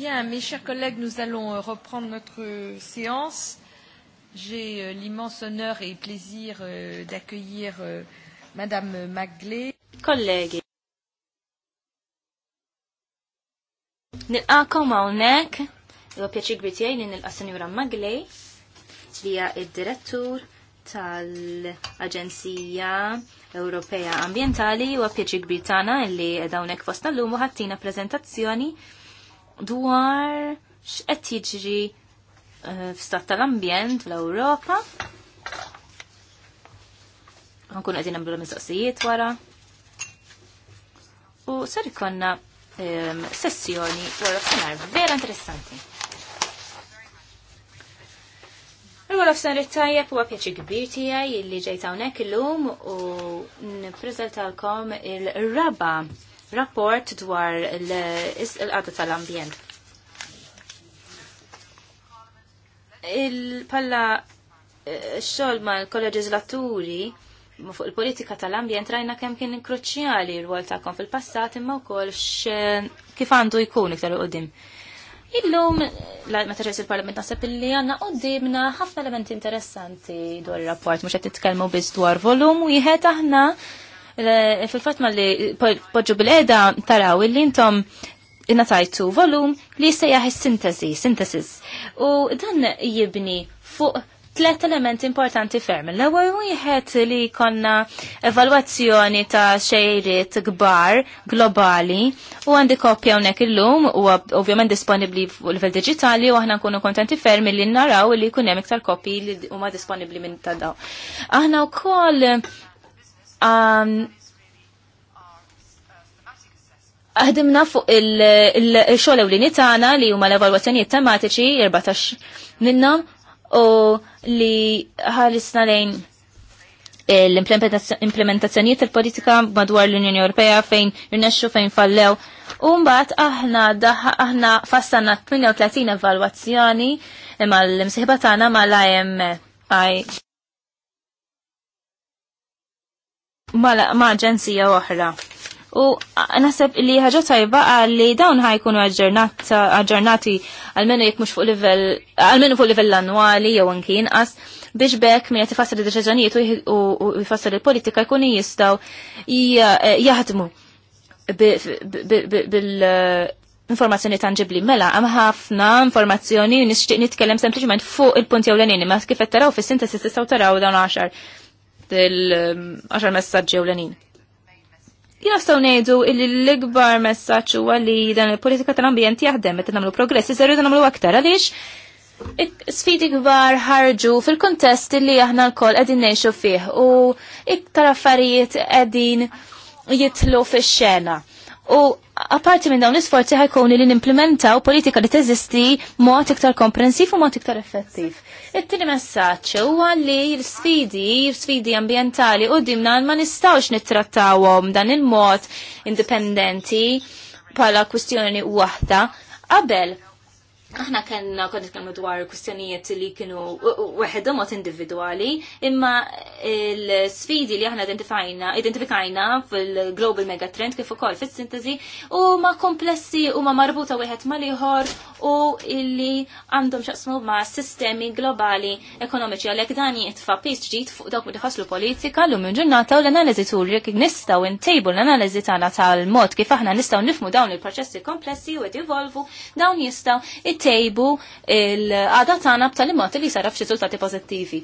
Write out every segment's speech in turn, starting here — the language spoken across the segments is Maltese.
Bien, mes chers collègues, nous allons euh, reprendre notre euh, séance. J'ai euh, l'immense honneur et plaisir d'accueillir Madame Maglé. Kollegi. Nilqakom hawnhekk, huwa pjaċir kbir tiegħi li nilqa' Sinjura Magley li hija d-direttur tal-Aġenzija Ewropea Ambientali u pjaċir kbir tagħna li hawnhekk fostna llum u ħattina preżentazzjoni dwar x'qed jiġri eh, f'stat tal-ambjent fl-Ewropa. Għankun għedin għamlu l-mistoqsijiet wara. U sar ikonna ehm, sessjoni wara f'sinar vera interessanti. Allura f'san rittajjeb huwa pjaċi kbir tiegħi li ġejt hawnhekk illum u nippreżentalkom il-raba' rapport dwar l qadda tal-ambjent. Il-palla eh, xol ma l-kolleġizlaturi fuq il-politika tal-ambjent rajna kemm kien kruċjali r-rwol tagħkom fil-passat imma wkoll kif għandu jkun iktar qudiem. Illum, meta ġejs il-Parlament naħseb illi għandna qudiemna ħafna elementi interessanti dwar ir-rapport mhux qed titkellmu biss dwar volum wieħed aħna fil-fatt ma li poġu bil-qeda taraw illi intom tajtu volum li jistajjaħ is-sintesi, synthesis. U dan jibni fuq tlet elementi importanti ferm. L-ewwel wieħed li konna evalwazzjoni ta' xejriet kbar globali u għandi kopja hawnhekk illum u ovvjament disponibbli fuq livell diġitali u aħna nkunu kontenti ferm li naraw li jkun hemm iktar kopji li huma disponibbli minn ta' daw. Aħna wkoll Aħdimna um, fuq il-xogħol ewlieni tagħna li huma l-evalwazzjonijiet tematiċi 14 minnhom u li ħalisna lejn l-implementazzjonijiet tal-politika madwar l-Unjoni Ewropea fejn jirnexxu fejn fallew. U mbagħad aħna aħna fassanna 38 evalwazzjoni mal-imsieħba tagħna mal-IMI. ma' aġenzija oħra. U naħseb li ħaġa tajba li dawn ħajkunu aġġornati għalmenu jek mux fuq livell, għalmenu fuq livell annwali jew anki inqas biex bekk minn qed ifassal deċiżjonijiet u jfassal il-politika jkunu jistgħu eh, jaħdmu eh, informazzjoni tangibli mela, għam ħafna informazzjoni nixtieq nitkellem sempliċement fuq il-punt jew l-enini, ma kif taraw fis-sintesi tistgħu taraw dawn għaxar il-10 messaġġi ewlenin. Jina staw nejdu illi l-ikbar messaċ huwa li dan il-politika tal-ambjent jaħdem qed nagħmlu progressi ser jridu nagħmlu aktar għaliex sfidi kbar ħarġu fil-kontest li aħna l-koll qegħdin ngħixu fih u iktar affarijiet qegħdin jitlu fix-xena. U Aparti minn dawn l-isforzi ħajkun li nimplementaw politika li teżisti mod iktar komprensiv u mod iktar effettiv. It-tieni messaġġ huwa li l-sfidi, l-sfidi ambjentali qudiemna ma nistgħux nittrattawhom dan il-mod indipendenti bħala kwistjoni waħda qabel aħna kellna kont nitkellmu dwar kwistjonijiet li kienu weħedhom mod individwali, imma l-sfidi li aħna identifajna, identifikajna fil-Global Megatrend kif ukoll fis-sintesi huma komplessi huma marbuta wieħed mal-ieħor u illi għandhom x'aqsmu ma' sistemi globali ekonomiċi għalhekk dan jitfa' pis ġdid fuq dawk li ħasslu politika lum il-ġurnata u l-analiżi tul jekk nistgħu ntejbu l-analiżi tagħna tal-mod kif aħna nistgħu nifmu dawn il-proċessi komplessi u qed jivolvu dawn jistgħu jitejbu l-għada tagħna b'tali mod li saraf xi pozittivi. pożittivi.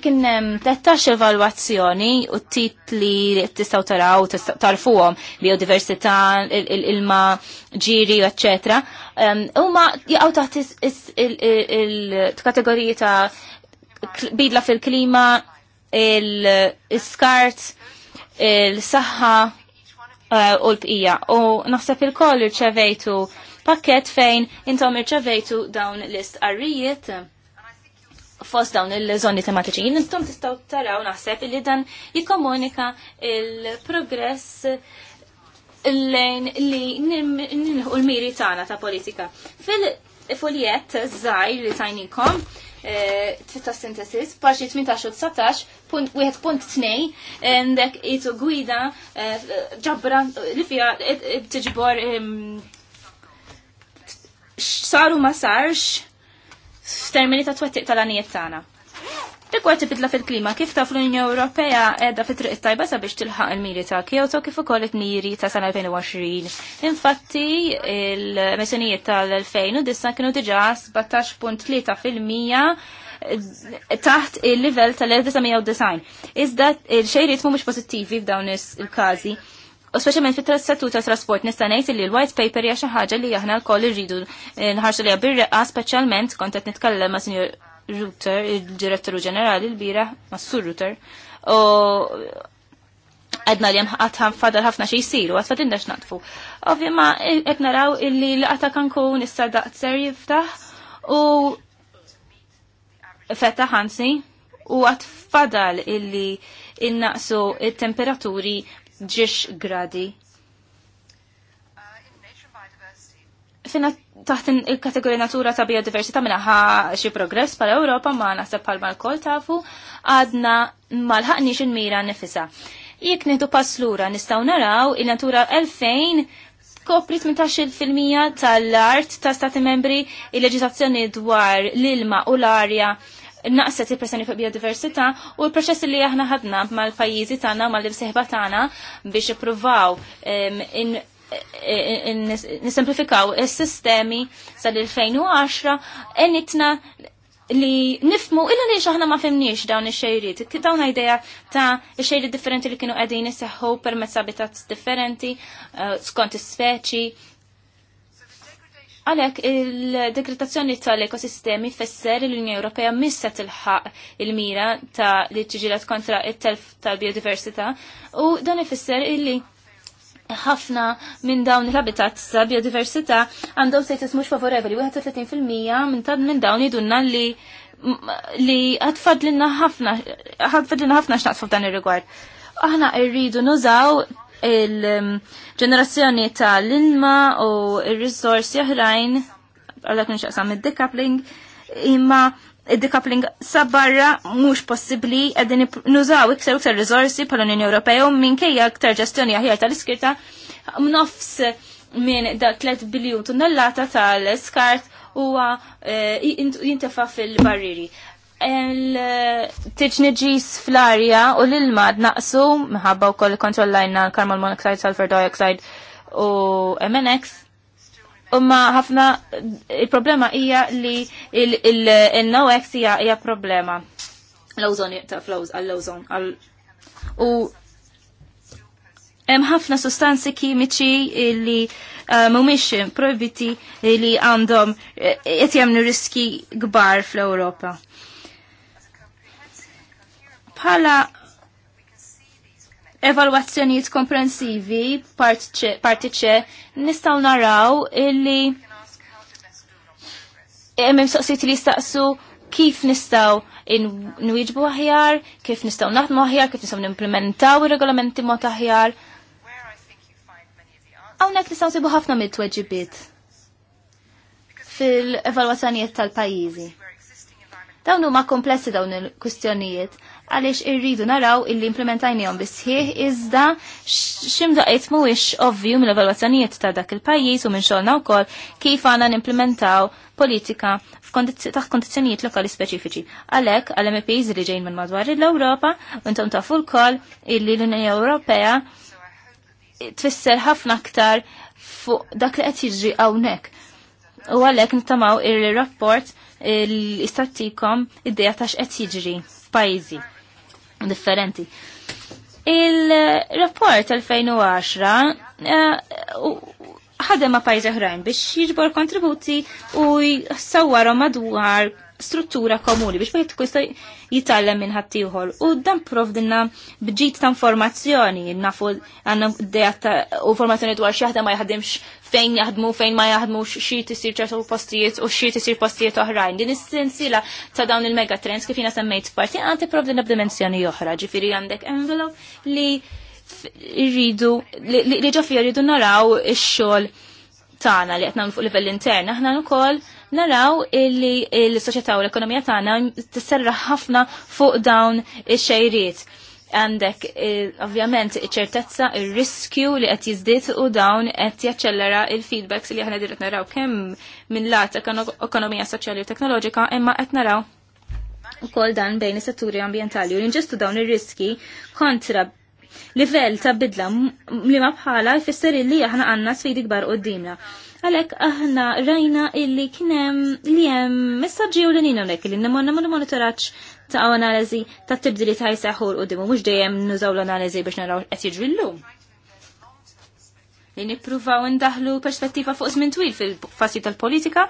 Kien hemm 13 evalwazzjoni u t-tit li tistgħu taraw tarfuhom biodiversità, ilma ġiri, eċetera. Huma jaqgħu taħt il-kategoriji ta' bidla fil-klima, il-skart, il-saħħa eh, u l-bqija. U naħseb il-koll irċevejtu il pakket fejn intom irċevejtu dawn l arrijiet fost dawn il-żoni tematiċi. Intom tistaw taraw naħseb li dan jikkomunika il-progress lejn li nilħu l-miri tagħna ta' politika. Fil-foljet żgħir li tajnikom e, ta' sintesis, paġi 18-19, punt għandek jitu gwida e, ġabra li fija e, tiġbor Saru ma sarx f'termini ta' twettiq tal-għanijiet tagħna. Dikwa tibidla fil-klima kif taf l-Unjoni Ewropea qiegħda fit triq tajba sabiex tilħaq il-miri ta' Kyoto kif ukoll it-miri ta' sena 2020. Infatti, l emissjonijiet tal disa kienu diġà 17.3 fil-mija taħt il livell tal-1990. Iżda il-xejriet mhumiex pożittivi f'dawn il-każi. il każi U speċjalment fit-settur ta' trasport nista' ngħid li l-white paper hija xi ħaġa li aħna lkoll irridu eh, nħarsu liha bir-reqqa speċjalment kont qed nitkellem ma' Sinjur Ruter, il-Direttoru Ġenerali l-bira, ma' Sur Ruter. U għedna li għatħan fadal ħafna xie jisiru, għatfa dinda natfu. Ovvi ma għed naraw illi l-għata kankun issa ser jiftaħ u fetta ħansi u għat fadal illi innaqsu il-temperaturi ġiex gradi. Fina taħt il-kategorija natura ta' biodiversità ħa xi progress pal Europa ma naħseb bħalma l-kol tafu għadna malħaqniex il-mira nifisa. Jek nieħdu pass lura nistgħu naraw il-natura 2000 kopri 18% tal-art ta' stati membri il-leġizazzjoni dwar l-ilma u l-arja naqset il-personi fuq biodiversità u l-proċess li aħna ħadna mal-pajjiżi tagħna u mal-imsieħba tagħna biex ippruvaw nisemplifikaw is-sistemi sal-2010 enitna li nifmu illa li xaħna ma fimniex dawn ix xejrit Dawn idea ta' il-xejrit differenti li kienu qegħdin iseħħu permezz abitat differenti, eh, skont is-speċi, Għalek, il-degradazzjoni tal-ekosistemi fesser l-Unjoni Ewropea missa tilħaq il-mira ta' li ġiġilat kontra il-telf tal-biodiversità u dan ifisser illi ħafna minn dawn l-habitat ta' biodiversita għandhom status mhux favorevoli, 31% minn minn dawn jidunna li li għatfadlinna ħafna, għatfadlinna ħafna x'naqsfu f'dan ir-rigward. Aħna rridu nużaw il-ġenerazzjoni tal-ilma u il-risorsi oħrajn, għallak nxaqsam il-decoupling, imma il-decoupling sabbarra mux possibli għedin nużaw iktar iktar resorsi pal-Unjoni Ewropea u minkejja iktar ġestjoni aħjar tal-iskirta m'nofs minn da 3 biljun tonnellata tal-skart huwa eh, jintefa' fil-barriri il-tiġniġis fl-arja u l-ilma naqsu mħabba u koll kontrollajna carbon monoxide, sulfur dioxide u MNX. Umma ħafna il-problema hija li il-NOx hija problema. L-ozon ta' flows għall-ozon. U hemm ħafna sostanzi kimiċi li eh, mhumiex proibiti li għandhom eh, qed jagħmlu riski kbar fl-Ewropa Bħala evalwazzjonijiet komprensivi parti ċe nistaw naraw illi hemm soqsijiet li staqsu kif nistaw nwiġbu aħjar, kif nistaw naħdmu aħjar, kif nistaw nimplementaw ir-regolamenti mod aħjar. Għawnek nistaw sibu ħafna mit tweġibit fil-evalwazzjonijiet tal-pajjiżi. Dawn huma komplessi dawn il-kwistjonijiet għaliex irridu naraw illi implementajnijom bisħieħ iżda ximdaqit mhuwiex ovvju mill-evalwazzjonijiet ta' dak il-pajjiż u minn u wkoll kif għandna nimplementaw politika taħt kondizzjonijiet lokali speċifiċi. Għalhekk għal MPs li ġejn minn madwar l-Ewropa u intom tafu wkoll illi l-Unjoni Ewropea tfisser ħafna aktar fuq dak li qed jiġri hawnhekk. U għalhekk nittamaw ir-rapport l istatikom id-dejja ta' x'qed jiġri f'pajjiżi differenti. Il-rapport 2010 eh, ħadem ma' pajzi oħrajn biex jiġbor kontributi u jissawwarhom madwar struttura komuni biex ma' jitkwista jista' jitgħallem minn ħaddieħor. U dan dinna bġid ta' informazzjoni, nafu għandna u formazzjoni dwar xi ma jaħdimx fejn jaħdmu, fejn ma jaħdmu xi tisir ċertu postijiet u xi tisir postijiet oħrajn. Din is-sensiela ta' dawn il-megatrends kif jiena semmejt parti għandi dinna b'dimensjoni oħra, ġifieri għandek envelope li rridu li ġofi rridu naraw ix-xogħol tagħna li qed nagħmlu fuq livell intern. Aħna wkoll naraw illi l-soċjetà u l-ekonomija tagħna tisserra ħafna fuq dawn ix-xejriet. Għandek eh, ovvjament iċ-ċertezza, ir-riskju li qed jiżdied u dawn qed jaċċellera il-feedbacks li aħna diret naraw kemm minn lat ekonomija soċjali u teknoloġika imma qed naraw ukoll dan bejn is-setturi ambjentali u l-inġestu dawn ir-riski kontra livell ta' bidla li ma bħala jfisser li aħna għandna sfidi kbar qoddimna. Għalek aħna rajna illi kienem li jem messagġi u l-nina unek n namonna ma monitoraċ ta' analizi ta' tibdili ta' jisaxur u dimu mux dejjem nużaw l-analizi biex naraw qed jiġri l-lum. Li nippruvaw ndaħlu perspettiva fuq żmien twil fil-fassi tal-politika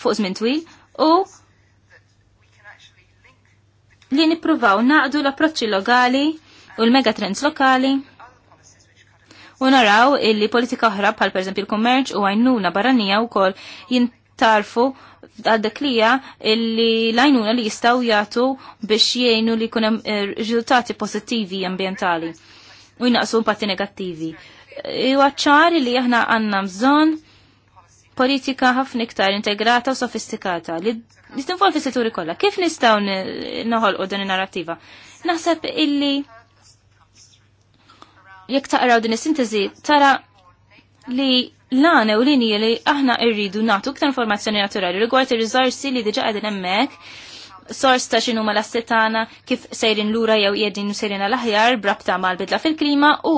fuq żmien twil u li nippruvaw naqdu l-approċċi lokali u l-megatrends lokali u naraw illi politika oħra bħal pereżempju il-kummerċ u għajnuna barranija wkoll jintarfu għaddek illi illi lajnuna li jistaw jagħtu biex jgħinu li jkun hemm eh, riżultati pożittivi ambjentali u jnaqsu impatti negattivi. Eh, huwa ċar li aħna għandna bżonn politika ħafna iktar integrata u sofistikata li s setturi kollha. Kif nistgħu naħolqu din in-narrattiva? Naħseb illi jekk taqraw din is-sintesi tara li l-għana u linji li aħna irridu natu aktar informazzjoni naturali rigward ir-riżorsi li diġa qegħdin hemmhekk sors ta' xinu ma l-assetana kif sejrin lura jew jedin sejrin għal-aħjar brabta mal-bidla fil-klima u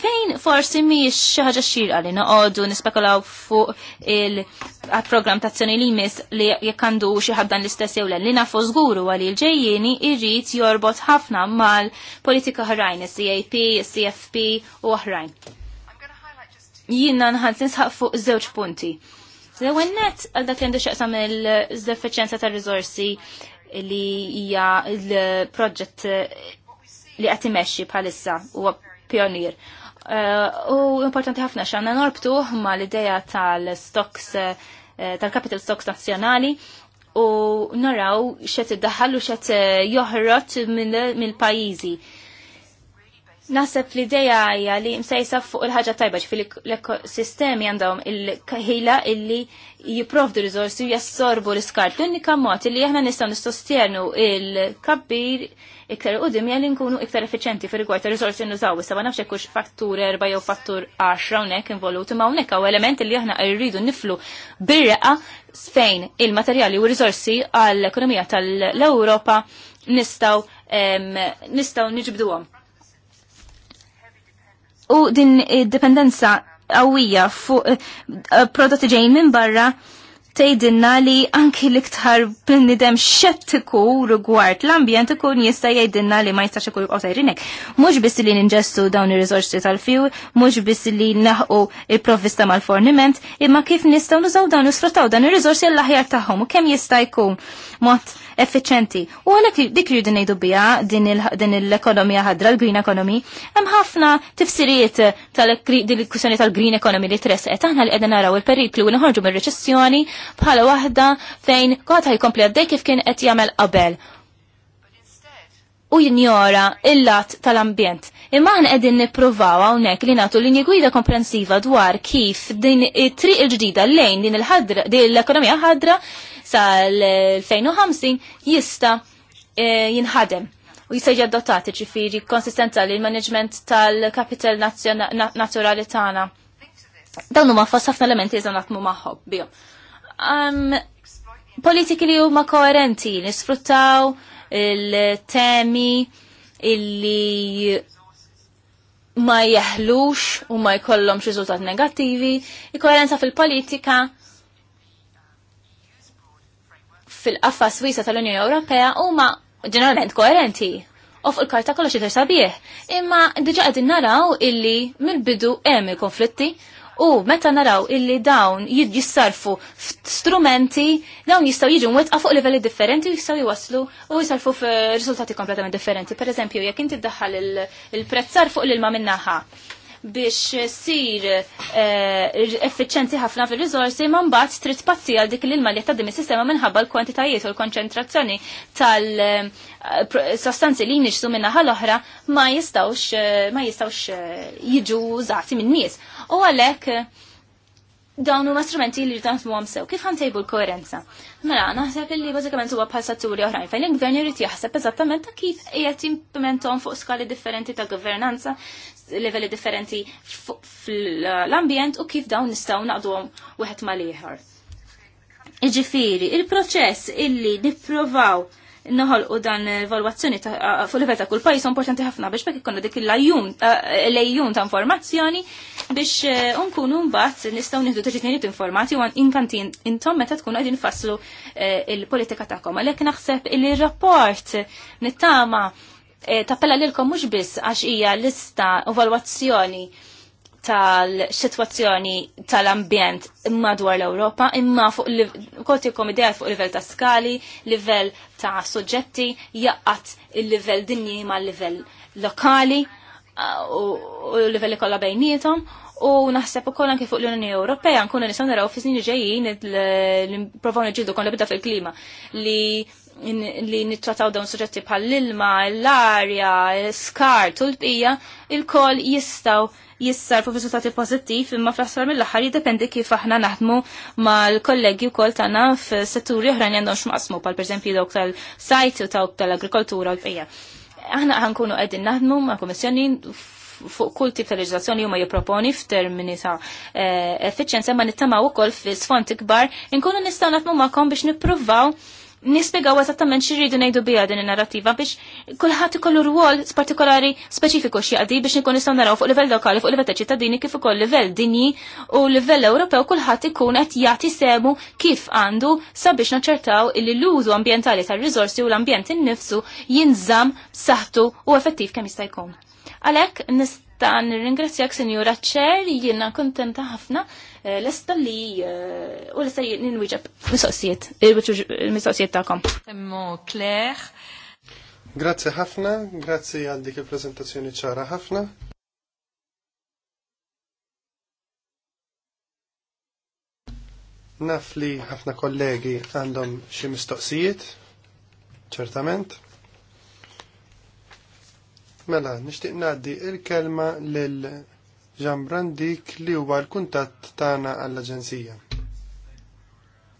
fejn forsi miex xi ħaġa xira li noqogħdu nispekulaw fuq il-programm tazzjoni li jmiss li jekk għandu xi ħabdan l-istess jew li nafu żguru għal l ġejjieni irrid jorbot ħafna mal-politika oħrajn, il cap il cfp u oħrajn. Jiena nħadd nisħaq fuq żewġ punti. L-ewwel nett għal dak li x'aqsam il-defiċjenza tar-riżorsi li hija l-proġett li qed imexxi bħalissa huwa pionier. Eh, u importanti ħafna xanna norbtu ma l-ideja tal-stocks, eh, tal-capital stocks nazjonali u naraw xet id daħallu xet eh, joħrot mill-pajizi. Naseb l-ideja hija li msejsa fuq il-ħaġa tajba ġifil l-ekosistemi għandhom il-ħila illi jiprovdu rizorsi u jassorbu l-iskart. L-unika mod li aħna nistgħu nistostjenu il-kabbir il kabbir iktar qudiem jgħal nkunu iktar effiċenti fi rigward ta' riżorsi nużaw issa ma nafx hekkux fattur erba' jew fattur 10 hawnhekk involut imma hawnhekk hawn elementi li aħna rridu niflu birreqa fejn il-materjali u riżorsi għall-ekonomija tal-Ewropa nistaw nistaw niġbduhom. U din id dependenza qawwija fuq eh, prodotti ġejjin minn barra tgħidilna li anki l-iktar nidem xettiku rigward l-ambjent ikun jista' jgħidilna li ma jistax ikun jibqgħu tajrinek. Mhux biss li ninġestu dawn ir rizorsi tal-fjuwil, mhux biss li naħu il-provvista mal-forniment, imma kif nistgħu nużaw dawn sfruttaw dan ir rizorsi l-aħjar tagħhom u kemm jista' jkun mod effiċenti. U għalhekk dik li ngħidu biha din l-ekonomija ħadra l-green economy, hemm ħafna tifsiriet tal-kwissjoni tal-green economy li tresqet aħna li qegħdin naraw il-periklu u nħorġu mir-reċessjoni bħala waħda fejn kont ħajkompli għaddej kif kien qed jagħmel qabel u jinjora il-lat tal-ambjent. Imma ħan qegħdin niprovaw hawnhekk li nagħtu linji gwida komprensiva dwar kif din it-triq il-ġdida lejn din il-ħadra, din l-ekonomija ħadra sal-2050 jista eh, jinħadem u jisajġa dotati ġifiri konsistenza li l-management tal-kapital naturali tagħna. Dawn huma fost ħafna elementi eżan naħdmu magħhom bihom. politiki li huma koerenti, li sfruttaw il-temi illi ma jeħlux u ma jkollhomx riżultat negattivi, il-koerenza fil-politika fil-qafas Swisa tal-Unjoni Ewropea huma ġeneralment koerenti. U fuq il-karta kollox jidher sabiħ. Imma diġa qegħdin naraw illi mill-bidu hemm il-konflitti U meta naraw illi dawn jissarfu strumenti, dawn jistgħu jiġu mwetqa fuq livelli differenti u jistgħu jwaslu u jisarfu f'riżultati kompletament differenti. Per eżempju, jek inti ddaħħal il-prezzar fuq l-ilma minnaħa biex sir eh, effiċenti ħafna fil-rizorsi ma mbagħad trid pazzi għal dik l-ilma li jtaddim is-sistema minħabba l-kwantitajiet u l-konċentrazzjoni tal-sostanzi eh, li jinixsu minna ħal-oħra ma jistawx eh, ma jistawx jiġu użati min-nies. U għalhekk dawn huma strumenti li jitantmu għam sew. Kif ħantejbu l-koerenza? Mela, naħseb li bażikament huwa bħal satturi oħrajn fejn il-gvern irid jaħseb eżattament ta' kif qiegħed jimplementom fuq skali differenti ta' governanza livelli differenti fl-ambjent u kif dawn nistgħu naqduhom wieħed mal-ieħor. Iġifieri, il-proċess illi nippruvaw noħol u dan ta fuq livell ta' kull pajjiż importanti ħafna biex bekk ikonna dik l-ajjum ta' informazzjoni biex e, nkunu mbagħad nistgħu nieħdu deċiżjonijiet informati u inkanti intom meta tkunu qegħdin fasslu e, il-politika tagħkom. Għalhekk naħseb li r-rapport nittama Eh, tappella lilkom mhux biss għax hija lista evalwazzjoni tal-sitwazzjoni tal-ambjent madwar l-Ewropa, imma fuq kotikom idea fuq livell ta' skali, livell ta' soġġetti, jaqqat il-livell dinji ma' livell lokali uh, u livell kollha bejnietom. U naħseb ukoll anke fuq l-Unjoni Ewropea nkunu nistgħu naraw fi snin ġejjin l-improvaw niġġieldu kon l-bidda fil-klima li li nittrataw dawn suġġetti bħal l-ilma, l-arja, l-skart u l-bqija, il-kol jistaw jissar fuq riżultati pozittiv imma fl-aħsar mill-aħħar jiddependi kif aħna naħdmu mal-kollegi wkoll tagħna f'setturi oħrajn għandhom x'maqsmu pal perżempju dawk tal-sajt u dawk tal-agrikoltura u l-bqija. Aħna nkunu qegħdin naħdmu ma' kummissjoni fuq kull tip ta' leġislazzjoni huma jipproponi f'termini ta' eh, effiċjenza ma nittamaw wkoll fi sfonti kbar inkunu nistgħu nagħmlu magħkom biex nippruvaw Nispegaw eżattament xi rridu ngħidu biha din in-narrattiva biex kulħadd ikollu rwol partikolari speċifiku x'jaqdi biex nkun nistgħu naraw fuq livell lokali, fuq livell ta' ċittadini kif ukoll livell dinji u livell Ewropew kulħadd ikun qed jagħti semu kif għandu sabiex naċċertaw illi l-użu ambjentali tar-riżorsi u l-ambjent innifsu jinżamm saħtu u effettiv kemm jista' jkun. Għalhekk nist ta' nirringrazzjak Senjura Ċer, jiena kontenta ħafna eh, lesta li eh, u lesta ninwiġab mistoqsijiet, mistoqsijiet kom. Emmo Claire. Grazzi ħafna, grazie għal dik il-prezentazzjoni ċara ħafna. Naf li ħafna kollegi għandhom xi mistoqsijiet, ċertament. Mela, nixtieq ngħaddi l kelma lil Ġan li huwa l-kuntatt tagħna għall-Aġenzija.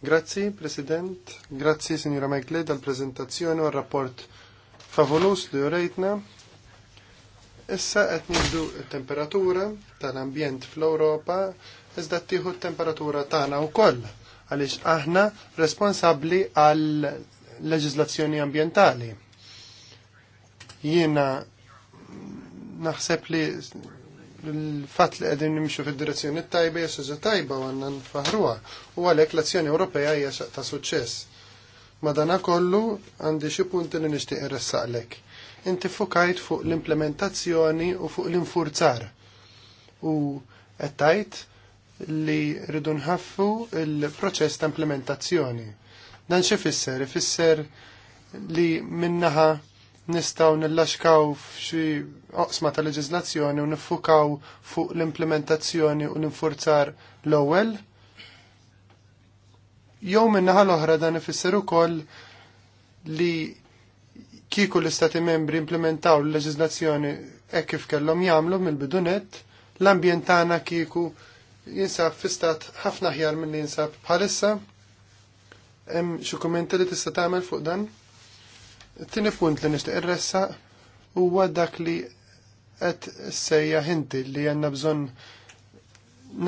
Grazzi, President. Grazzi, Signora Megley, dal-prezentazzjoni u rapport favolus li urejtna. Issa qed nieħdu temperatura tal-ambjent fl-Ewropa iżda tieħu temperatura tagħna wkoll għaliex aħna responsabbli għal leġiżlazzjoni ambjentali. Jiena naħseb li l-fat li għedin nimxu fil-direzzjoni tajba hija xaġa tajba għanna nfaħruha u għalhekk l-azzjoni Ewropea hija ta' suċċess. Madana kollu għandi xi punti li nixtieq irressaqlek. Inti fukajt fuq l-implementazzjoni u fuq l-infurzar. U qed tgħid li rridu nħaffu il-proċess ta' implementazzjoni. Dan xi fisser? Ifisser li minnaħa nistaw nillaxkaw f'xi oqsma ta' leġiżlazzjoni u nifukaw fuq l-implementazzjoni u ninfurzar l-ewwel. Jew minnaħa l-oħra dan ifisser ukoll li kieku l-istati membri implementaw l-leġiżlazzjoni hekk kif kellhom jagħmlu mill-bidunet, l-ambjent tagħna kieku jinsab fi stat ħafna ħjar mill-li jinsab bħalissa. Hemm xi kummenti li tista' tagħmel fuq dan? Tini punt li nishtiq irressa huwa dak li qed sejja inti li għandna bżonn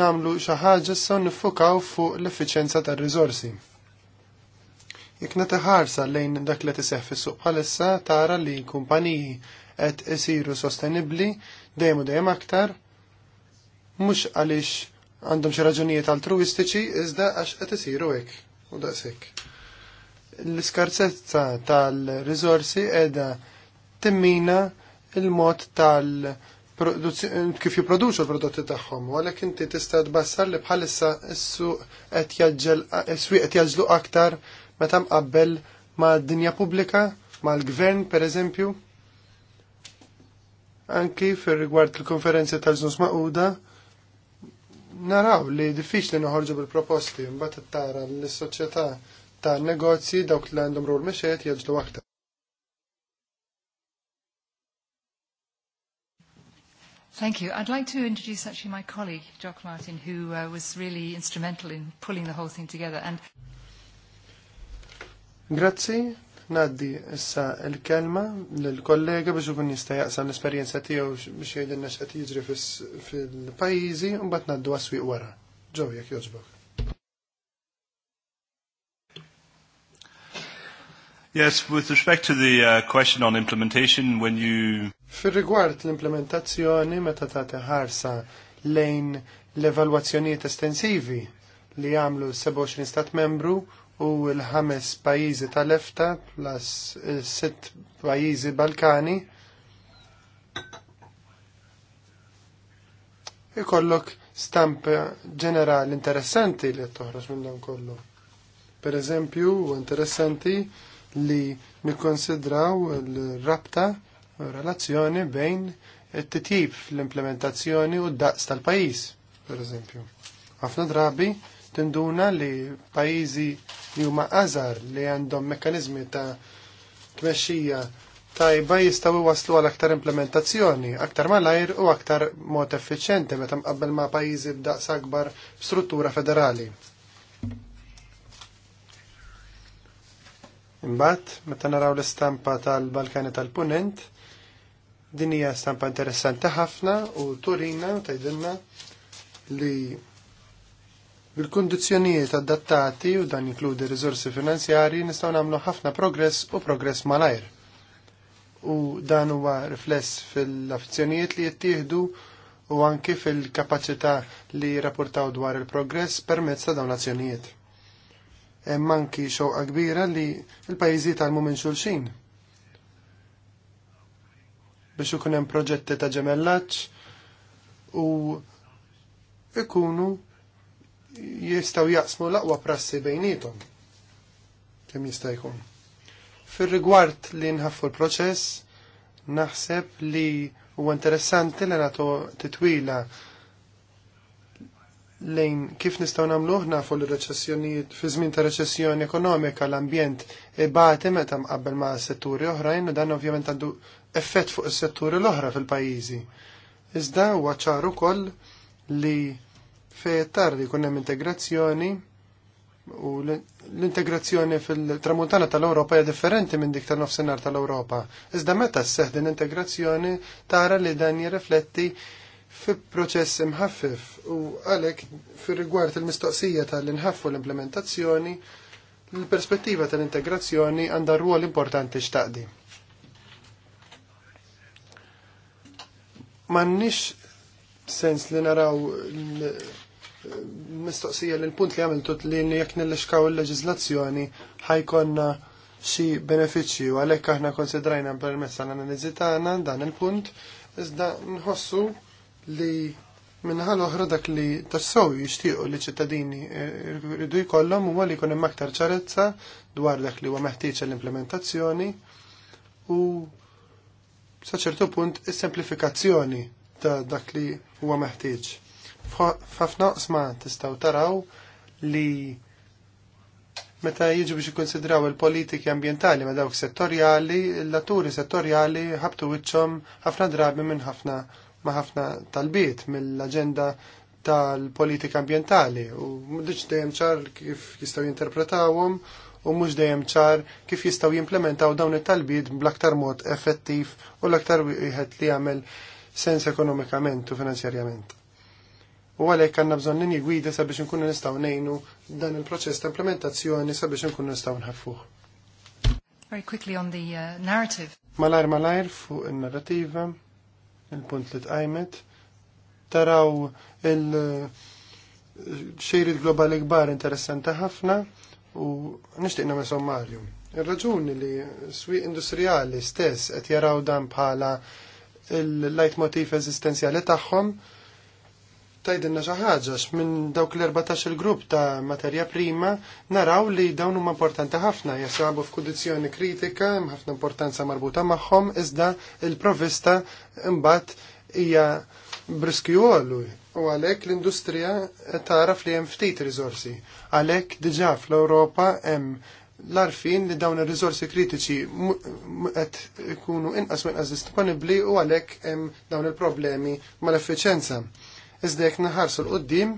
namlu xi ħaġa issa nifukaw fuq l-effiċenza tar-riżorsi. Jekk iħarsa lejn dak li tiseħ fis-suq bħalissa tara li kumpaniji qed isiru sostenibbli dejjem u dejjem aktar mhux għaliex għandhom xi raġunijiet altruistiċi iżda għax qed isiru hekk u daqshekk l-iskarsezza tal-rizorsi edha timmina il-mod tal- kif jiproduċu l-prodotti tagħhom, għalek inti tista' tbassar li bħalissa s-suq qed is-swieq qed jaġlu aktar meta mqabbel ma' dinja pubblika, mal-gvern pereżempju. Anki fir-rigward il-konferenzi tal-żnus maquda, naraw li diffiċli noħorġu bil-proposti, mbagħad tara l-soċjetà ta' negozji dawk li għandhom rol mexet jaġdu aktar. Thank you. I'd like to introduce actually my colleague, Jock Martin, who uh, was really instrumental in pulling the whole thing together. And Grazzi, naddi issa il-kelma l-kollega biex ukun jista' jaqsam l-esperjenza tiegħu biex jgħidilna x'qed jiġri fil-pajjiżi u mbagħad naddu għaswieq wara. Ġew jekk jogħġbok. Yes, with respect to the uh, question on implementation, when you... Fir rigward l-implementazzjoni meta tagħti ħarsa lejn l-evalwazzjonijiet estensivi li għamlu 27 stat membru u l-ħames pajjiżi tal-EFTA plus sitt pajjiżi Balkani. ikollok stamp ġenerali interessanti li toħroġ minn dan kollu. Per eżempju, interessanti li nikkonsidraw l-rabta relazzjoni bejn it-titjib fl-implementazzjoni u d-daqs tal-pajis, per eżempju. Għafna drabi tinduna li pajizi li huma azar li għandhom mekanizmi ta' tmexxija tajba jistaw waslu għal aktar implementazzjoni, aktar malajr u aktar mod effiċjenti meta mqabbel ma' pajjiżi b'daqs akbar struttura federali. Imbagħad meta naraw l-istampa tal-Balkani tal-Punent, din hija stampa interessanti ħafna u turina u tgħidilna li bil-kundizzjonijiet adattati u dan jinkludi riżorsi finanzjarji nistgħu nagħmlu ħafna progress u progress malajr. U dan huwa rifless fil affizjonijiet li jittieħdu u anki fil-kapaċità li rapportaw dwar il-progress permezz ta' dawn azzjonijiet manki anki xewqa kbira li l-pajjiżi talmu minn xulxin. Biex ikun hemm proġetti ta' ġemellaġġ u ikunu jistgħu jaqsmu l-aqwa prassi bejnietom. Kemm jista' jkun. Fir-rigward li nħaffu l-proċess, naħseb li huwa interessanti li nagħtu titwila lejn kif nistgħu ħna fuq l reċessjonijiet fi żmien ta' reċessjoni ekonomika l-ambjent ibati meta mqabbel ma' setturi oħrajn u dan ovvjament għandu effett fuq is-setturi l-oħra fil-pajjiżi. Iżda huwa ċar ukoll li fejn tardi jkun hemm integrazzjoni u l-integrazzjoni fil-tramuntana tal-Ewropa hija differenti minn dik tan-nofsinhar tal-Ewropa. Iżda meta sseħħ din integrazzjoni tara li dan jirrifletti fi proċess imħaffif u għalek fi rigward il-mistoqsija tal-inħaffu l-implementazzjoni, l-perspettiva tal-integrazzjoni għandha rwol importanti xtaqdi. Mannix sens li naraw l mistoqsija li l-punt li għamiltu li jekk nillexkaw il-leġizlazzjoni ħajkonna xi u għalhekk aħna konsidrajna permezz għall analiżi tagħna dan il-punt iżda nħossu li minnaħal oħra dak li tassow jixtiequ li ċittadini eh, rridu jkollhom huwa li jkun hemm aktar ċarezza dwar dak li huwa meħtieġ l-implementazzjoni u sa ċertu punt is-semplifikazzjoni ta' dak li huwa meħtieġ. F'ħafna qsma tistgħu taraw li meta jiġu biex ikkonsidraw il-politiki ambientali ma dawk settorjali, l-atturi settorjali ħabtu wiċċhom ħafna drabi minn ħafna ma' ħafna talbiet mill-aġenda tal-politika ambientali u mhux dejjem ċar kif jistgħu jinterpretawhom u mhux dejjem ċar kif jistgħu jimplementaw dawn it-talbiet bl-aktar mod effettiv u l-aktar wieħed li jagħmel sens ekonomikament u finanzjarjament. U għalhekk għandna bżonn nini gwida sabiex inkunu nistgħu ngħinu dan il-proċess ta' implementazzjoni sabiex inkunu nistgħu nħaffuh. Very quickly on the uh, narrative. Malajr malajr fuq in-narrativa il-punt li tqajmet. Taraw il-xejrit globali kbar interessanti ħafna u nixtieq me sommarju. Ir-raġuni li s-swieq industrijali stess qed jaraw dan bħala il-lajt eżistenzjali tagħhom tajdinna xi ħaġa minn dawk l-14 il-grupp ta' materja prima naraw li dawn huma importanti ħafna jasabu f'kundizzjoni kritika hemm ħafna importanza marbuta magħhom iżda il-provista imbagħad hija briskju għallu u għalhekk l-industrija taraf li hemm ftit riżorsi. Għalhekk diġà fl-Ewropa hemm l-arfin li dawn ir rizorsi kritiċi qed ikunu inqas minqas disponibbli u għalhekk hemm dawn il-problemi mal efficienza Iżda jekk naħarsu l-qoddim,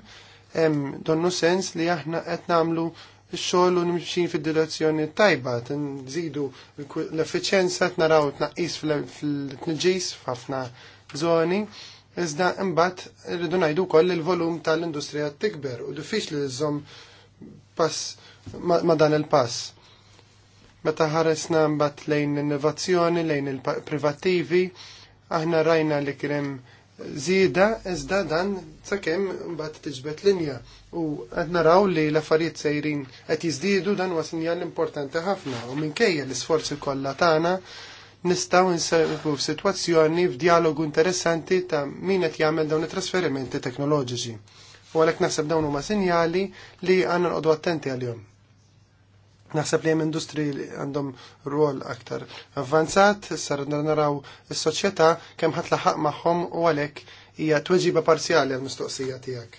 hemm donnu sens li aħna qed nagħmlu x-xogħol u nimxin fid-direzzjoni tajba, nżidu l-effiċjenza qed naraw tnaqqis fil-tniġis f'ħafna żoni. Iżda imbagħad irridu ngħidu wkoll il-volum tal-industrija tikber u diffiċli iżomm pass ma dan il-pass. Meta ħaresna mbagħad lejn l-innovazzjoni, lejn il-privattivi, aħna rajna li kien hemm Zida, iżda dan sakemm mbagħad tiġbed linja u qed naraw li l-affarijiet sejrin qed jiżdiedu dan huwa sinjal importanti ħafna u minkejja l-isforzi kollha tagħna nistgħu nsebu f'sitwazzjoni f'dialogu interessanti ta' min qed jagħmel dawn it-trasferimenti teknoloġiċi. U għalhekk naħseb dawn huma sinjali li għandna nqogħdu attenti għalihom. Naħseb li hemm industri li għandhom rwol aktar avvanzat, sar naraw is-soċjetà kemm ħatlaħaq magħhom u għalhekk hija tweġiba parzjali għall mistoqsija tiegħek.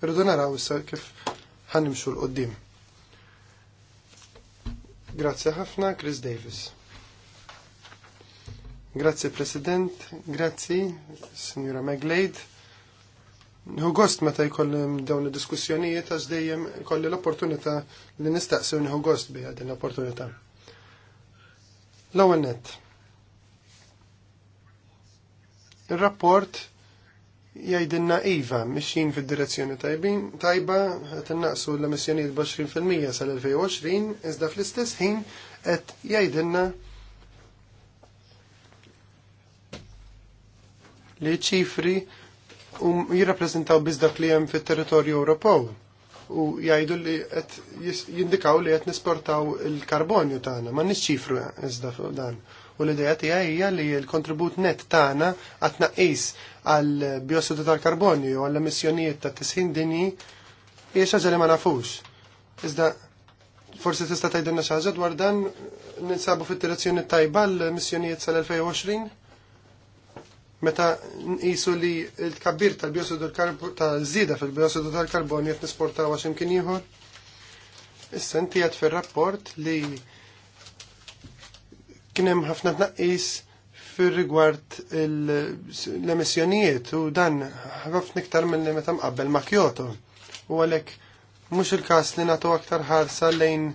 Irridu naraw issa kif ħanimxu l qudiem Grazzi ħafna, Chris Davis. Grazzi President, grazzi, Signora Meglade Nħugost meta jkollim dawn id-diskussjonijiet għax dejjem kolli l-opportunità li nistaqsi u nħu biha din l-opportunità. L-ewwel nett. Ir-rapport jgħidilna iva mixin fid-direzzjoni tajbin tajba qed innaqsu l-emissjonijiet b'20% sal-2020 iżda fl-istess ħin qed jgħidilna li ċifri u jirrappreżentaw biss li jem fit-territorju Ewropew u jgħidu li jindikaw li qed nisportaw il-karbonju tagħna, ma ċifru iżda fuq dan. U l-idea tiegħi hija li l-kontribut net tagħna qatt naqis għal biossidu tal-karbonju u għall emissjonijiet ta' tisħin dinji hija xi li ma nafux. Iżda forsi tista' tgħidilna xi ħaġa dwar dan ninsabu fit-direzzjoni tajba l-emissjonijiet sal-2020? Meta nqisu li l-kabbir tal-biossidu tal-żida fil-biossidu tal karbon qed nisportaw għax imkien ieħor. Issa inti qed fir-rapport li kien hemm ħafna tnaqqis fir-rigward l-emissjonijiet u dan ħafna iktar milli meta mqabbel ma' Kyoto. U għalhekk mhux il-każ li nagħtu aktar ħarsa lejn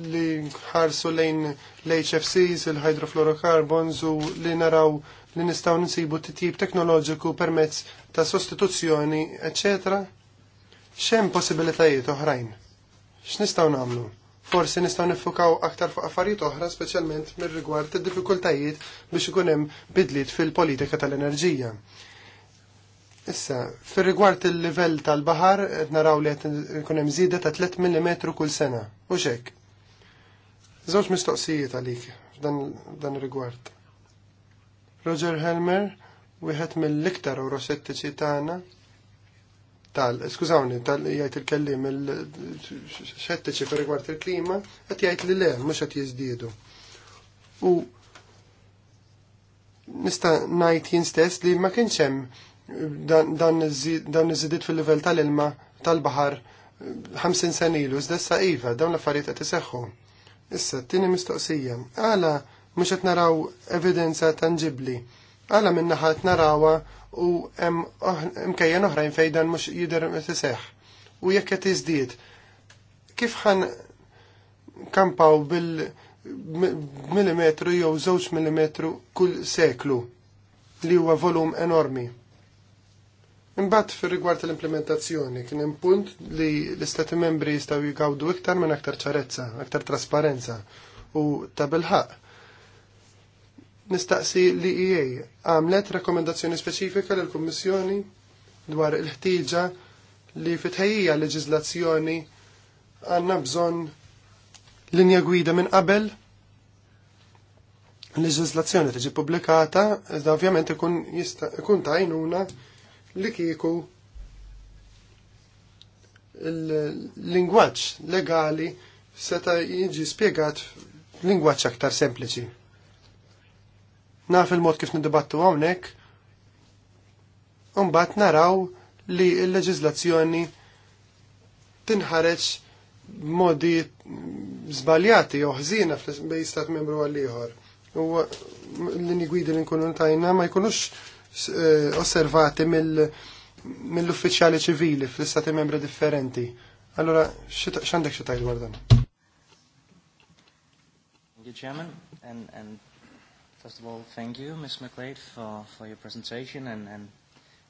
li nħarsu lejn l-HFCs, il-hydrofluorocarbons u li naraw li nistaw nsibu t-tip teknoloġiku permezz ta' sostituzzjoni, eccetera? xem possibilitajiet oħrajn? X'nistgħu nagħmlu? Forsi nistgħu nifukaw aktar fuq affarijiet oħra, speċjalment mir rigward id-diffikultajiet biex ikun hemm bidliet fil-politika tal-enerġija. Issa, fir rigward il-livell tal-baħar qed naraw li qed ikun hemm ta' 3 mm kull sena. U x'hekk. Żewġ mistoqsijiet għalik f'dan ir-rigward. Roger Helmer, wieħed mill-iktar eurosettiċi tagħna tal, skużawni, tal jgħid il-kellim il-settiċi per rigward il-klima, qed jgħid li le, mhux qed jiżdiedu. U nista' ngħid jien stess li ma kienx hemm dan iż-żidiet fil-livell tal-ilma tal-baħar 50 sen ilu, iżda iva, dawn l-affarijiet qed iseħħu. Issa, t-tini mistoqsija. Għala, mux għet naraw evidenza tangibli. Għala minna ħat narawa u mkajjen oħrajn fejdan mux jider t-seħ. U jekk qed iżdied. Kif ħan kampaw bil millimetru jew żewġ millimetru kull seklu li huwa volum enormi. Imbagħad fir-rigward l-implementazzjoni kien hemm punt li l-Istati membri jistgħu jgawdu iktar minn aktar ċarezza, aktar trasparenza u ta' bilħaq. Nistaqsi li EA għamlet rekomendazzjoni speċifika lill kummissjoni dwar il-ħtieġa li fitħejja leġiżlazzjoni għandna bżonn linja gwida minn qabel il leġislazzjoni tiġi pubblikata, iżda ovvjament ikun tajnuna li kieku il-lingwaġġ legali seta' jiġi spjegat lingwaġġ aktar sempliċi. Naf il-mod kif nidibattu hawnhekk, Umbat naraw li l-leġizlazzjoni tinħareċ modi zbaljati jew ħżiena bej stat membru għal ieħor. U l-ni gwidi li nkunu tajna ma jkunux Eh, osservati mill-uffiċjali ċivili fl-istati membri differenti. Allora, xandek xi tgħid għardan Thank you, Chairman, and, and first of all, thank you, Ms. McLeod, for, for your presentation, and, and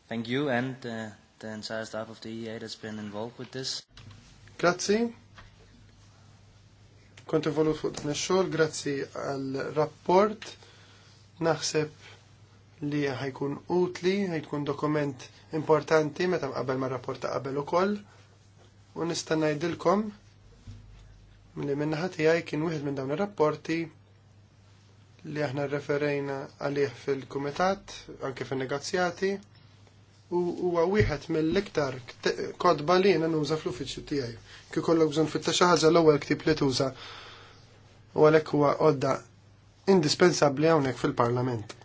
thank you and uh, the entire staff of the EA that's been involved with this. Grazie. Kont involut fuq dan ix-xogħol, grazzi għal rapport. Naħseb li ħajkun utli, ħajkun dokument importanti meta qabel ma' rapporta qabel ukoll. U nista' ngħidilkom li minnaħa tiegħi kien wieħed minn dawn ir-rapporti li aħna referejna għalih fil-kumitat, anke fin-negozjati, u huwa wieħed mill-iktar kodba li jiena nuża fl-uffiċċju tiegħi. Kif kollok bżonn fit xi ħaġa l-ewwel ktib li tuża u għalhekk huwa għodda indispensabbli hawnhekk fil-Parlament.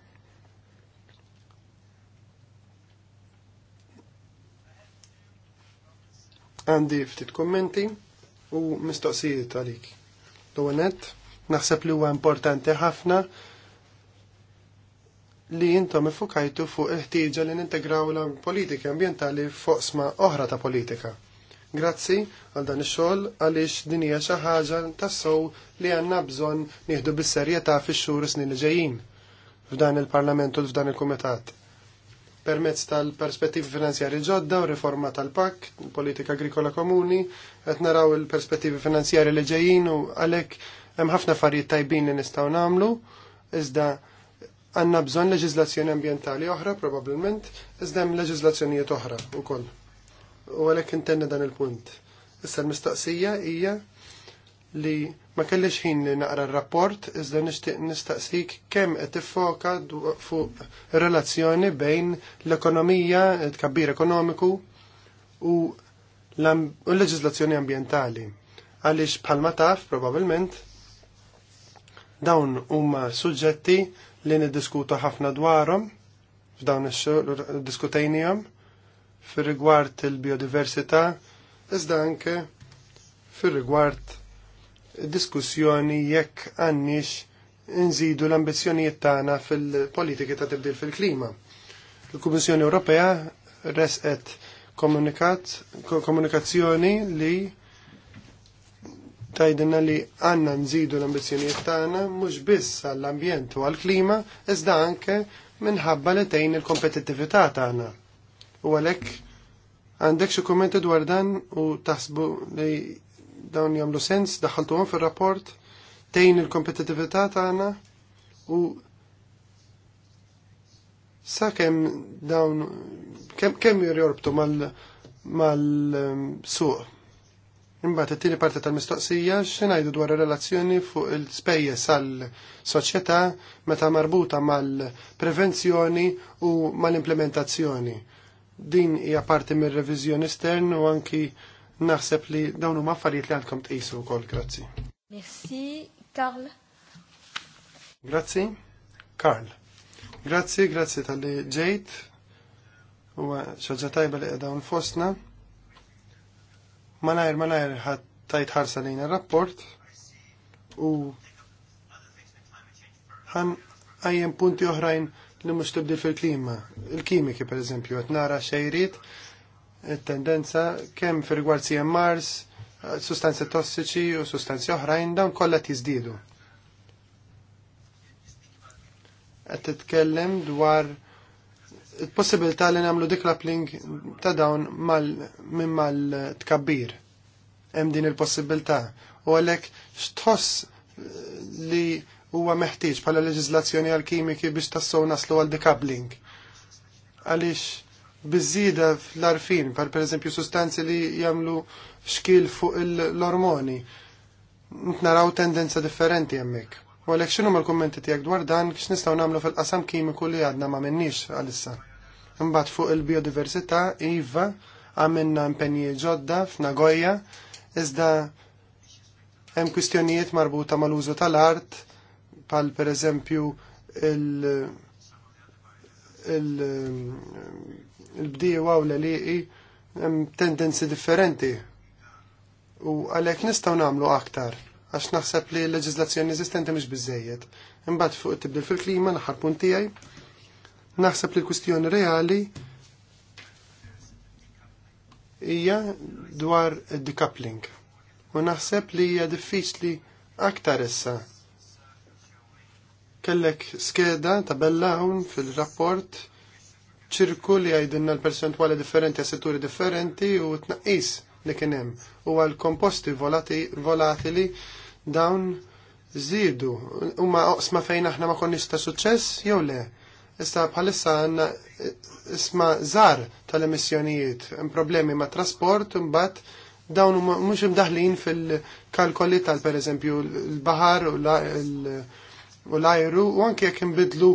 Għandi ftit kommenti u mistoqsijiet għalik. L-għonet, naħseb li huwa importanti ħafna li jintom ifukajtu fuq il-ħtieġa li nintegraw la politika ambientali fuq sma oħra ta' politika. Grazzi għal dan ix-xogħol għaliex din hija xi ħaġa tassow li għandna bżonn nieħdu bis-serjetà fix-xhur snin li ġejjin f'dan il-Parlament u f'dan il-Kumitat permezz tal-perspettivi finanzjari ġodda u riforma tal pac politika agrikola komuni, qed naraw il-perspettivi finanzjari li ġejjin u għalhekk hemm ħafna affarijiet tajbin li nistgħu nagħmlu, iżda għandna bżonn leġiżlazzjoni ambjentali oħra probabbilment, iżda hemm leġiżlazzjonijiet oħra wkoll. U għalhekk intenna dan il-punt. Issa l mistoqsija hija li ma kellix ħin li naqra r-rapport, iżda nixtieq nistaqsik kemm qed tiffoka fuq relazzjoni bejn l-ekonomija, tkabbir ekonomiku u l-leġiżlazzjoni ambjentali. Għaliex bħalma taf, probabbilment, dawn huma suġġetti li niddiskutu ħafna dwarhom f'dawn ix-xogħol fir-rigward il-biodiversità, iżda anke fir-rigward diskussjoni jekk għandniex nżidu l-ambizzjonijiet tagħna fil-politiki ta' tibdil fil-klima. Il-Kummissjoni Ewropea resqet komunikazzjoni li tajdinna li għanna nżidu l ambizjonijiet tagħna mhux biss għall-ambjent u għall-klima, iżda anke minħabba li tgħin il-kompetittività tagħna. U għalhekk għandek xi kummenti dwar dan u taħsbu li dawn jagħmlu sens, daħaltuhom fir-rapport, tejn il-kompetitività tagħna u kem dawn kemm kem jorjorbtu mal-suq. Mal ehm, Imbagħad it-tieni parti tal-mistoqsija x'ingħidu dwar ir-relazzjoni fuq il-spejjeż sal soċjetà meta marbuta mal-prevenzjoni u mal-implementazzjoni. Din hija parti mir-reviżjoni stern u anki naħseb li dawn huma affarijiet li għandkom tqisu wkoll, grazzi. Merci, Karl. Grazzi, Karl. Grazzi, grazzi tal-li ġejt. U xaġa tajba li qiegħda fostna. Malajr, malajr ħat tajt ħarsa lejn ir-rapport u ħan għajjem punti oħrajn li mux tibdil fil-klima. Il-kimiki, per eżempju, għet nara xejrit tendenza kemm fil-rigward CMRs, sustanzi tossiċi u sustanzi oħrajn dawn kollha jiżdiedu. Qed titkellem dwar il-possibilità li nagħmlu decoupling ta' dawn mal minn mal-tkabbir. Hemm din il-possibilità. U għalhekk x'tħoss eh, li huwa meħtieġ bħala leġiżlazzjoni għal kimiki biex tassew naslu għal decoupling. Għaliex bizzida fl-arfin, par per eżempju sustanzi li jamlu xkil fuq l-ormoni. Naraw tendenza differenti jemmek. U għalek xinu ma l-kommenti tijak dwar dan, kx nistaw namlu fil-qasam kimiku li għadna ma minnix għalissa. Mbat fuq il-biodiversita, Iva, għamilna impenji ġodda f'Nagoya, iżda hemm kwistjonijiet marbuta mal-użu tal-art, pal per eżempju il- il l-bdiewa u l-liqi hemm tendenzi differenti. U għalhekk nistgħu nagħmlu aktar għax naħseb li l-leġiżlazzjoni eżistenti mhix biżejjed. Imbagħad fuq tibdil fil-klima l-aħħar punt tiegħi. Naħseb li l-kwistjoni reali hija dwar decoupling. U naħseb li hija diffiċli aktar issa kellek skeda tabella hawn fil-rapport ċirku li għajdinna l-percentwali differenti għas setturi differenti u tnaqis li kienem u għal komposti volatili dawn zidu u ma oqsma fejn aħna ma konniex ta' suċess jew le. Issa bħalissa għanna isma zar tal-emissjonijiet, problemi ma' trasport, mbatt dawn mux imdaħlin fil-kalkoli tal per eżempju l-bahar u l-ajru u anke jekk imbidlu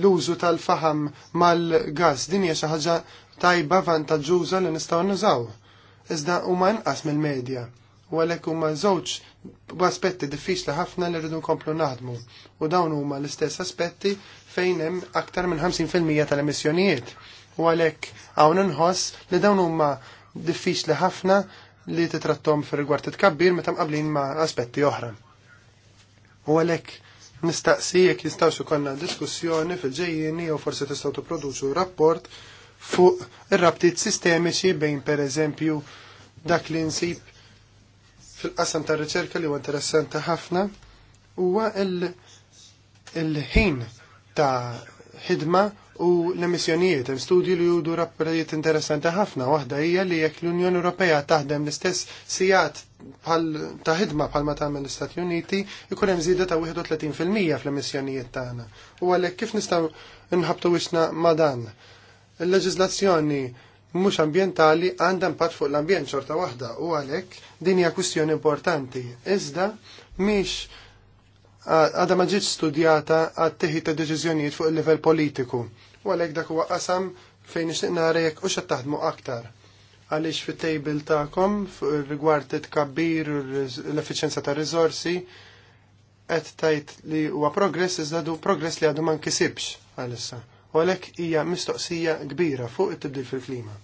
l-użu tal-faham mal-gas din hija xi ħaġa tajba vantaġġuża li nistgħu nużaw. Iżda huma inqas mill-medja u għalhekk huma żewġ aspetti diffiċli ħafna li rridu nkomplu naħdmu u dawn huma l-istess aspetti fejn hemm aktar minn 50% tal-emissjonijiet u għalhekk hawn inħoss li dawn huma diffiċli ħafna li titrattom fir rigward titkabbir meta mqablin ma' aspetti oħra. U għalhekk Nistaqsi jekk jistgħux konna diskussjoni fil ġejjini jew forsi tistgħu tipproduċu rapport fuq ir-rabtiet sistemiċi bejn pereżempju dak li nsib fil-qasam tar-riċerka li huwa interessanti ħafna huwa il-ħin ta' ħidma u l-emissjonijiet. Hemm studji li jgħudu rapparijiet interessanti ħafna. Waħda hija li jekk l-Unjoni Ewropea taħdem l-istess sigħat bħal ta' ħidma bħal ma tagħmel l-Istati Uniti, ikun hemm żieda ta' 31% fl-emissjonijiet tagħna. U għalhekk kif nistgħu nħabtu wisna ma' dan? Il-leġiżlazzjoni mhux ambjentali għandha impatt fuq l-ambjent xorta waħda u għalhekk din hija kwistjoni importanti. Iżda miex għada ma ġietx studjata għad teħi ta' deċiżjonijiet fuq il-livell politiku. U għalhekk dak huwa qasam fejn nixtieq nara jekk u taħdmu aktar għaliex fit-tejbil tagħkom rigward it-kabbir l efficienza ta' rizorsi, għed tajt li huwa progress iżda du progress li għadu ma kisibx għalissa. U għalhekk hija mistoqsija kbira fuq it-tibdil fil-klima.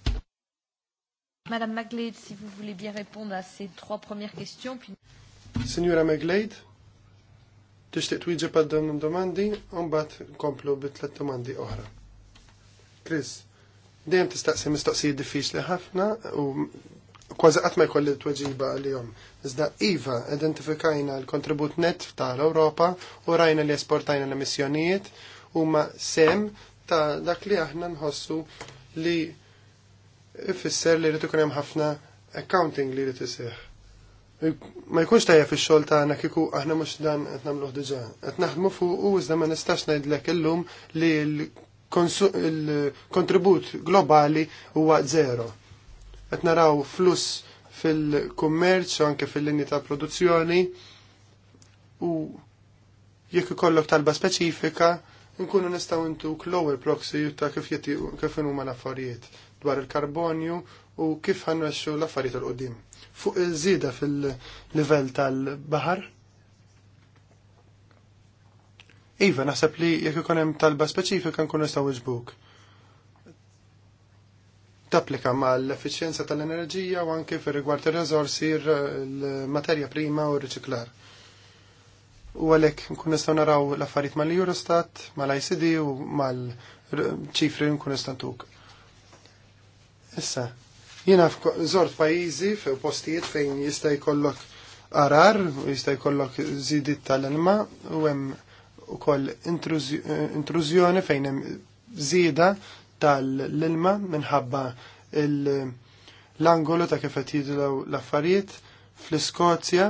Madame Maglade, si vous voulez bien répondre à ces trois premières questions. Puis... Signora Maglade, Tixtieq twieġeb għal dawn domandi u mbagħad komplu bitlet domandi oħra. Chris, dejjem tistaqsi mistoqsijiet diffiċli ħafna u kważi qatt ma jkolli tweġiba għalihom. Iżda iva identifikajna l-kontribut net tal-Ewropa u rajna li esportajna l-emissjonijiet huma sem ta' dak li aħna nħossu li ifisser li rritu kunem ħafna accounting li rritu seħ ma jkunx tajja fix-xogħol tagħna kieku aħna mhux dan qed nagħmluh diġà. Qed naħdmu fuq u għizda ma nistax ngħidlek illum li l-kontribut globali huwa zero. Qed naraw flus fil-kummerċ u anke fil-linji ta' produzzjoni u jekk ikollok talba speċifika nkunu nistgħu intu lower proxy ta' kif kif huma l-affarijiet dwar il-karbonju u kif ħanrexxu l-affarijiet il-qudiem fuq iż-żieda fil level tal-baħar. Iva, naħseb li jekk ikun hemm talba speċifika nkun nistgħu iġbuk. Tapplika mal-effiċjenza tal-enerġija u anke fir-rigward ir resorsi l-materja prima u r-riċiklar. U għalhekk nkun nistgħu naraw l-affarijiet mal-Eurostat, mal-ICD u mal-ċifri nkun nistgħu Issa, Jiena zort pajjiżi postijiet fejn jista' jkollok arar, jista' jkollok zidit tal-ilma u hemm ukoll intrużjoni fejn hemm żieda tal-ilma minħabba l-angolu ta' kif qed jidlew l-affarijiet fl-Iskozja,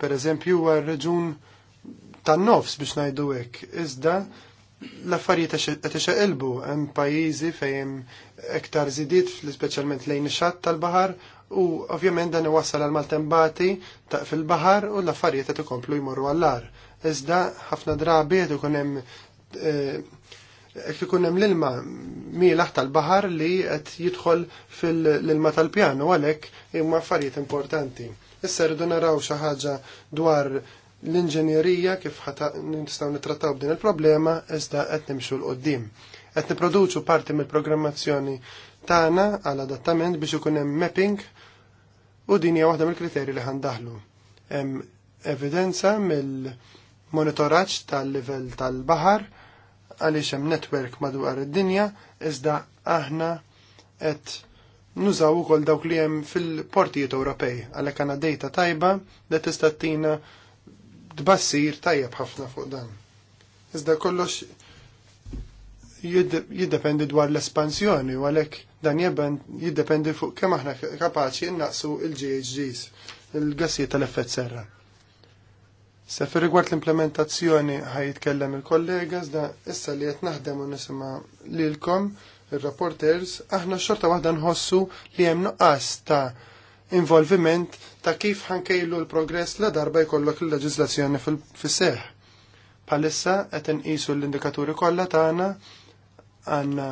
per eżempju, huwa reġun tan-nofs biex ngħidu hekk, iżda l-affarijiet qed ixeqilbu hemm pajjiżi fejn iktar żidiet speċjalment lejn ix-xatt tal-baħar u ovvjament dan iwassal għal maltembati ta' fil-baħar u l-affarijiet qed ikomplu jmorru għall-ar. Iżda ħafna drabi qed ikun hemm e, ikun hemm l-ilma mielaħ tal-baħar li qed jidħol fil-ilma tal-pjan u għalhekk huma affarijiet importanti. Issa rridu naraw xi ħaġa dwar l-inġenjerija kif nistgħu nittrattaw b'din il-problema iżda qed nimxu l-qoddim. Qed niproduċu parti mill-programmazzjoni tagħna għal adattament biex ikun hemm mapping u din hija waħda mill-kriterji li ħandaħlu. Hemm evidenza mill-monitoraġġ tal-livell tal-baħar għaliex hemm netwerk madwar id-dinja iżda aħna qed nużaw ukoll dawk li hemm fil-portijiet Ewropej għalhekk għandna dejta tajba li tista' tina tbassir tajjeb ħafna fuq dan. Iżda kollox jiddependi dwar l-espansjoni, u għalek dan jiddependi fuq kemm aħna kapaċi innaqsu il-GHGs, il-gassijiet tal-effett serra. Se fi rigward l-implementazzjoni ħajitkellem il-kollega, iżda issa li qed naħdem u nisimgħa lilkom il-rapporters, aħna xorta waħda nħossu li hemm nuqqas ta' involviment ta' kif ħankejlu l-progress la darba jkollok il-leġizlazzjoni fil seħ Palissa qed inqisu l-indikaturi kollha tagħna għandna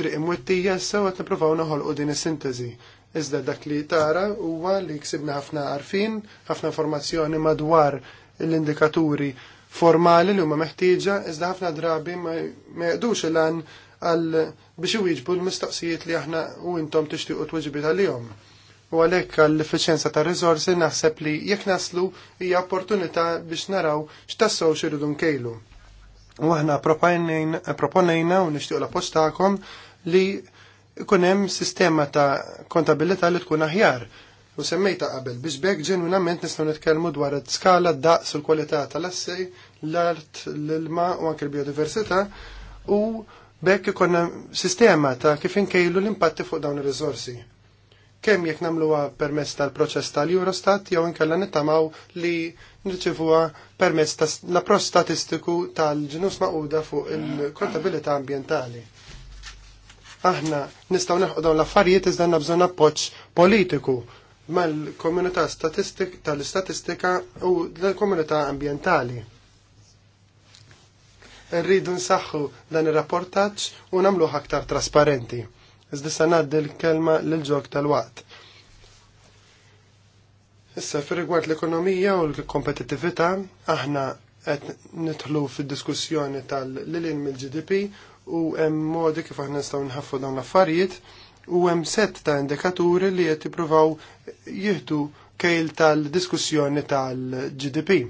triq imwettija issa qed nippruvaw u din is-sintesi. Iżda dak li tara huwa li ksibna ħafna arfin, ħafna informazzjoni madwar l-indikaturi formali li huma meħtieġa, iżda ħafna drabi ma jgħdux il-għan għal biex iwieġbu l-mistoqsijiet li aħna u intom tixtiequ tweġibi tal-jom u għalhekk għall efficienza ta' rizorsi naħseb li jekk naslu hija opportunità biex naraw x'tassew xiridu nkejlu. U aħna proponejna u nixtieq la postakom li ikun hemm sistema ta' kontabilità li tkun aħjar u semmejta qabel biex bekk ġenwinament nistgħu nitkellmu dwar skala daqs u l-kwalità tal-assej, l-art, l-ilma u anke l-biodiversità u bekk ikun sistema ta' kif inkejlu l-impatti fuq dawn ir-riżorsi kemm jekk nagħmluha permezz tal-proċess tal-Eurostat jew inkella nittamaw li nirċivuha permezz tal-approċċ statistiku tal-ġinus maquda fuq il-kontabilità ambjentali. Aħna nistgħu neħu dawn l-affarijiet iżda bżonn appoġġ politiku mal-komunità tal-istatistika u l-komunità ambjentali rridu nsaħħu dan ir-rapportaġġ u nagħmluh aktar trasparenti. Iżda se ngħaddi l-kelma lil ġok tal-waqt. Issa firigward rigward l-ekonomija u l-kompetittività aħna qed nidħlu fid-diskussjoni tal-lilin mill-GDP u hemm modi kif aħna nistgħu nħaffu dawn l-affarijiet u hemm set ta' indikaturi li qed jippruvaw jieħdu kejl tal-diskussjoni tal-GDP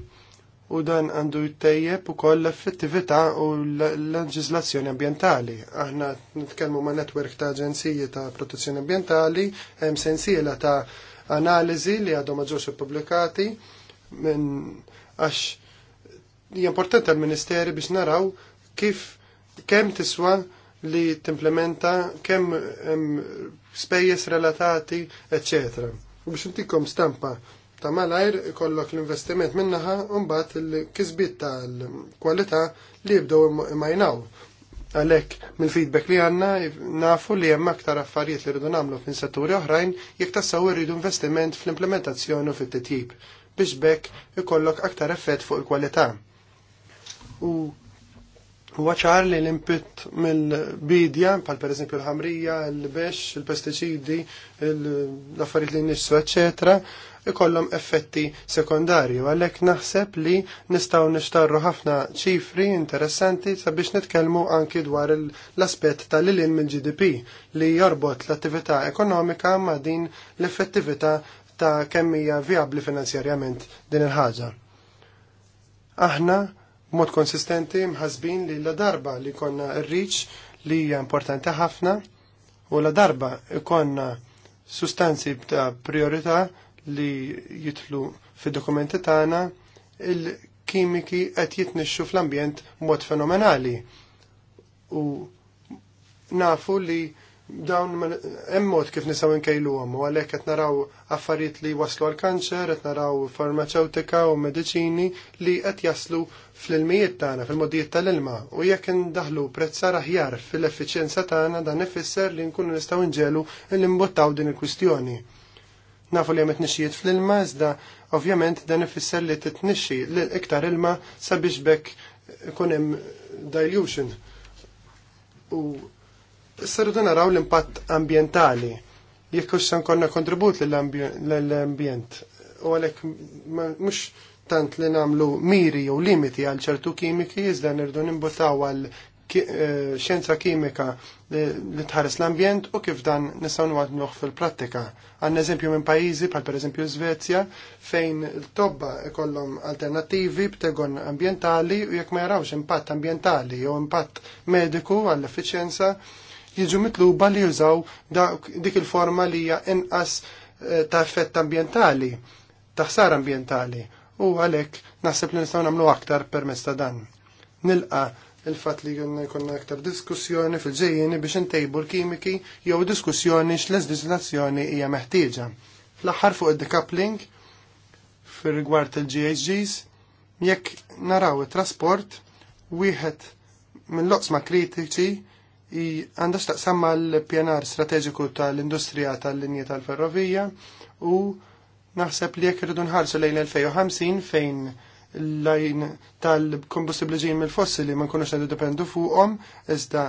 u dan għandu jtejjeb ukoll l-effettività u l-leġislazzjoni ambientali. Aħna nitkellmu ma' netwerk ta' aġenziji ta' protezzjoni ambientali, hemm sensiela ta' analiżi li għadhom ma ġewx ippubblikati minn għax hija importanti għall-Ministeri biex naraw kif kemm tiswa li timplementa kemm spejjeż relatati, eċċetera. U biex intikom stampa ta' malajr kollok l-investiment minnaħa unbat l kizbit ta' l-kwalità li jibdow imajnaw. Għalek, mill-feedback li għanna, nafu li jemma aktar affarijiet li rridu namlu fin setturi oħrajn, jek tassaw rridu investiment fl-implementazzjoni u fit-titjib, biex bekk ikollok aktar effett fuq il-kwalità. U Huwa ċar li l impitt mill-bidja, pal per eżempju l-ħamrija, l-bex, il-pestiċidi, l-affarijiet li nisu, eccetera, ikollhom effetti sekondarju. Għalhekk naħseb li nistgħu nixtarru ħafna ċifri interessanti sabiex nitkellmu anki dwar l-aspett tal ilien mill-GDP li jorbot l-attività ekonomika ma' din l-effettività ta' kemm hija viabli finanzjarjament din il-ħaġa. Aħna mod konsistenti mħasbin li la darba li konna r li hija importanti ħafna u la darba konna sustanzi ta' priorità li jitlu fid dokumenti tagħna il-kimiki qed jitnixxu fl-ambjent mod fenomenali u nafu li dawn hemm mod kif nisaw nkejluhom u għalhekk qed naraw affarijiet li waslu għal kanċer, qed naraw farmaceutika u mediċini li qed jaslu fl-ilmijiet tagħna fil-modijiet tal-ilma u jekk indaħlu prezzar aħjar fil-effiċjenza tagħna dan ifisser li nkunu nistgħu nġelu l-imbottaw din il-kwistjoni. Nafu li għamet nixijiet fl-ilma, iżda ovvjament dan ifisser li titnixxi l-iktar ilma sabiex bekk kunem hemm dilution. U Issa naraw l-impatt ambjentali jekk hux se nkollna kontribut lill-ambjent. U għalhekk mhux tant li nagħmlu miri jew limiti għal ċertu kimiki iżda nirdu nimbutaw għal eh, xjenza kimika li tħares l-ambjent u kif dan nistgħu nwadnuh fil-prattika. Għan eżempju minn pajjiżi per pereżempju Svezja fejn il-tobba ikollhom alternattivi b'tegon ambjentali u jekk ma jarawx impatt ambjentali jew impatt mediku għall-effiċjenza jiġu mitluba li jużaw dik il-forma li hija inqas eh, ta' effett ambientali, ta' ħsar ambientali, u għalhekk naħseb li nistgħu nagħmlu aktar permezz ta' dan. Nilqa' il-fat li jkunna aktar diskussjoni fil-ġejjeni biex intejbu l-kimiki jew diskussjoni x'leżlislazzjoni hija meħtieġa. Fl-aħħar fuq id-decoupling fir-rigward il-GHGs, jekk naraw it-trasport wieħed mill-loqsma kritiċi għandha staqsamma mal-pjanar strateġiku tal-industrija tal-linja tal-ferrovija u naħseb li jekk irridu nħarsu lejn 2050 fejn l lajn tal-kombustibli ġin mill-fossili ma nkunux għandu dependu fuqhom, iżda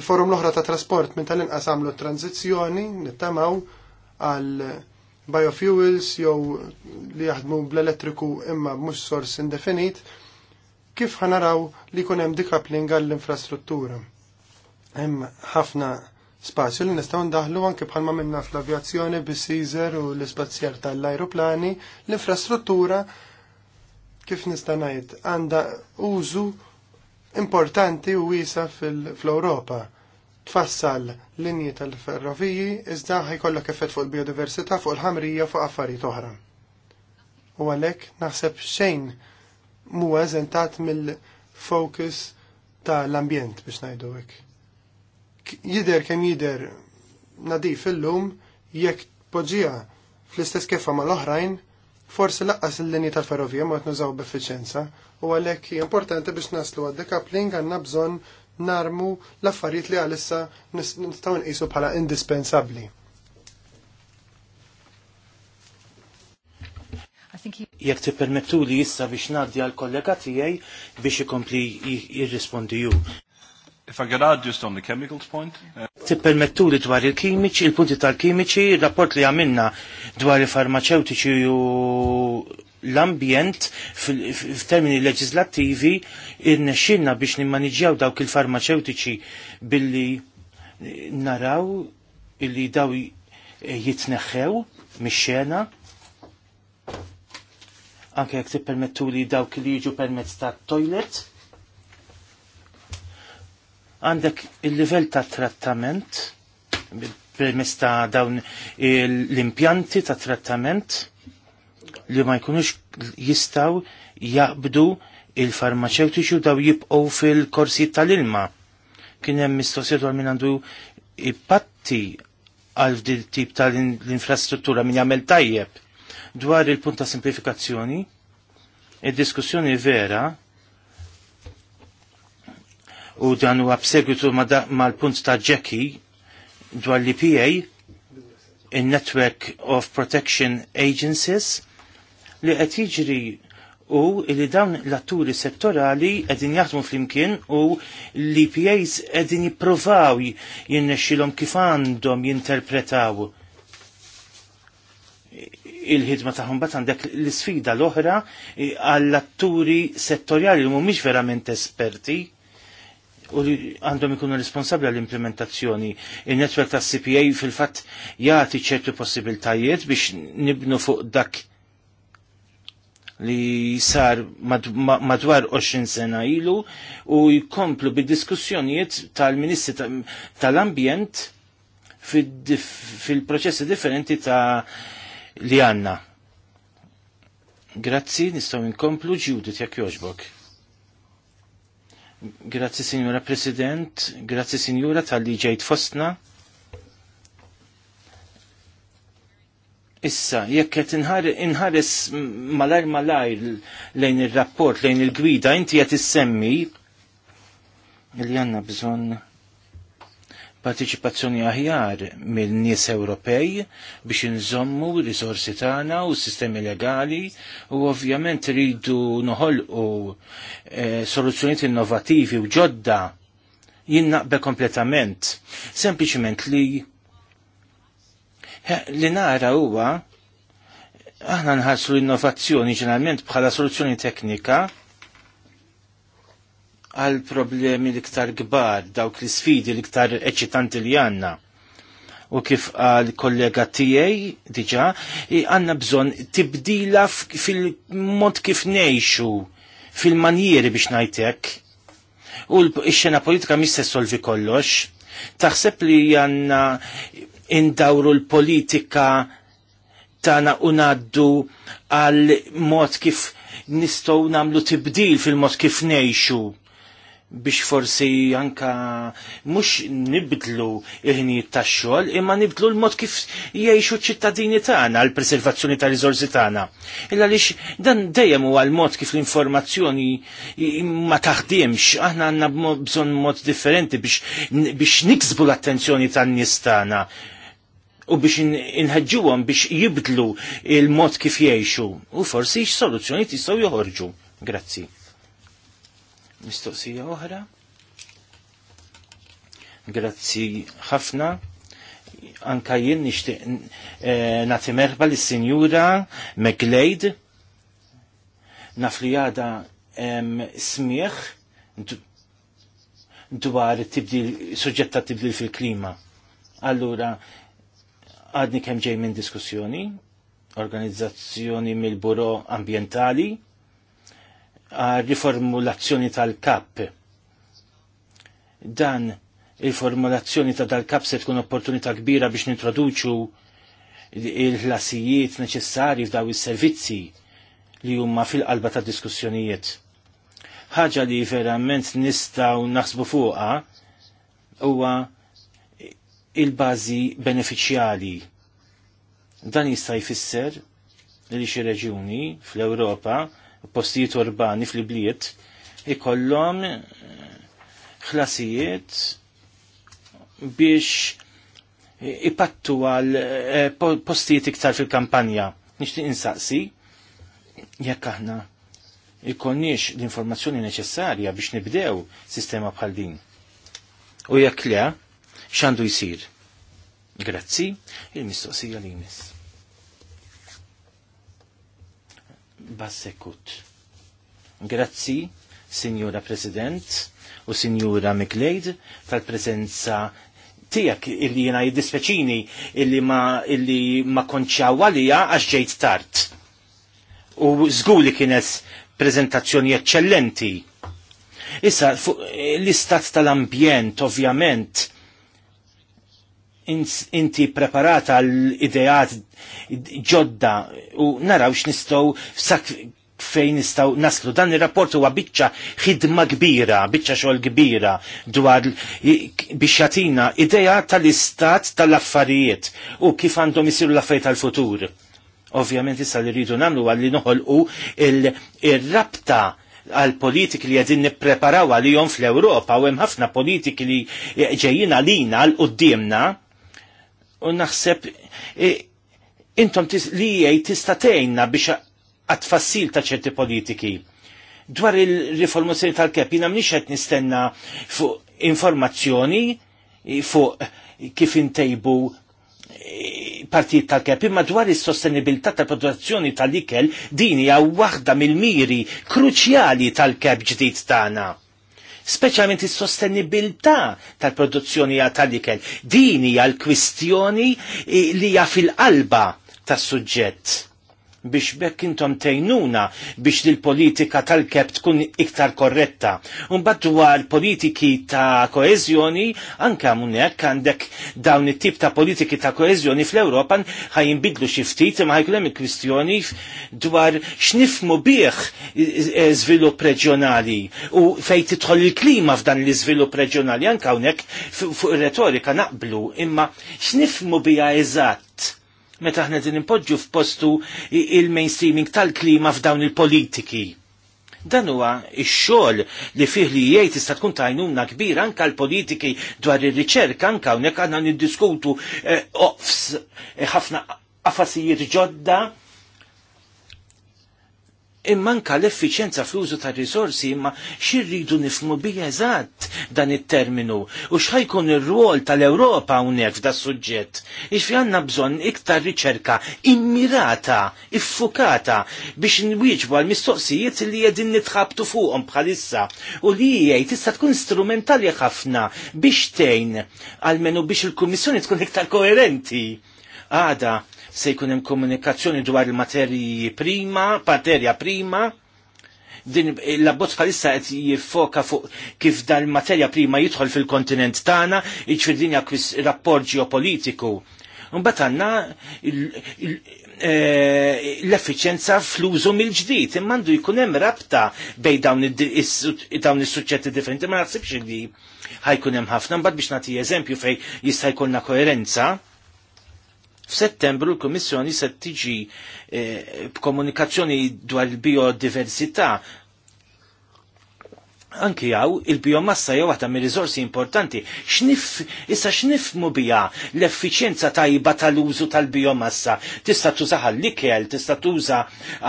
il-forum l-oħra ta' trasport minn tal-inqas għamlu tranzizjoni nittamaw għal biofuels jew li jaħdmu bl-elettriku imma mhux sors indefinit, kif ħanaraw li jkun hemm għall-infrastruttura hemm ħafna spazju li nistgħu ndaħlu anke bħalma minna fl-avjazzjoni bis-Caesar u l-ispazjar tal-ajruplani, l-infrastruttura kif nista' ngħid għandha użu importanti u wiesa fl-Ewropa. Tfassal linji tal-ferroviji iżda ħajkollok effett fuq il-biodiversità, fuq il-ħamrija, fuq affarijiet oħra. U għalhekk naħseb xejn mhuwa eżentat mill-focus tal-ambjent biex ngħidu hekk jider kem jider nadif illum jekk poġija fl-istess kefa ma l-oħrajn, forsi laqqas il-linji tal-ferrovija ma nużaw b'effiċenza u għalhekk hija importanti biex naslu għad decoupling għandna bżonn narmu l-affarijiet li għalissa nistgħu nqisu bħala indispensabbli. Jek ti permettu li jissa biex naddi għal kollega tijaj biex ikompli jirrispondi ju. If I could add just on the chemicals point. Uh, tippermettu li dwar il kimiċ il-punti tal-kimiċi, il-rapport li għamilna dwar il-farmaceutiċi u l-ambjent f'termini leġislattivi irnexxinna biex nimmaniġjaw dawk il-farmaceutiċi billi naraw illi daw jitneħħew mix-xena anke jekk tippermettu li dawk li jiġu permezz ta' toilet għandek il-livell ta' trattament permess ta' dawn l-impjanti ta' trattament li ma jkunux jistaw jaqbdu il-farmaceutiċi daw jibqgħu fil-korsi tal-ilma. Kien hemm għal għandu ipatti għal din tip tal-infrastruttura min jagħmel tajjeb. Dwar il-punt ta' simplifikazzjoni, id-diskussjoni vera u dan huwa b'segwitu mal-punt ta' Jackie dwar l PA, in network of Protection Agencies, li qed jiġri u li dawn l-atturi settorali għedin jaħdmu fl-imkien u l PAs għedin jiprovaw jinnexxilhom kif għandhom jinterpretaw il-ħidma taħħom bat għandek l-sfida l-oħra għall-atturi settorjali li mhumiex verament esperti u li għandhom ikunu responsabli għall-implementazzjoni. Il-netwerk ta' CPA fil-fatt jagħti ċertu possibiltajiet biex nibnu fuq dak li sar madwar 20 sena ilu u jkomplu bid-diskussjonijiet tal-Ministri tal-Ambjent fil-proċessi differenti ta' li għanna. Grazzi, nistaw inkomplu ġudit jak joġbok. Grazzi Signora President, grazie Signora tal-li ġejt fostna. Issa, jekk qed inħares malajr malajr lejn ir-rapport, lejn il-gwida, inti qed issemmi li għandna bżonn partiċipazzjoni aħjar mill-nies Ewropej biex inżommu risorsi tagħna u s-sistemi legali u ovvjament rridu noħolqu e, eh, soluzzjoniet innovativi u ġodda jinnaqbe kompletament. Sempliċiment li eh, li nara huwa aħna nħassu l-innovazzjoni ġeneralment bħala soluzzjoni teknika għal problemi l-iktar gbar, dawk l-sfidi l-iktar eċitanti li għanna. U kif għal kollega tijaj, diġa, għanna bżon tibdila fil-mod kif nejxu, fil-manjeri biex najtek. U l-xena politika mis solvi kollox. Taħseb li għanna indawru l-politika tana unaddu għal mod kif nistow namlu tibdil fil-mod kif nejxu biex forsi anka mux nibdlu il-ħinijiet tax xogħol imma nibdlu l-mod kif jgħixu ċ-ċittadini tagħna għal preservazzjoni ta' riżorsi tagħna. Illa lix dan dejjem huwa l-mod kif l-informazzjoni ma taħdimx, aħna għandna bżonn mod differenti biex, biex niksbu l-attenzjoni tan-nies tagħna u biex inħagġuhom biex jibdlu il-mod kif jgħixu u forsi x-soluzzjoni jistgħu joħorġu. Grazzi mistoqsija oħra. Grazzi ħafna. Anka jien nixtieq eh, nagħti merħba lis-Sinjura McLeod. Naf li għada smieħ dwar tibdil, suġġetta tibdil fil-klima. Allura, għadni kem ġej minn diskussjoni, organizzazzjoni mill-buro ambientali, riformulazzjoni tal-kap. Dan il-formulazzjoni ta' dal-kap se tkun opportunità kbira biex nintroduċu il-ħlasijiet neċessarji f'daw is-servizzi li huma fil-qalba ta' diskussjonijiet. Ħaġa li verament nistgħu naħsbu fuqha huwa il-bażi benefiċjali. Dan jista' jfisser li xi reġjuni fl-Ewropa postijiet urbani fl-bliet ikollhom eh, ħlasijiet biex eh, ipattu għal eh, postijiet iktar fil-kampanja. Nixtieq insaqsi jekk aħna ikonniex l-informazzjoni neċessarja biex nibdew sistema bħal din. U jekk le, x'għandu jsir? Grazzi, il-mistoqsija li jmiss. Bassekut. Grazzi, Signora President u Sinjura McLeod, tal-prezenza tijak illi jena jiddispeċini illi ma, illi ma konċaw għalija għax ġejt tart. U zguli kienet prezentazzjoni eccellenti. Issa, l-istat tal-ambjent, ovvjament, inti preparata l-ideat ġodda u naraw x'nistgħu sak fejn nistgħu naslu. Dan ir-rapport huwa biċċa ħidma kbira, biċċa xogħol kbira dwar biex jagħtina idea tal-istat tal-affarijiet u kif għandhom isiru l-affarijiet tal-futur. Ovvjament issa li rridu nagħmlu għalli noħolqu il-rabta għal politiki li għedin nipreparaw għalijom fl-Europa u hemm ħafna politiki li ġejjin għalina għal qudiemna u naħseb intom li jgħi tista' tgħinna biex għatfassil ta' ċerti politiki. Dwar il-riformazzjoni tal-kep, jina mniex qed nistenna fuq informazzjoni fuq kif intejbu partijiet tal-kep, imma dwar is-sostenibilità tal-produzzjoni tal-ikel din hija waħda mill-miri kruċjali tal-kep ġdid tagħna speċjalment is-sostenibilità tal-produzzjoni tal-ikel. Din hija l-kwistjoni eh, li hija fil-qalba tas-suġġett biex bekk intom tejnuna biex il-politika tal keb tkun iktar korretta. Unbad dwar politiki ta' koezjoni, anka munnek għandek dawn it-tip ta' politiki ta' koezjoni fl-Europa ħajinbidlu xiftit ma ħajkunem il-kwistjoni dwar xnifmu bieħ zvilup reġjonali u fejt titħol il-klima f'dan l zvilup reġjonali anka unnek fuq retorika naqblu imma xnifmu bija eżatt meta ħna din impoġġu f'postu il-mainstreaming tal-klima f'dawn il-politiki. Dan huwa x-xogħol li fih li jgħid tista' tkun tajnuna kbir anke l-politiki dwar ir-riċerka anke hawnhekk għandna niddiskutu eh, eh, ħafna qafasijiet ġodda immanka l-effiċenza fl-użu ta' risorsi imma xirridu nifmu bija eżatt dan it-terminu u xħajkun ir-rwol tal-Ewropa unek f'da suġġett. fi għanna bżon iktar riċerka immirata, iffukata biex nwieġbu għal mistoqsijiet li jedin nitħabtu fuqhom bħalissa u li jgħid tista' tkun strumentali ħafna biex tgħin menu biex il-Kummissjoni tkun iktar koerenti. Għada, se jkun hemm komunikazzjoni dwar il-materji prima, materja prima, din l-abbozz bħalissa qed jiffoka fuq kif dan il-materja prima jidħol fil-kontinent tagħna, jiġifier din rapport ġeopolitiku. Mbagħad għandna e, l-effiċenza fl-użu mill-ġdid, imma għandu jkun hemm rabta bejn dawn is-suċċetti differenti, ma naħsibx li ħajkun hemm ħafna, mbagħad biex nagħti eżempju fejn jista' jkollna koerenza F'Settembru l-Kummissjoni se tiġi eh, b'komunikazzjoni dwar il-biodiversità anki jaw il-biomassa jew waħda mir rizorsi importanti. Xnif, issa xnifmu bija l-effiċenza tajba tal-użu tal-biomassa. Tista' tuża għall-ikel, tista' tuża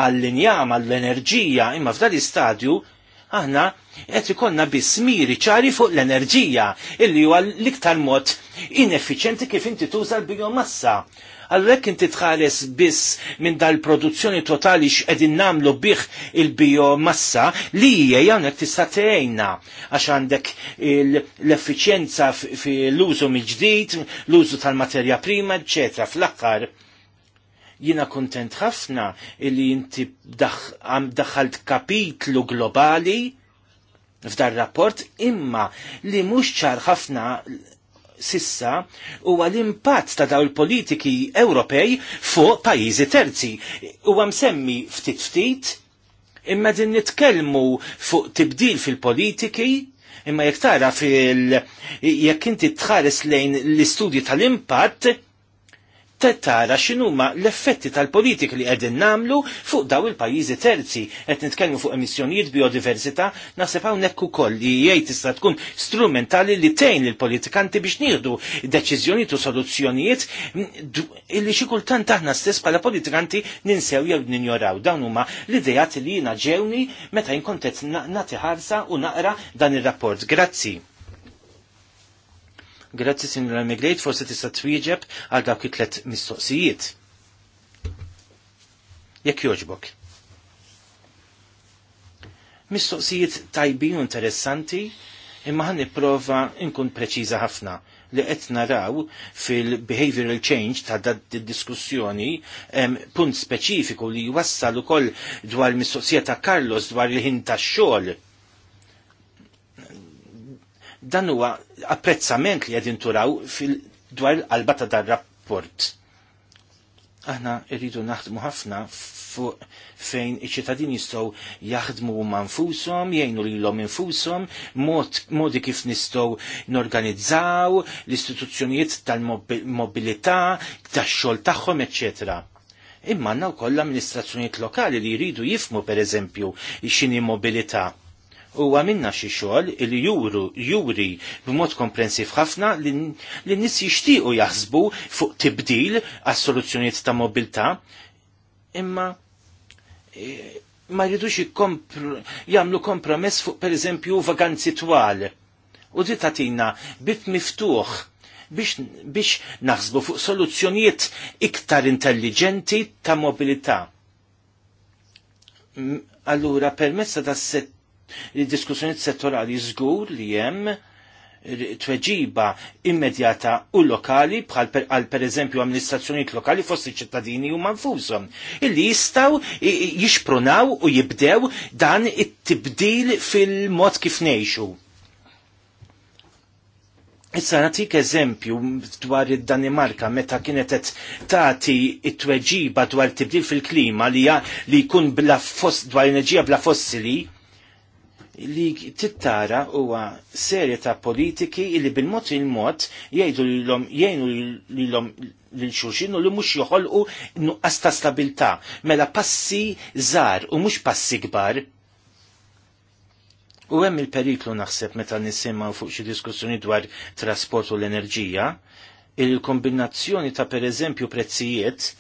għall-injam, għall-enerġija, imma f'dan istadju aħna qed ikonna bismiri ċari fuq l-enerġija illi huwa l-iktar mod ineffiċenti kif inti tuża l-biomassa. Għallek inti tħares biss minn dal-produzzjoni totali x'qegħdin nagħmlu bih il-biomassa li hija hawnhekk tista' tgħinna għax għandek l-effiċjenza fil-użu mill-ġdid, l-użu tal-materja prima, eċetra fl-aħħar Jina kontent ħafna li inti daħalt kapitlu globali f'dar rapport imma li mhux ċar ħafna sissa huwa l-impatt ta' daw il-politiki Ewropej fuq pajjiżi terzi. Huwa msemmi ftit ftit imma din nitkellmu fuq tibdil fil-politiki imma jekk tara fil jekk inti tħares lejn l-istudji tal-impatt tara x'inhuma l-effetti tal-politik li qegħdin namlu fuq daw il-pajjiżi terzi qed nitkellmu fuq emissjonijiet biodiversità naħseb hawnhekk ukoll li jgħid tista' tkun strumentali li tgħin lill-politikanti biex nieħdu deċiżjonijiet u soluzzjonijiet illi xi kultant aħna stess bħala politikanti ninsew jew ninjoraw. Dawn huma l-idejat li jiena ġewni meta jinkontet qed nagħti ħarsa u naqra dan ir-rapport. Grazzi. Grazzi Signora Migrejt, forsi tista' twieġeb għal dawk it-tlet mistoqsijiet. Jekk joġbok. Mistoqsijiet tajbi u interessanti, imma ħan nipprova nkun preċiża ħafna li qed naraw fil-behavioral change ta' dad diskussjoni punt speċifiku li jwassal ukoll dwar mistoqsija ta' Carlos dwar il-ħin tax-xogħol Dan huwa apprezzament li qegħdin turaw fil-dwar qalba ta' dar rapport. Aħna rridu naħdmu ħafna fuq fejn iċ-ċittadini jistgħu jaħdmu manfushom, jgħinu lilhom infushom, mod, modi kif nistgħu norganizzaw l-istituzzjonijiet tal-mobilità, tax-xogħol tagħhom, eċċetera imma għandna wkoll koll lokali li jridu jifmu per eżempju xini mobilità u għamilna xi xogħol li juru juri b'mod komprensiv ħafna li n-nies jixtiequ jaħsbu fuq tibdil għas soluzzjonijiet ta' mobilità imma e, ma jridux jagħmlu kompromess fuq pereżempju vaganzi twal. U di tatina bit miftuħ biex, biex naħsbu fuq soluzzjonijiet iktar intelligenti ta' mobilità allura permessa ta' sett Il-diskussjoni settorali żgur li hemm tweġiba immedjata u lokali bħal per, għal per eżempju amministrazzjoniet lokali fost ċittadini u manfuzom illi jistaw jixpronaw u jibdew dan it-tibdil fil-mod kif ngħixu. Issa natik eżempju dwar id-Danimarka meta kienet qed tagħti it-tweġiba dwar tibdil fil-klima li, li jkun bla fost dwar enerġija bla fossili li tittara huwa serje ta' politiki li bil-mod il-mod jgħidu l-lom jgħinu l-lom l xurxin u li mux joħolqu nuqqas ta' stabilta. Mela passi zar u mux passi kbar. U hemm il-periklu naħseb meta nisimgħu fuq xi diskussjoni dwar trasport u l-enerġija, il-kombinazzjoni ta' pereżempju prezzijiet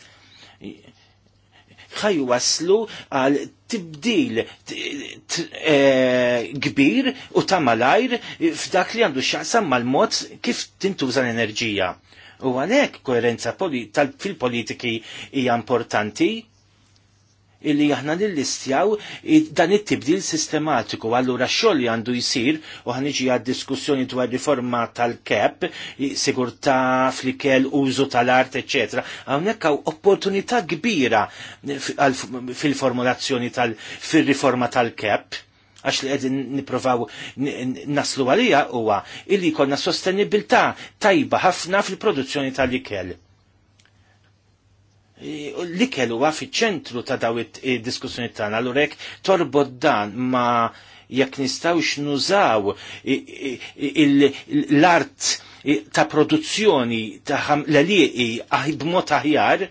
ħaj waslu għal tibdil e, kbir u ta' malajr f'dak li għandu xaqsam mal-mod kif tintuża l-enerġija. U għalhekk koerenza fil-politiki hija importanti illi aħna nillistjaw dan it-tibdil sistematiku. Allura xogħol li għandu jsir u ħaniġi għad diskussjoni dwar riforma tal-kep, sigurtà flikel, użu tal-art, ecc. Hawnhekk hawn opportunità kbira fil-formulazzjoni tal fil-riforma tal-kep għax li għedin niprofaw naslu għalija huwa illi konna sostenibilità tajba ħafna fil-produzzjoni tal-ikel li kellu fiċ-ċentru ta' daw id-diskussjoni tagħna. Allura hekk torbod dan ma jekk nistgħux nużaw l-art ta' produzzjoni ta' l-liqi b'mod aħjar,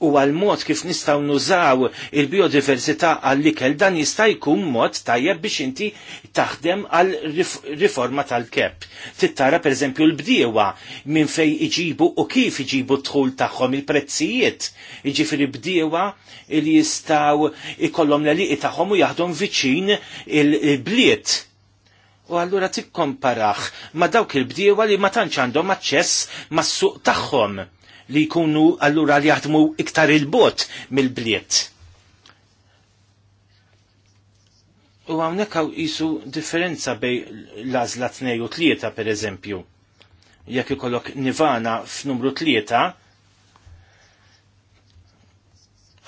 u għal mod kif nistaw nużaw il-biodiversità għall-ikel dan jista' jkun mod tajjeb biex inti taħdem għal riforma tal-kep. Tittara per eżempju l-bdiewa minn fej iġibu u kif iġibu tħul tagħhom il-prezzijiet. Iġifieri bdiewa li jistaw ikollhom l-liqi tagħhom u jaħdhom viċin il-bliet. U allura tikkomparax ma dawk il-bdiewa li ma tantx għandhom aċċess mas-suq tagħhom li jkunu allura li jaħdmu iktar il-bot mill-bliet. U għawnek għaw jisu differenza bej lażla 2 u 3 per eżempju. Jekk ikollok nivana f'numru 3,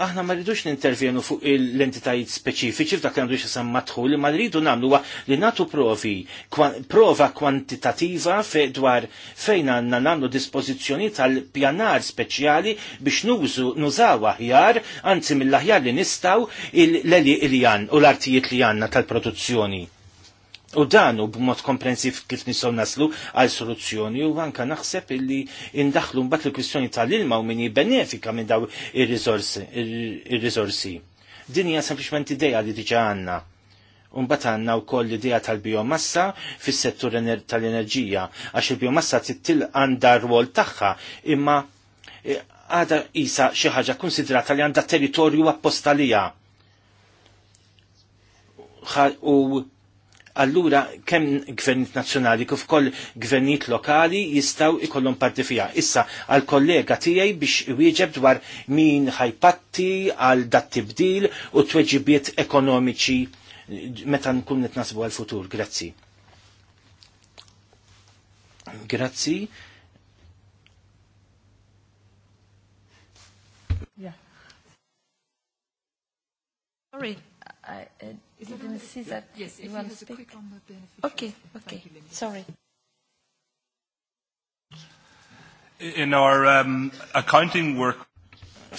aħna ma rridux nintervjenu fuq l-entitajiet speċifiċi f'dak għandu xisam madħul, ma rridu nagħmlu li nagħtu provi, prova kwantitativa fe dwar fejn għandna nagħmlu dispożizzjoni tal-pjanar speċjali biex nużu nużaw aħjar, anzi mill-aħjar li nistgħu l-eli li u l-artijiet li għandna tal-produzzjoni. U dan u b'mod komprensiv kif nisom naslu għal soluzzjoni u anka naħseb illi indaħlu mbagħad il-kwistjoni tal-ilma u min jibbenefika minn daw ir-riżorsi. Din hija sempliċement idea li diġà għandna. Umbat għanna u koll l-idea tal-biomassa fis settur tal-enerġija, għax il-biomassa tittil għanda rwol taħħa, imma eh, għada jisa xaħġa konsidrata li għanda territorju appostalija. U allura kemm gvernit nazzjonali kif ukoll gvernit lokali jistgħu ikollhom parti fiha. Issa għal kollega tiegħi biex wieġeb dwar min ħajpatti għal dat tibdil u tweġibiet ekonomiċi meta nkun nitnasbu għal futur. Grazzi. Grazzi. Yeah. Sorry, I, uh... Is you can see that. Yes, you want to speak? quick on the Okay, okay, you, sorry. In our um, accounting work,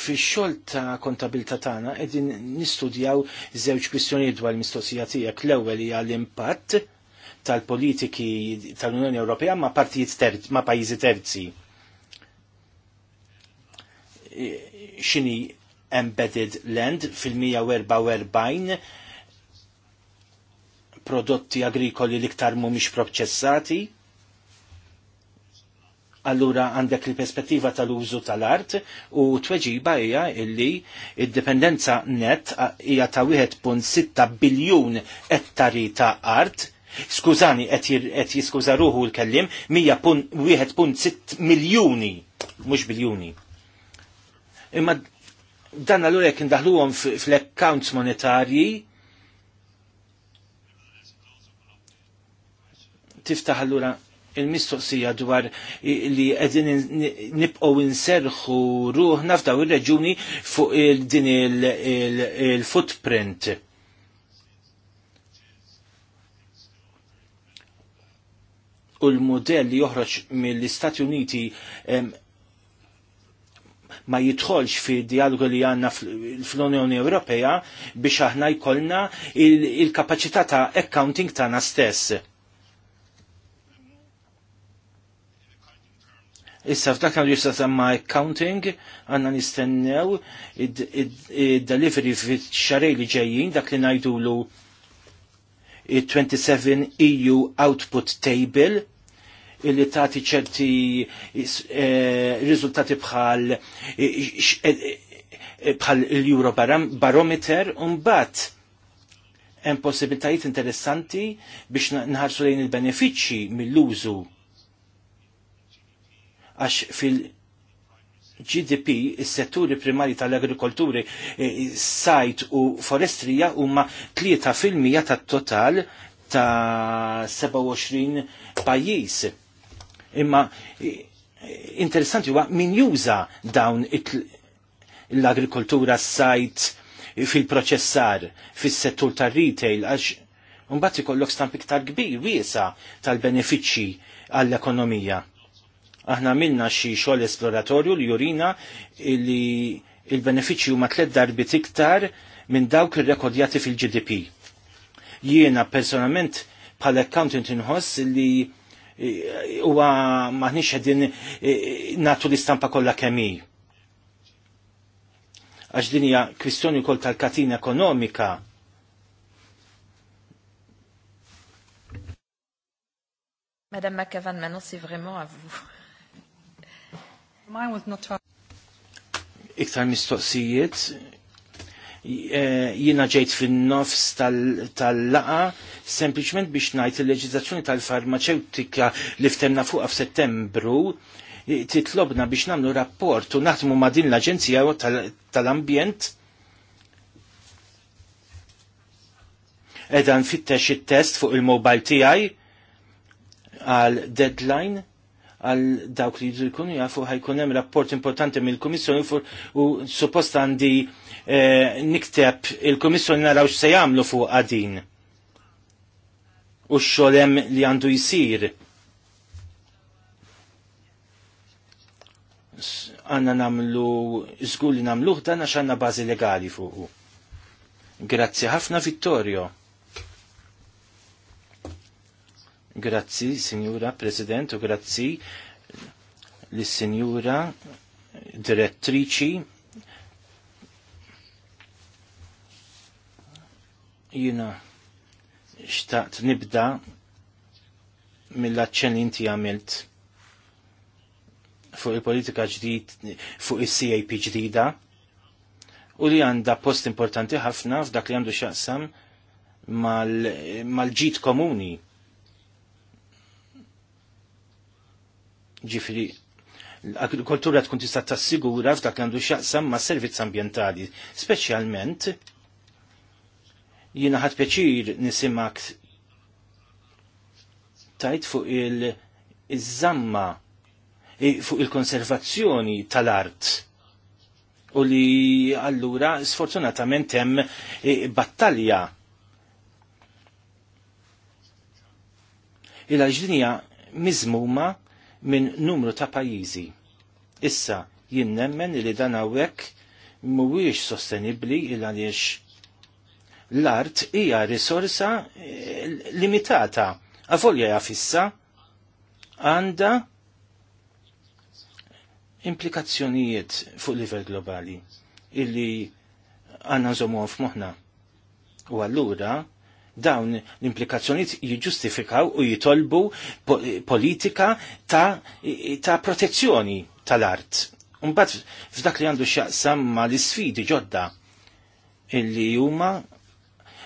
fi xol ta' kontabilta tagħna edin nistudjaw zewċ kwistjoni dwar l mistoqsija tiegħek l-ewwel hija l-impatt tal-politiki tal-Unjoni Ewropea ma' partijiet terzi, ma' pajjiżi terzi. Xini embedded land fil-144 prodotti agrikoli liktar mhumiex proċessati, allura għandek il-perspettiva tal-użu tal-art u tweġiba hija illi id-dipendenza net hija ta' 1.6 biljun ettari ta' art Skużani, qed jiskuża ruħu l-kellim, 1.6 miljuni, mhux biljuni. Imma dan allura jekk indaħluhom fl-accounts monetarji, tiftaħ allura il-mistoqsija dwar li għedin nibqaw inserħu ruħ f'daw il-reġuni fuq din il-footprint. U l-modell li joħroġ mill-Istati Uniti ma jidħolx fi dialogu li għanna fl-Unjoni Ewropea biex aħna jkollna il-kapacità ta' accounting tagħna stess Issa f'dak għandu jista' semma accounting, għanna nistennew id-delivery fit xarej li ġejjin dak li ngħidulu il-27 EU Output Table illi tagħti ċerti eh, riżultati bħal eh, eh, bħal il-Euro Barometer un bat hemm possibilitajiet interessanti biex nħarsu lejn il-benefiċċji mill-użu għax fil- GDP, is-setturi primari tal-agrikolturi, e, sajt u forestrija huma 3% tat-total ta' 27 pajjiż. Imma e, interessanti huwa min juża dawn l-agrikoltura sajt fil-proċessar, fis-settur tar-retail għax Unbat ikollok stamp iktar kbir wiesa tal-benefiċċji għall-ekonomija Aħna minna xi xogħol esploratorju li jurina li il-benefiċċju ma tliet darbit iktar minn dawk ir rekordjati fil-GDP. Jiena personalment bħala accountant inħoss li eh, huwa maħniex qegħdin eh, nagħtu l-istampa kollha kemm hi. Għax din hija kwistjoni wkoll tal-katina ekonomika Madame McAvan, maintenant c'est vraiment à vous. Iktar mistoqsijiet, eh, jina ġejt fin-nofs tal-laqa sempliċement biex ngħid il-leġiżlazzjoni tal-farmaceutika li ftemna fuqha f'Settembru titlobna biex nagħmlu rapport u naħdmu ma' din l-Aġenzija tal-Ambjent edha nfittex it-test fuq il-mobile tiegħi għal deadline għal dawk li jridu jkunu jafu ħajkun hemm rapport importanti mill-Kummissjoni u suppost għandi eh, nikteb il-Kummissjoni naraw x'se jagħmlu fuq għadin. U x-xogħol hemm li għandu jsir. Għanna namlu, żgur li dan għax għandna bażi legali fuq. Grazzi ħafna Vittorio. Grazzi, signora President, u grazzi li Sinjura Direttriċi jina xtaqt nibda mill-aċċen inti għamilt fuq il-politika ġdid, fuq il-CAP ġdida, u li għanda post importanti ħafna f'dak li għandu xaqsam mal-ġid mal komuni ġifri l-agrikoltura tkun tista' tassigura f'dak għandu x'jaqsam ma' servizz ambjentali, speċjalment jiena ħadd peċir nisimak tajt fuq il-żamma fuq il-konservazzjoni tal-art u li allura sfortunatament hemm battalja il-ġdinja mizmuma minn numru ta' pajjiżi. Issa jien nemmen li dan hawnhekk mhuwiex sostenibbli il għaliex l-art hija risorsa eh, limitata. Avolja ja fissa għanda implikazzjonijiet fuq livell globali illi għanna nżomu f'moħħna. f'moħna. U għallura Dawn l-implikazzjoniet jiġustifikaw u jitolbu politika ta', ta protezzjoni tal-art. Umbat f'dak li għandu xaqsam ma l-sfidi ġodda illi huma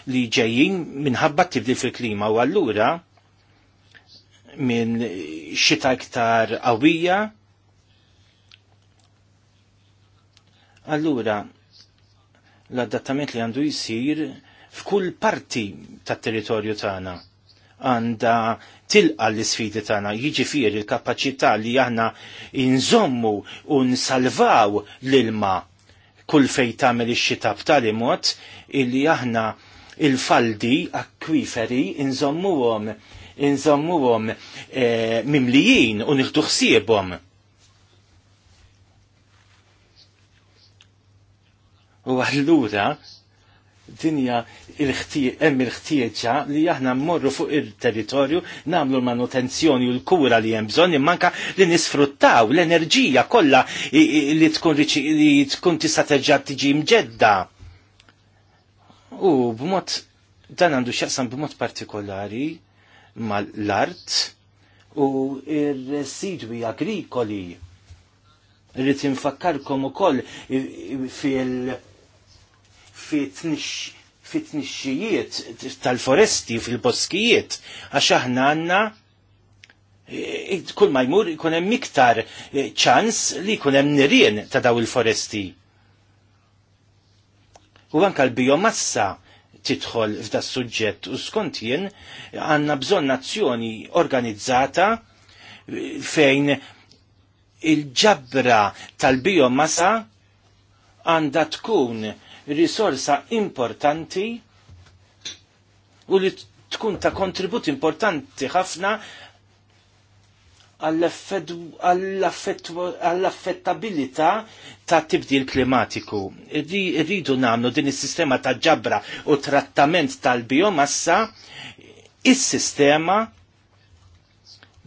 li ġejjin minħabba tibdil fil-klima u allura minn xita iktar qawwija. Allura l-adattament li għandu jisir f'kull parti tat-territorju tagħna għanda tilqa l-sfidi tagħna, jiġifieri il-kapaċità li aħna inżommu u nsalvaw l-ilma kull fej tagħmel ix-xita b'tali mod illi aħna il-faldi akwiferi inżommuhom inżommuhom e, mimlijin u nieħdu ħsiebhom. U allura dinja hemm il-ħtieġa li aħna mmorru fuq il-territorju nagħmlu manutenzjoni u l-kura li hemm bżonn manka li nisfruttaw l-enerġija kollha li tkun li tkun tista' terġa' tiġi mġedda. U b'mod dan għandu x'jaqsam b'mod partikolari mal-art u r residwi agrikoli. Rrid infakkarkom ukoll fil- fit-tnixxijiet tal-foresti fil-boskijiet għax aħna għandna e, e, kull ma jmur ikun miktar e, ċans li jkun hemm nirien ta' daw il-foresti. U anka l-biomassa tidħol f'da suġġett u skont jien għandna bżonn nazzjoni organizzata fejn il-ġabra tal-biomassa għandha tkun risorsa importanti u li tkun ta' kontribut importanti ħafna għall-affettabilità ta' tibdil klimatiku. Rridu namlu din is-sistema ta' ġabra u trattament tal-biomassa is-sistema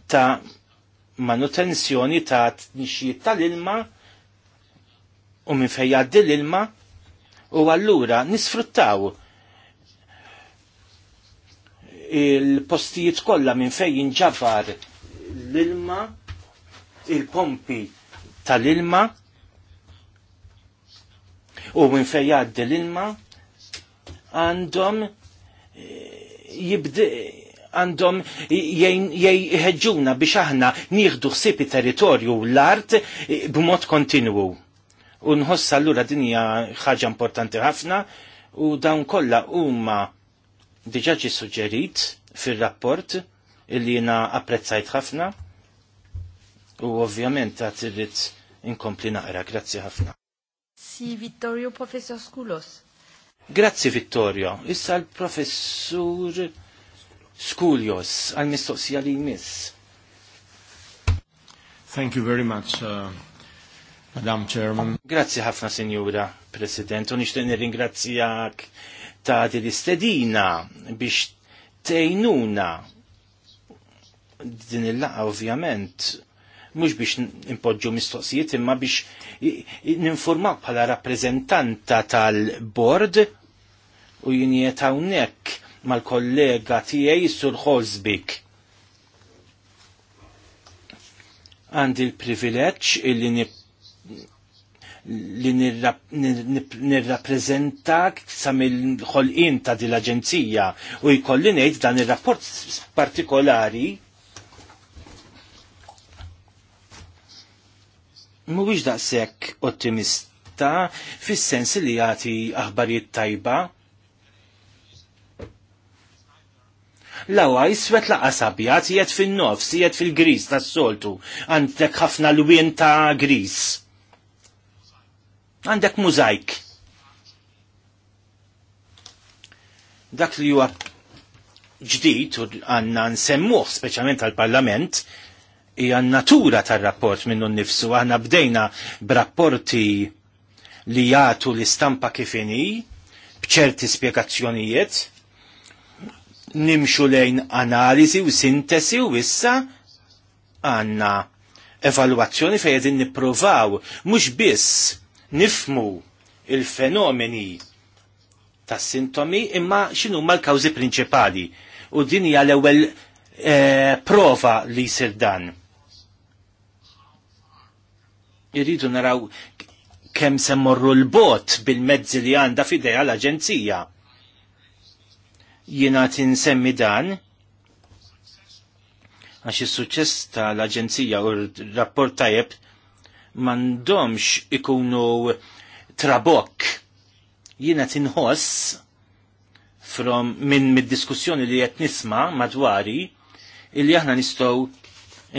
ta' manutenzjoni ta' nixjiet tal-ilma u minn fejja l-ilma U allura nisfruttaw il-postijiet kollha minn fejn jinġabar l-ilma, il-pompi tal-ilma, u minn fejn jgħaddi l-ilma, għandhom eh, jibdi għandhom jħedġuna biex aħna nieħdu ħsieb it territorju l-art eh, b'mod kontinwu. U nħoss allura din hija ħaġa importanti ħafna u dawn kollha huma diġà ġi suġġerit fir-rapport illi jiena apprezzajt ħafna u ovvjament għad irrid inkompli naqra. Grazzi ħafna. Si Vittorio Professor Skulos. Grazzi Vittorio. Issa l-professur Skulios għal-mistoqsija li jmiss. Thank you very much. Uh... Madam Chairman. Grazzi ħafna, Sinjura President, u nixtieq nirringrazzjak ta' din l-istedina biex tejnuna din il-laqa ovvjament mhux biex impoġġu mistoqsijiet imma biex ninformaw bħala rappreżentanta tal-bord u jien qed hawnhekk mal-kollega tiegħi Sur Hosbik. Għandi l-privileġġ illi nip li nirrappreżentak sa mill-ħolqien ta' din l-aġenzija u jkolli ngħid dan ir-rapport partikolari mhuwiex daqshekk ottimista fis-sens li jagħti aħbarijiet tajba Lawa, jiswet laqqa sabja, jiet fil-nofs, jiet fil-gris tas soltu, għandek ħafna l-wien ta' gris. Għandek mużajk. Dak li huwa ġdid u għanna nsemmuh speċjalment għal-Parlament hija natura tar-rapport minnu nnifsu. Aħna bdejna b'rapporti li jagħtu l-istampa kif inhi b'ċerti spjegazzjonijiet, nimxu lejn analiżi u sintesi u issa għanna evalwazzjoni fejn qegħdin nippruvaw mhux biss nifmu il-fenomeni ta' sintomi imma xinu ma' l-kawzi prinċipali u din hija l-ewwel eh, prova li jsir dan. Irridu naraw kemm se morru l-bot bil-mezzi li għandha f'idea l-aġenzija. Jiena tinsemmi dan għax is-suċċess tal-Aġenzija u r-rapport tajjeb mandomx ikunu trabok. Jiena tinħoss from minn mid-diskussjoni li qed nisma madwari illi aħna nistgħu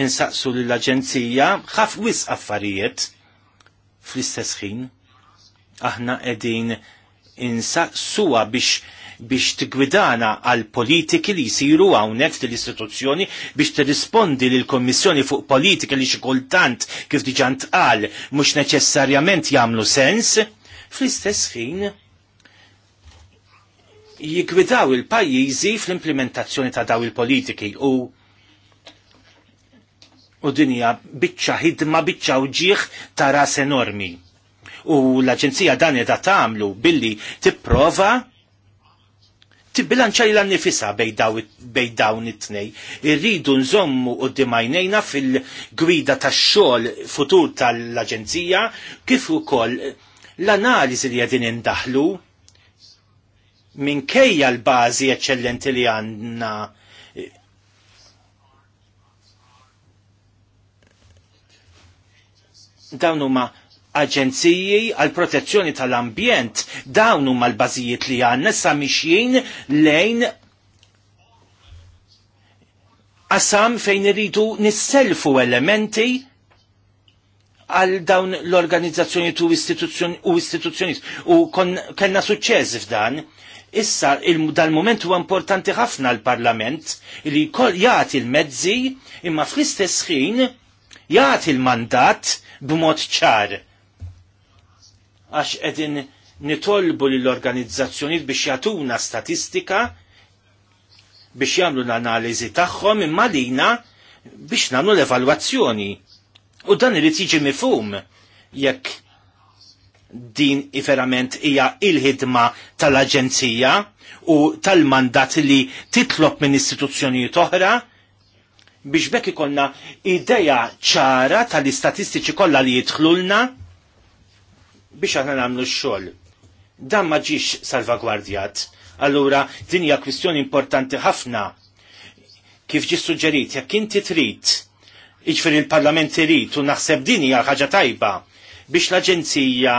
insaqsu lill-aġenzija ħaf wis affarijiet fl-istess ħin aħna qegħdin insaqsuha biex biex tigwidana għal politiki li jisiru hawnhekk fil-istituzzjoni biex tirrispondi lil kommissjoni fuq politika li xi kultant kif diġà ntqal mhux neċessarjament jagħmlu sens, fl-istess ħin jigwidaw il-pajjiżi fl-implementazzjoni ta' daw il-politiki u u dinja biċċa ħidma biċċa uġieħ ta' ras enormi. U l-Aġenzija dan edha tagħmlu billi tipprova tibbilanċa li l-annifisa bej dawn it-tnej. Irridu nżommu u dimajnejna fil-gwida ta' xol futur tal-Aġenzija kif ukoll l-analizi li għedin indaħlu minkejja l-bazi eccellenti li għandna dawn huma aġenziji għal protezzjoni tal-ambjent dawn huma l-bażijiet li għandna sa mixjin lejn qasam fejn iridu nisselfu elementi għal dawn l-organizzazzjoni tu u istituzzjoni u kellna suċċess f'dan. Issa il dal-moment huwa importanti ħafna l-Parlament li jagħti l-mezzi imma fl-istess ħin jagħti l-mandat b'mod ċar għax edin nitolbu l-organizzazzjoniet biex jatuna statistika biex jamlu l-analizi tagħhom imma lina biex nagħmlu l-evalwazzjoni. U dan irid jiġi mifhum jekk din verament hija il-ħidma tal-Aġenzija u tal-mandat li titlob minn istituzzjonijiet oħra biex bekk ikollna ideja ċara tal-istatistiċi kollha li jidħlulna biex aħna nagħmlu x-xogħol. Dan ma ġiex salvagwardjat. Allura din hija kwistjoni importanti ħafna kif ġi suġġerit jekk inti trid iġfir il-Parlament irid u naħseb din hija ħaġa tajba biex l-Aġenzija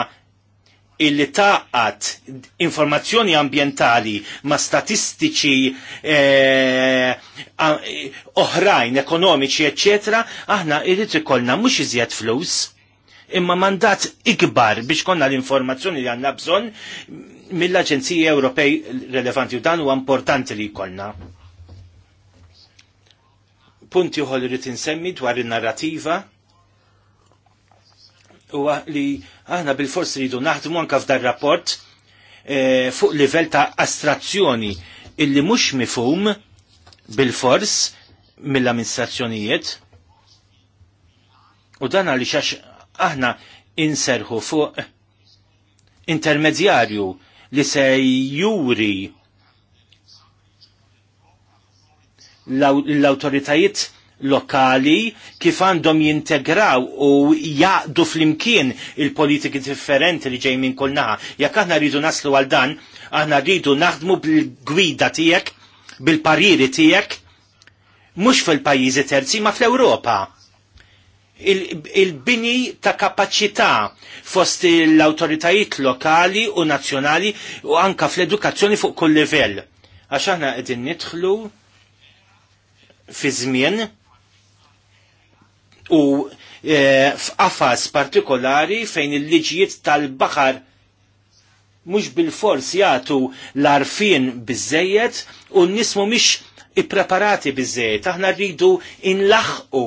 illi taqat informazzjoni ambientali ma statistiċi eh, oħrajn, ekonomiċi, eccetera, aħna irrid ikollna mhux iżjed flus, imma mandat ikbar biex konna l-informazzjoni li għanna bżon mill-Aġenziji Ewropej relevanti u dan huwa importanti li jkollna. Punti uħol rrit insemmi dwar il-narrativa u li aħna bil-fors ridu naħdmu anka f'dar rapport e, fuq livell ta' astrazzjoni illi mhux mifhum bil-fors mill-amministrazzjonijiet u dan għaliex għax aħna inserħu fuq intermedjarju li se juri l-autoritajiet lokali kif għandhom jintegraw u jaqdu fl-imkien il-politiki differenti li ġej minn kulnaħa. Jekk aħna rridu naslu għal dan, aħna rridu naħdmu bil-gwida tiegħek, bil-pariri tiegħek, mhux fil-pajjiżi terzi ma fl-Ewropa il-bini il ta' kapacità fost l-autoritajiet lokali u nazzjonali u anka fl-edukazzjoni fuq kull livell. Għax aħna qegħdin nidħlu fi żmien u e, f'qafas partikolari fejn il-liġijiet tal-baħar mhux bil-fors jagħtu l-arfin biżejjed u nismu mhix ippreparati biżejjed. Aħna rridu inlaħqu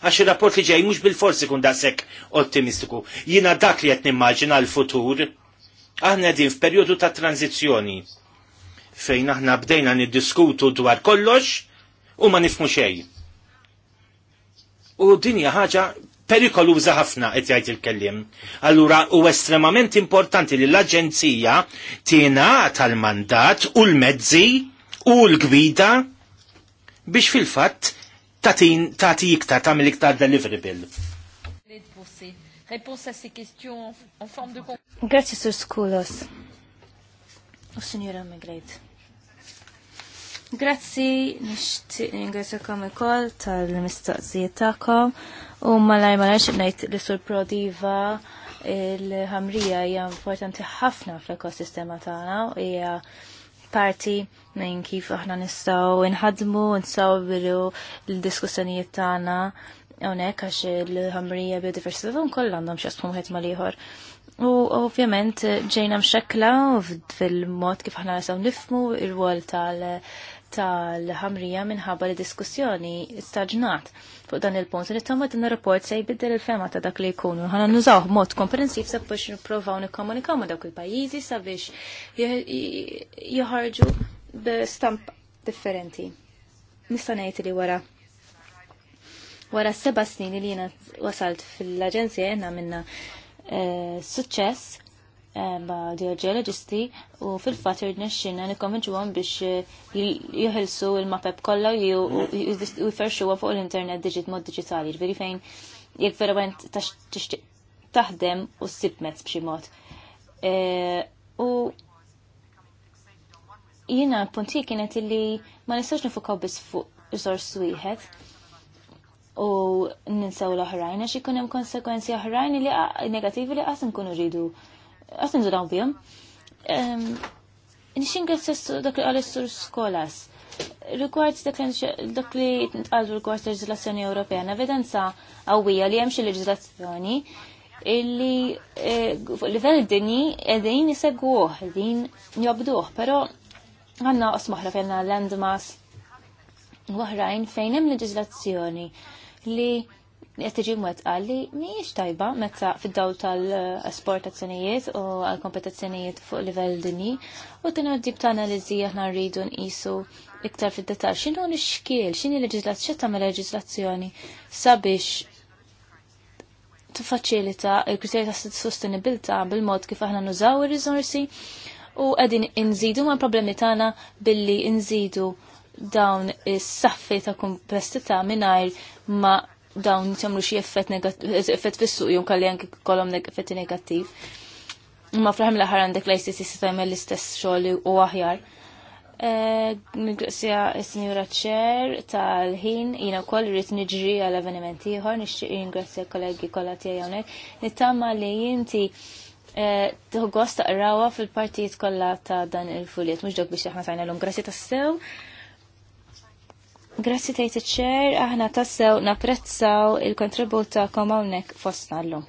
għax il-rapport li ġej mhux bil-forsi kun dasek ottimistiku. Jiena dak li qed nimmaġina l-futur aħna din f'perjodu ta' tranzizzjoni fejn aħna bdejna niddiskutu dwar kollox u ma nifmu xejn. U dinja ħaġa perikoluża ħafna qed jgħid il-kelliem. Allura u estremament importanti li l-Aġenzija tingħata tal mandat u l-mezzi u l-gwida biex fil-fatt tatin tati iktar tagħmel iktar deliverable. Réponse à ces questions en forme de Grazie Sir Skulos. U oh, Sinjura Migrate. Grazzi, nishtiq ringrazzakom ikoll tal mistoqsijiet tagħkom u malaj malaj ngħid li sur Prodiva il-ħamrija hija importanti ħafna fl-ekosistema tagħna hija parti nejn kif aħna nistaw inħadmu, nistaw l-diskussjonijiet tagħna hawnhekk għax il-ħamrija biodiversità kollha għandhom x'jasmu wieħed mal-ieħor. U ovvjament ġejna mxekkla fil-mod kif aħna nistgħu nifmu r rwol tal- tal-ħamrija minħabba li diskussjoni staġnat fuq dan il-punt. Nittama din rapport se jbiddel il-fema ta' dak li jkunu. Ħana nużaw mod komprensiv sabiex nipprovaw nikkomunikaw ma' dawk il-pajjiżi sabiex joħorġu b'stamp differenti. Nista' ngħid li wara wara seba' snin li jiena wasalt fil-aġenzija jena minna eh, suċċess eh, ma' geologisti u fil-fat irdna xinna nikonvinċu għom biex eh, jihilsu il-mapep kolla u jferxu fuq l-internet digit mod digitali, ġveri fejn jek verament taħdem u s sibmet bċi mod. U jina punti kienet illi ma nistax nifukaw bis fuq rizors wieħed u ninsaw l-oħrajn għax ikun hemm konsekwenzi oħrajn li negativi li qas nkunu rridu qas nżuraw bihom. Nixingrazzja dak li għalli sur skolas. Rigward dak li tqal rigward leġislazzjoni Ewropea, evidenza qawwija li hemm xi leġislazzjoni illi eh, fuq livell dinji qegħdin isegwuh, qegħdin jobduh, però Għanna osmoħra fejna landmass u oħrajn fejn hemm leġiżlazzjoni li qed tiġi għalli li mhijiex tajba meta fid-dawl tal-esportazzjonijiet u għall-kompetizzjonijiet fuq livell dinji u tina ġib ta' analizzi aħna rridu nqisu iktar fid-detal x'inhu l xkiel x'inhi leġiżlazzjoni tagħmel leġiżlazzjoni sabiex tiffaċilita l kriterja ta' sostenibilità bil-mod kif aħna nużaw ir-riżorsi u għedin inżidu ma' problemi tagħna billi inżidu dawn is-saffi ta' komplessità mingħajr ma' dawn jagħmlu xi effett effett fis-suq kalli anke kolom effetti negattiv. Ma fraħem l għandek l-ICC se tagħmel l-istess xogħol u aħjar. Eh, Ngrazzja s-Sinjura Ċer tal-ħin, jina koll rrit nġri għal-avvenimenti ieħor, nixtieq ringrazzja kollegi kollha tiegħi hawnhekk. Nittama li inti Eh, tħogost taqrawa fil-partijiet kollha ta' dan il fuliet mhux dok biex aħna sajna l-lum. Grazzi tassew. Grazie tgħid iċ-ċer, aħna tassew napprezzaw il-kontribut tagħkom hawnhekk fostna um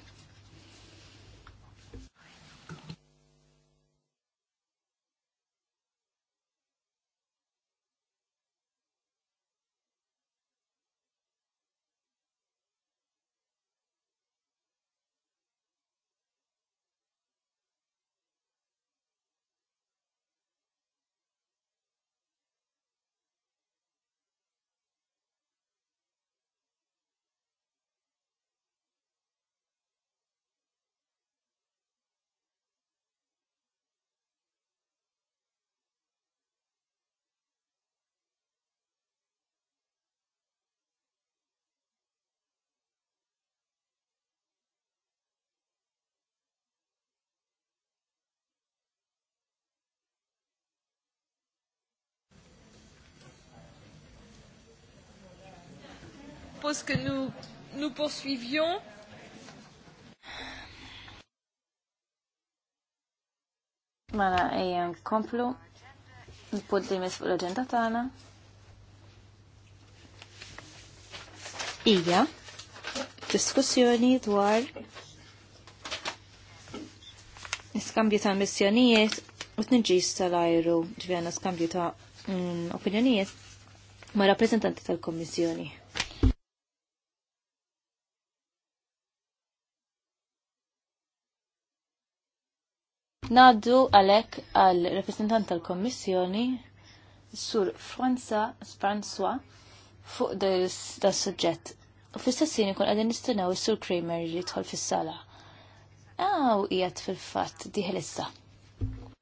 propose que nous, nous poursuivions. Mala ejjem komplu. Punt mis fuq l-agenda tagħna. Ija, diskussjoni dwar iskambju ta' missjonijiet u t-nġis tal-ajru ġvijana skambju ta' mm, opinjonijiet ma' rappresentanti tal-Komissjoni. Naddu għalek għal rappresentant tal-Kommissjoni, Sur Franza Spranswa, fuq da suġġett. U fl-istessin ikun għadin nistennaw Sur Kramer li tħol fis-sala. Aw, ijat fil-fat, diħelissa.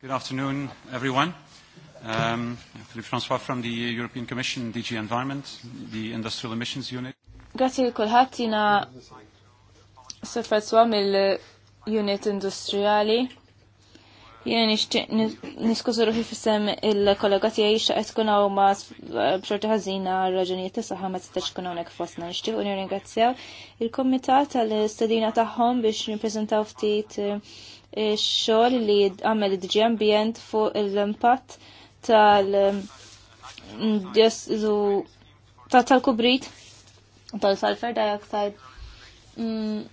Good afternoon, everyone. Um, Philippe Francois from the European Commission, DG Environment, the Industrial Emissions Unit. Grazie li kullħat jina Sur Francois mill-Unit Industriali Jien nixtieq niskużu ruħi fissem il-kollega tiegħi xaqed tkun hawn ma b'xorta ħażina raġunijiet ta' saħħa ma tistax tkun hawnhekk fostna. Nixtieq u nirringrazzjaw il-kumitat tal-istedina tagħhom biex nippreżentaw ftit eh, xogħol li għamel id-DG Ambient fuq l-impatt tal- mm, tal-kubrit tal-sulfur dioxide mm,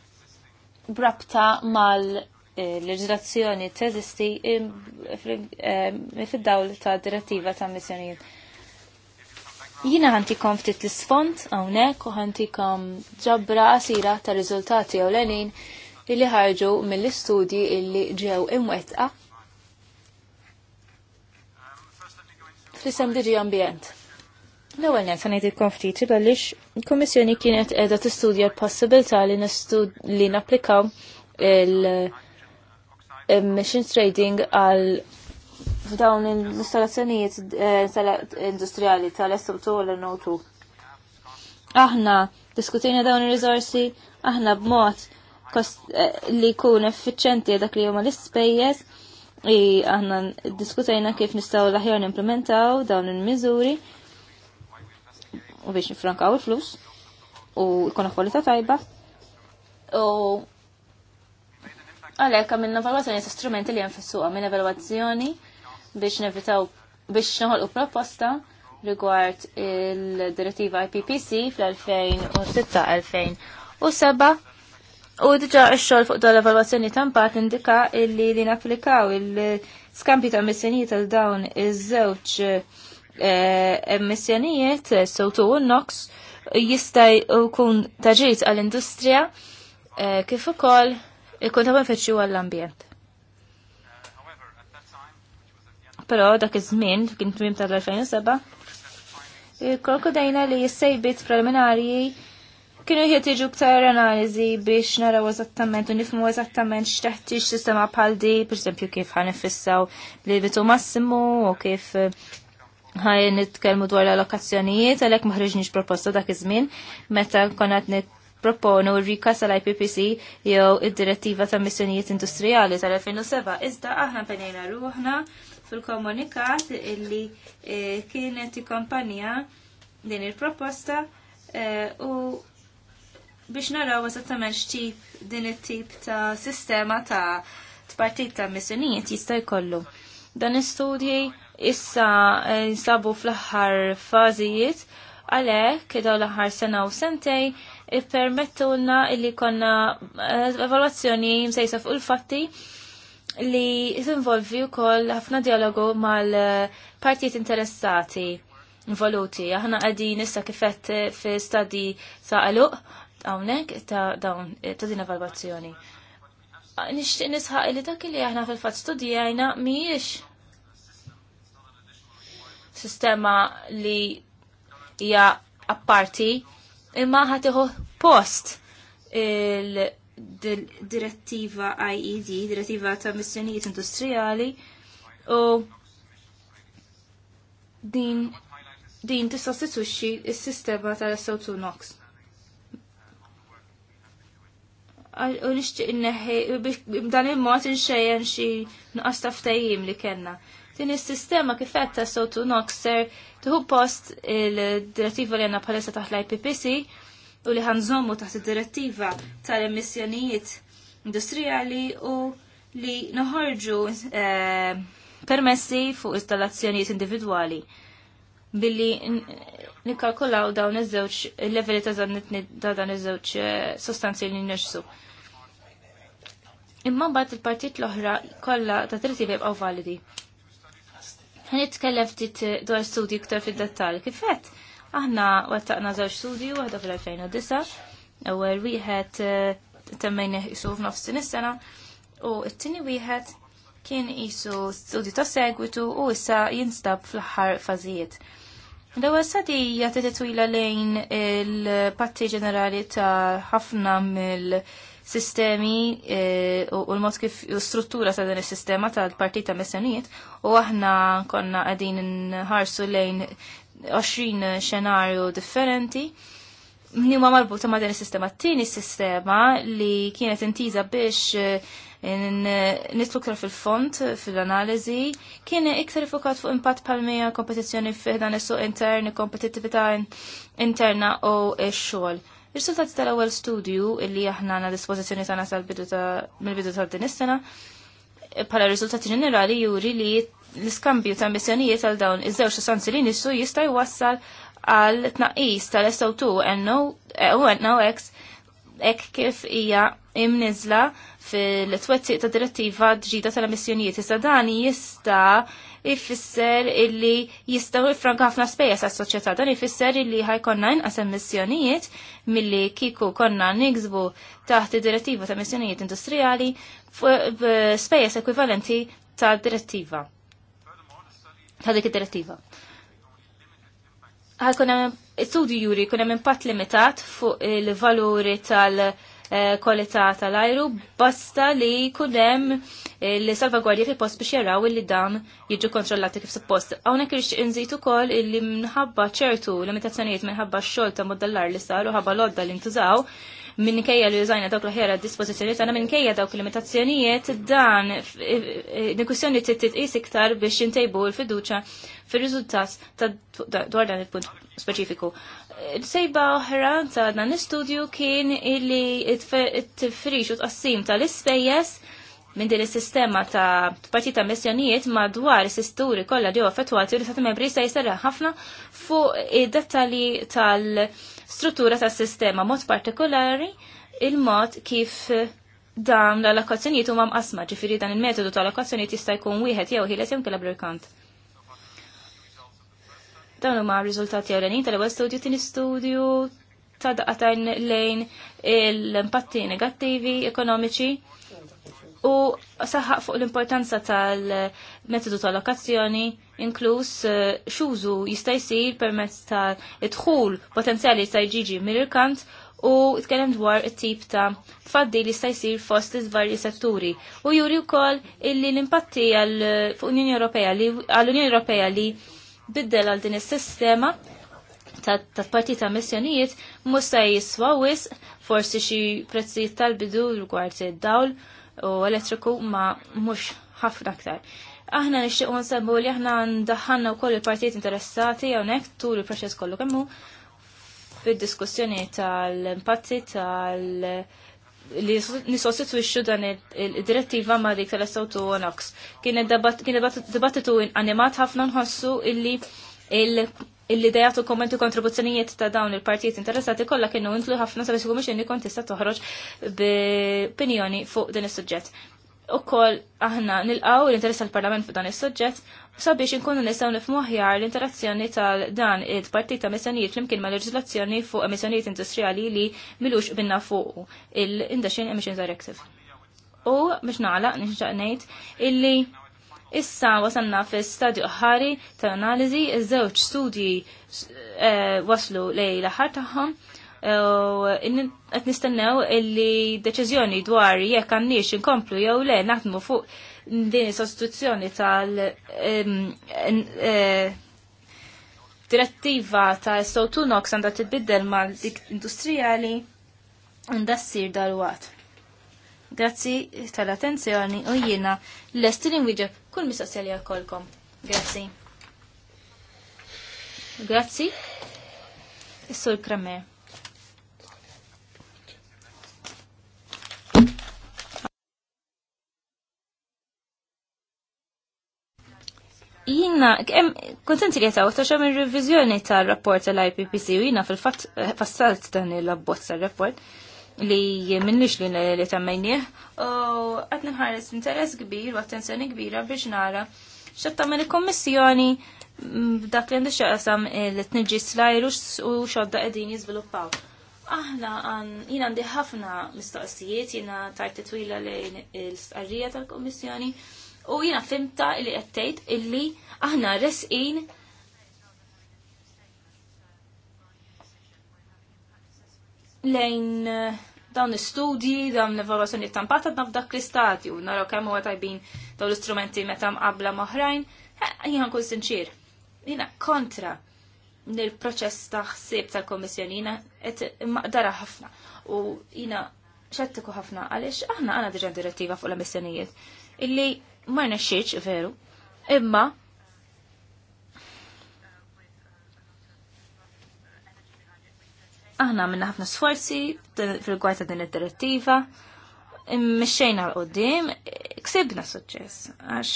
brabta mal leġislazzjoni teżisti fid-dawl ta' direttiva ta' missjonijiet. Jina ħantikom ftit l-sfond hawnhekk u ħantikom ġabra qasira ta' riżultati lenin illi ħarġu mill-istudji illi ġew imwetqa. fl-isem diġi ambjent. L-ewwel net se ngħidilkom ftit għaliex il-Kummissjoni kienet qiegħda tistudja l-possibilità li li napplikaw il- machine trading għal f'dawn l-installazzjonijiet eh, industrijali tal-SM2 u l-NO2. Aħna diskutina dawn ir rizorsi aħna b'mod eh, li kun effiċenti dak li huma l-ispejjeż, i aħna diskutajna kif nistgħu l-aħjar nimplementaw dawn il-miżuri u biex nifrankaw il-flus u jkun kwalità tajba u Għalek, għamilna valwazzjoni ta' strumenti li jenfissu għamilna evalwazzjoni biex nevitaw biex u proposta rigward il-direttiva IPPC fl-2006-2007 u diġa xol fuq dal evalwazzjoni ta' impatt indika illi li napplikaw il-skampi ta' missjonijiet għal dawn iż-żewġ eh, emissjonijiet sowtu u NOx jista' jkun taġit għall-industrija eh, kif ukoll ikun ta' nfetxu għall-ambjent. Pero dak iż-żmien, kien tmim tal-2007, il-krokodajna li jissejbit preliminarji kienu jħiet iġu ktar analizi biex naraw eżattament u nifmu eżattament x'taħtix sistema bħal di, per esempio kif ħan nifissaw limitu massimu u kif ħaj nitkellmu dwar l-allokazzjonijiet għalhekk ma proposta dak iż-żmien meta konna qed propponu r rikas tal-IPPC jew id-direttiva ta' missjonijiet industrijali tal-2007. Iżda aħna penjajna ruħna fil-komunikat illi eh, kienet kompanija din il-proposta eh, u biex naraw eżattament x'tip din it-tip ta' sistema ta' tpartit ta' missjonijiet jista' kollu. Dan istudji issa eh, nsabu fl-aħħar fażijiet għalek daw l-aħħar sena u sentej ippermettulna li konna eh, evalwazzjoni msejsa fuq il-fatti li jinvolvi wkoll ħafna dialogu mal-partijiet eh, interessati involuti. Aħna qegħdin issa kifett eh, fi stadi sa' għaluq hawnhekk ta' dawn ta' din evalwazzjoni. Nixtieq nisħaq li dak li aħna fil-fatt studijajna mhijiex sistema li hija apparti imma ħatiħu post il-direttiva IED, direttiva ta' missjonijiet industrijali, u din din tistastituxxi s-sistema tal-SO2 NOx. U nixtieq inneħħi dan il-mod inxejjen xi nuqqas taftajim li kellna. Din is-sistema kif qed ta' sotu nokser tieħu post il-direttiva li għandna bħalissa taħt l-IPPC u li ħanżommu taħt id-direttiva tal-emissjonijiet industrijali u li noħorġu eh, permessi fuq installazzjonijiet individwali billi nikkalkulaw dawn iż-żewġ il leveli ta' dan iż-żewġ eh, sostanzi li nirsu. Imma mbagħad il-partit l-oħra kollha ta' trid jibqgħu validi. Ħanitkellem ftit dwar studji iktar fid-dettall. Kifet, aħna wettaqna żewġ studju, waħda fl-2009, ewwel wieħed eh, temmejn isu f'nofs is-sena u t-tieni wieħed kien isu studju ta' segwitu u issa jinstab fl-aħħar fażijiet. Dawa ewwel sadi jgħatet titwila lejn il-patti ġenerali ta' ħafna mill- sistemi eh, u l-mod kif u struttura ta' din is-sistema tal-partita messanijiet u aħna konna qegħdin nħarsu lejn 20 xenarju differenti. Nima marbuta ma' din is-sistema. Tieni sistema li kienet intiża biex eh, nitlu ktar fil-font, fil-analizi, kien iktar fokat fuq impatt palmija kompetizzjoni fiħdan is-suq intern, kompetittività interna u x-xogħol ir sultati tal-ewwel studju illi aħna għanna dispożizzjoni tagħna tal-bidu ta' mill-bidu ta' din is-sena bħala riżultati ġenerali juri li l-iskambju ta' missjonijiet għal dawn iż-żewġ sostanzi li nissu jista' jwassal għal tnaqqis tal-SO2 NOx eh, ek kif hija imnizla fil-twettiq ta' direttiva ġida tal-emissjonijiet. Issa dan jista' ifisser illi jistaw ifranka ħafna spejjeż għas-soċjetà. Dan ifisser illi ħajkonna inqas emissjonijiet milli kiku konna niksbu taħt id-direttiva ta' emissjonijiet industrijali spejjeż ekwivalenti ta' direttiva. Ta' dik id-direttiva. Ħajkun hemm studju juri jkun hemm impatt limitat fuq il-valuri tal- Eh, kwalità tal-ajru basta li kunem eh, li salvagwardja fil post biex jaraw li dam jiġu kontrollati kif suppost. Hawnhekk irx inżid ukoll li minħabba ċertu limitazzjonijiet minħabba x-xogħol ta' modellar li saru u ħabba lodda li ntużaw minkejja li użajna dawk l-ħjera dispożizzjoni tagħna minkejja dawk limitazzjonijiet dan kwistjoni is iktar biex jintejbu l-fiduċa fir-riżultat ta' dwar dan il-punt speċifiku. Sejba oħra ta' dan l-istudju kien illi t t u tqassim tal-ispejjeż minn din is-sistema ta' partita missjonijiet madwar s sisturi kollha li huwa affettwati li s membri se jserraħ ħafna fuq id-dettalji tal- struttura tas sistema mod partikolari il-mod kif dawn l-allokazzjonijiet huma mqasma, ġifieri dan il-metodu ta' allokazzjonijiet jista' jkun wieħed jew ħieles jew kellabrikant. Dawn huma riżultati ewlenin tal-ewwel studju tieni studju ta' daqatajn lejn l-impatti negattivi ekonomiċi u saħħaq fuq l-importanza tal-metodu ta' lokazzjoni inkluż eh, xużu jista' jsir permezz tal-idħul potenzjali ta' ġiġi mill-kant u tkellem dwar it-tip ta' faddi li jista' jsir fost iż-varji setturi. U juri wkoll illi l-impatti għall-Unjoni Ewropea li għall-Unjoni Ewropea li biddel għal din is-sistema ta' parti ta' missjonijiet musta jiswa wisq forsi xi prezzijiet tal-bidu rigward id-dawl u elettriku ma mhux ħafna aktar. Aħna nixtieq nsemmu li aħna ndaħħalna wkoll il-partijiet interessati hawnhekk tul il-proċess kollu kemm hu fid-diskussjoni tal-impatti tal li nisostitwixxu dan id direttiva ma dik tal-SO2 Kien dibattitu animat ħafna nħossu illi il- illi idejat u kommenti kontribuzzjonijiet ta' dawn il-partijiet interessati kollha kienu intlu ħafna sabiex il-Kummissjoni kont tista' toħroġ b'opinjoni fuq din is-suġġett. Ukoll aħna nilqgħu l-interess tal-Parlament fuq dan is-suġġett sabiex inkunu nistgħu nifhmu aħjar l-interazzjoni tal dan il-partit ta' missjonijiet flimkien ma' leġislazzjoni fuq emissjonijiet industrijali li milux binna fuq il-Industrial Emissions Directive. U biex nagħlaq nix' ngħid illi Issa wasanna fi stadju ħari tal-analiżi iż-żewġ studji eh, waslu lej l-aħħar tagħhom eh, qed nistennew illi deċiżjoni dwar jekk għandniex inkomplu jew le naħdmu fuq din sostituzzjoni tal eh, direttiva ta' so għandha tibbiddel mal dik industrijali għandha ssir dal Grazzi tal-attenzjoni u jiena l estilin wieġeb kull mistoqsija li jkolkom. Grazzi. Grazzi. Is-sur kramme. jina, kontenti li jtaw, taċa minn revizjoni tal rapport tal-IPPC u jina fil-fat eh, fassalt dan il-abbozz tal-rapport li minnix li li tammejnieh u għat nħares interess kbir u attenzjoni kbira biex nara xatta il-kommissjoni mm, dak li għandu xaqsam l-tnġi slajru u xodda għedin jizviluppaw. Aħna jina għandi ħafna mistoqsijiet, jina tajt twila l-istqarrija tal-kommissjoni u jina fimta li għattejt illi aħna resqin lejn eh, dawn l-istudji, dawn l-evaluazzjoni tampata dak l-istadju, naraw kemm huwa tajbin dawn l-istrumenti meta mqabla maħrajn, eh, jiena nkun sinċir. Jiena kontra nil-proċess ta' ħsieb tal komissjoni jiena qed maqdara ħafna u jiena xettiku ħafna għaliex aħna għandna diġà direttiva fuq l-emissjonijiet illi ma jnexxiex veru, imma Aħna minna ħafna sforzi fil-gwajta din id-direttiva, mxejna l-qoddim, ksibna suċċess, għax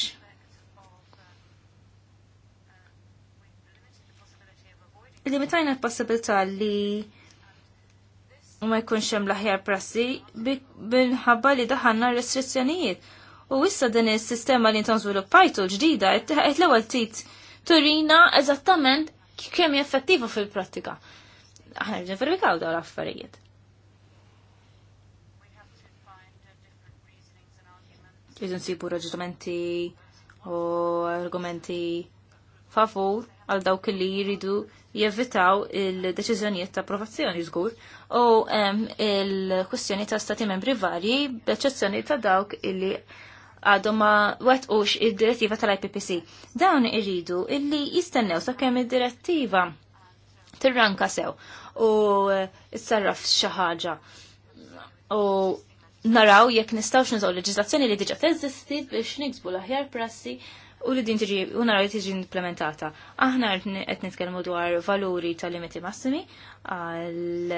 limitajna l-possibilità li ma jkunx hemm l-aħjar prassi minħabba li daħanna restrizzjonijiet. U issa din is-sistema li intom żviluppajtu ġdida qed l-ewwel tit turina eżattament kemm effettiva fil-prattika aħna nifferifikaw daw l-affarijiet. Iżin nsibu raġunamenti u argumenti favur għal dawk li jridu jevitaw il-deċiżjonijiet ta' approvazzjoni żgur u il-kwestjoni ta' stati membri varji b'eċċezzjoni ta' dawk illi għadhom ma wetqux id-direttiva tal-IPPC. Dawn iridu illi jistennew sakemm id-direttiva tirranka sew u eh, issarraf xi ħaġa. U naraw jekk nistgħux nżgħu leġislazzjoni li diġà teżisti biex niksbu l-aħjar prassi u li din tiġi u naraw li tiġi implementata. Aħna qed nitkellmu dwar valuri ta' limiti massimi għal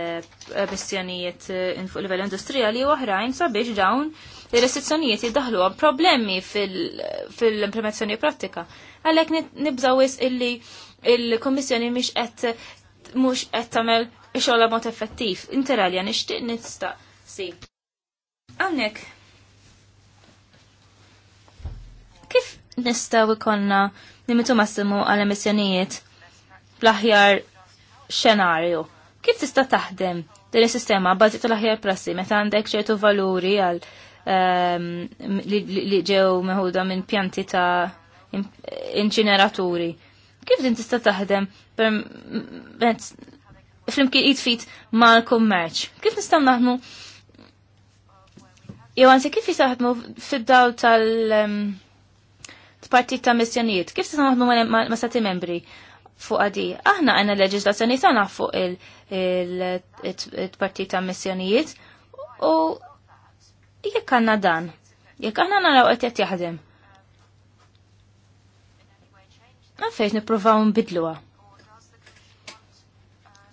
bestjonijiet eh, eh, fuq livell industrijali u oħrajn sabiex dawn ir-restrizzjonijiet jiddaħlu għam problemi fil-implementazzjoni pratika. Għalhekk nibżawis illi il-Kommissjoni mhix qed mhux qed tagħmel mot mod effettiv. Interalja nixtieq nista' si. Hawnhekk. Kif nistgħu ikollna nimitu massimu għal emissjonijiet bl-aħjar xenarju? Kif tista' taħdem din is-sistema bażi tal-aħjar prassi meta għandek ċertu valuri għal ehm, li ġew meħuda minn pjanti ta' inċineraturi? Kif din tista' taħdem permezz flimkien jitfit mal-kummerċ? Kif nistgħu naħdmu jew anzi kif ħadmu fid-daw tal- partit ta' missjonijiet, kif se naħdmu ma' stati membri fuq għadi? Aħna għanna leġislazzjoni tagħna fuq il-partit ta' missjonijiet u jekk għandna dan, jekk aħna naraw qed jaħdem. għalfejn nippruvaw nbidluha.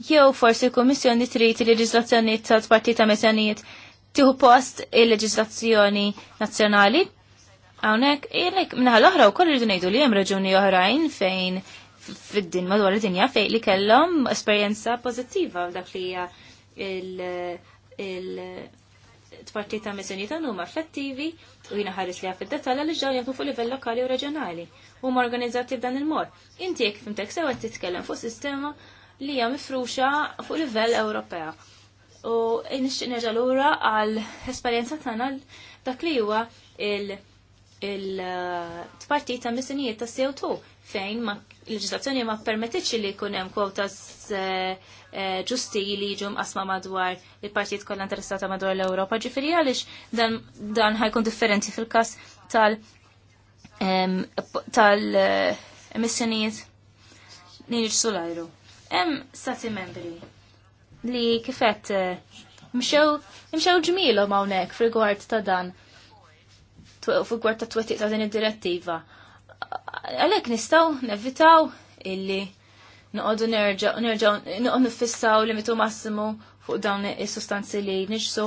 Jew forsi l-Kummissjoni trid il-leġiżlazzjoni tal-Partit ta' Mesjanijiet tieħu post il leġislazzjoni nazzjonali. Hawnhekk jinek minnaħa l-oħra wkoll irridu ngħidu li hemm raġuni oħrajn fejn fid-din madwar id-dinja fejn li kellhom esperjenza pożittiva dak li hija il- it-tpartit ta' mizunijiet huma effettivi u jina ħares li fid detalla li ġew jaħdmu fuq livell lokali u reġjonali huma organizzati b'dan il mor Inti jekk fimtek sewa titkellem fuq sistema li hija mifruxa fuq livell Ewropea. U nixtieq nerġa' lura għal esperjenza tagħna dak li huwa il- il eh, ta' missinijiet ta' CO2 fejn ma l-leġislazzjoni ma permettiċi li jkun hemm kwotas eh, eh, ġusti li jiġu mqasma madwar il-partijiet kollha interessata madwar l-Ewropa. Ġifieri għaliex dan dan ħajkun differenti fil-każ tal tal-emissjonijiet eh, li jiġsu Hemm stati membri li kifet mxew ġmielhom hawnhekk fil-gwart ta' dan fil-gwart ta' twettiq ta' din id-direttiva għalek nistaw nevitaw illi noqodu nerġaw noqodu nifissaw limitu massimu fuq dawn is-sustanzi li nġsu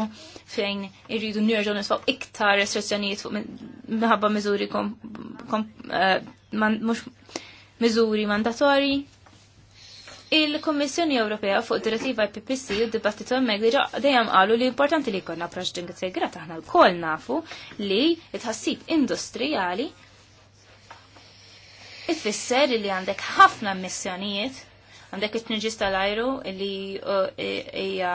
fejn irridu nerġaw nisfaw iktar restrizzjonijiet fuq minħabba miżuri eh, mhux miżuri mandatorji. Il-Kommissjoni Ewropea fuq direttiva IPPC u d-dibattitu għemmek li dejjem qalu li importanti li jkollna approċċ integrat taħna l kol nafu li t tħassib industrijali ifisser li għandek ħafna missjonijiet, għandek it-tniġis tal-ajru li uh, hija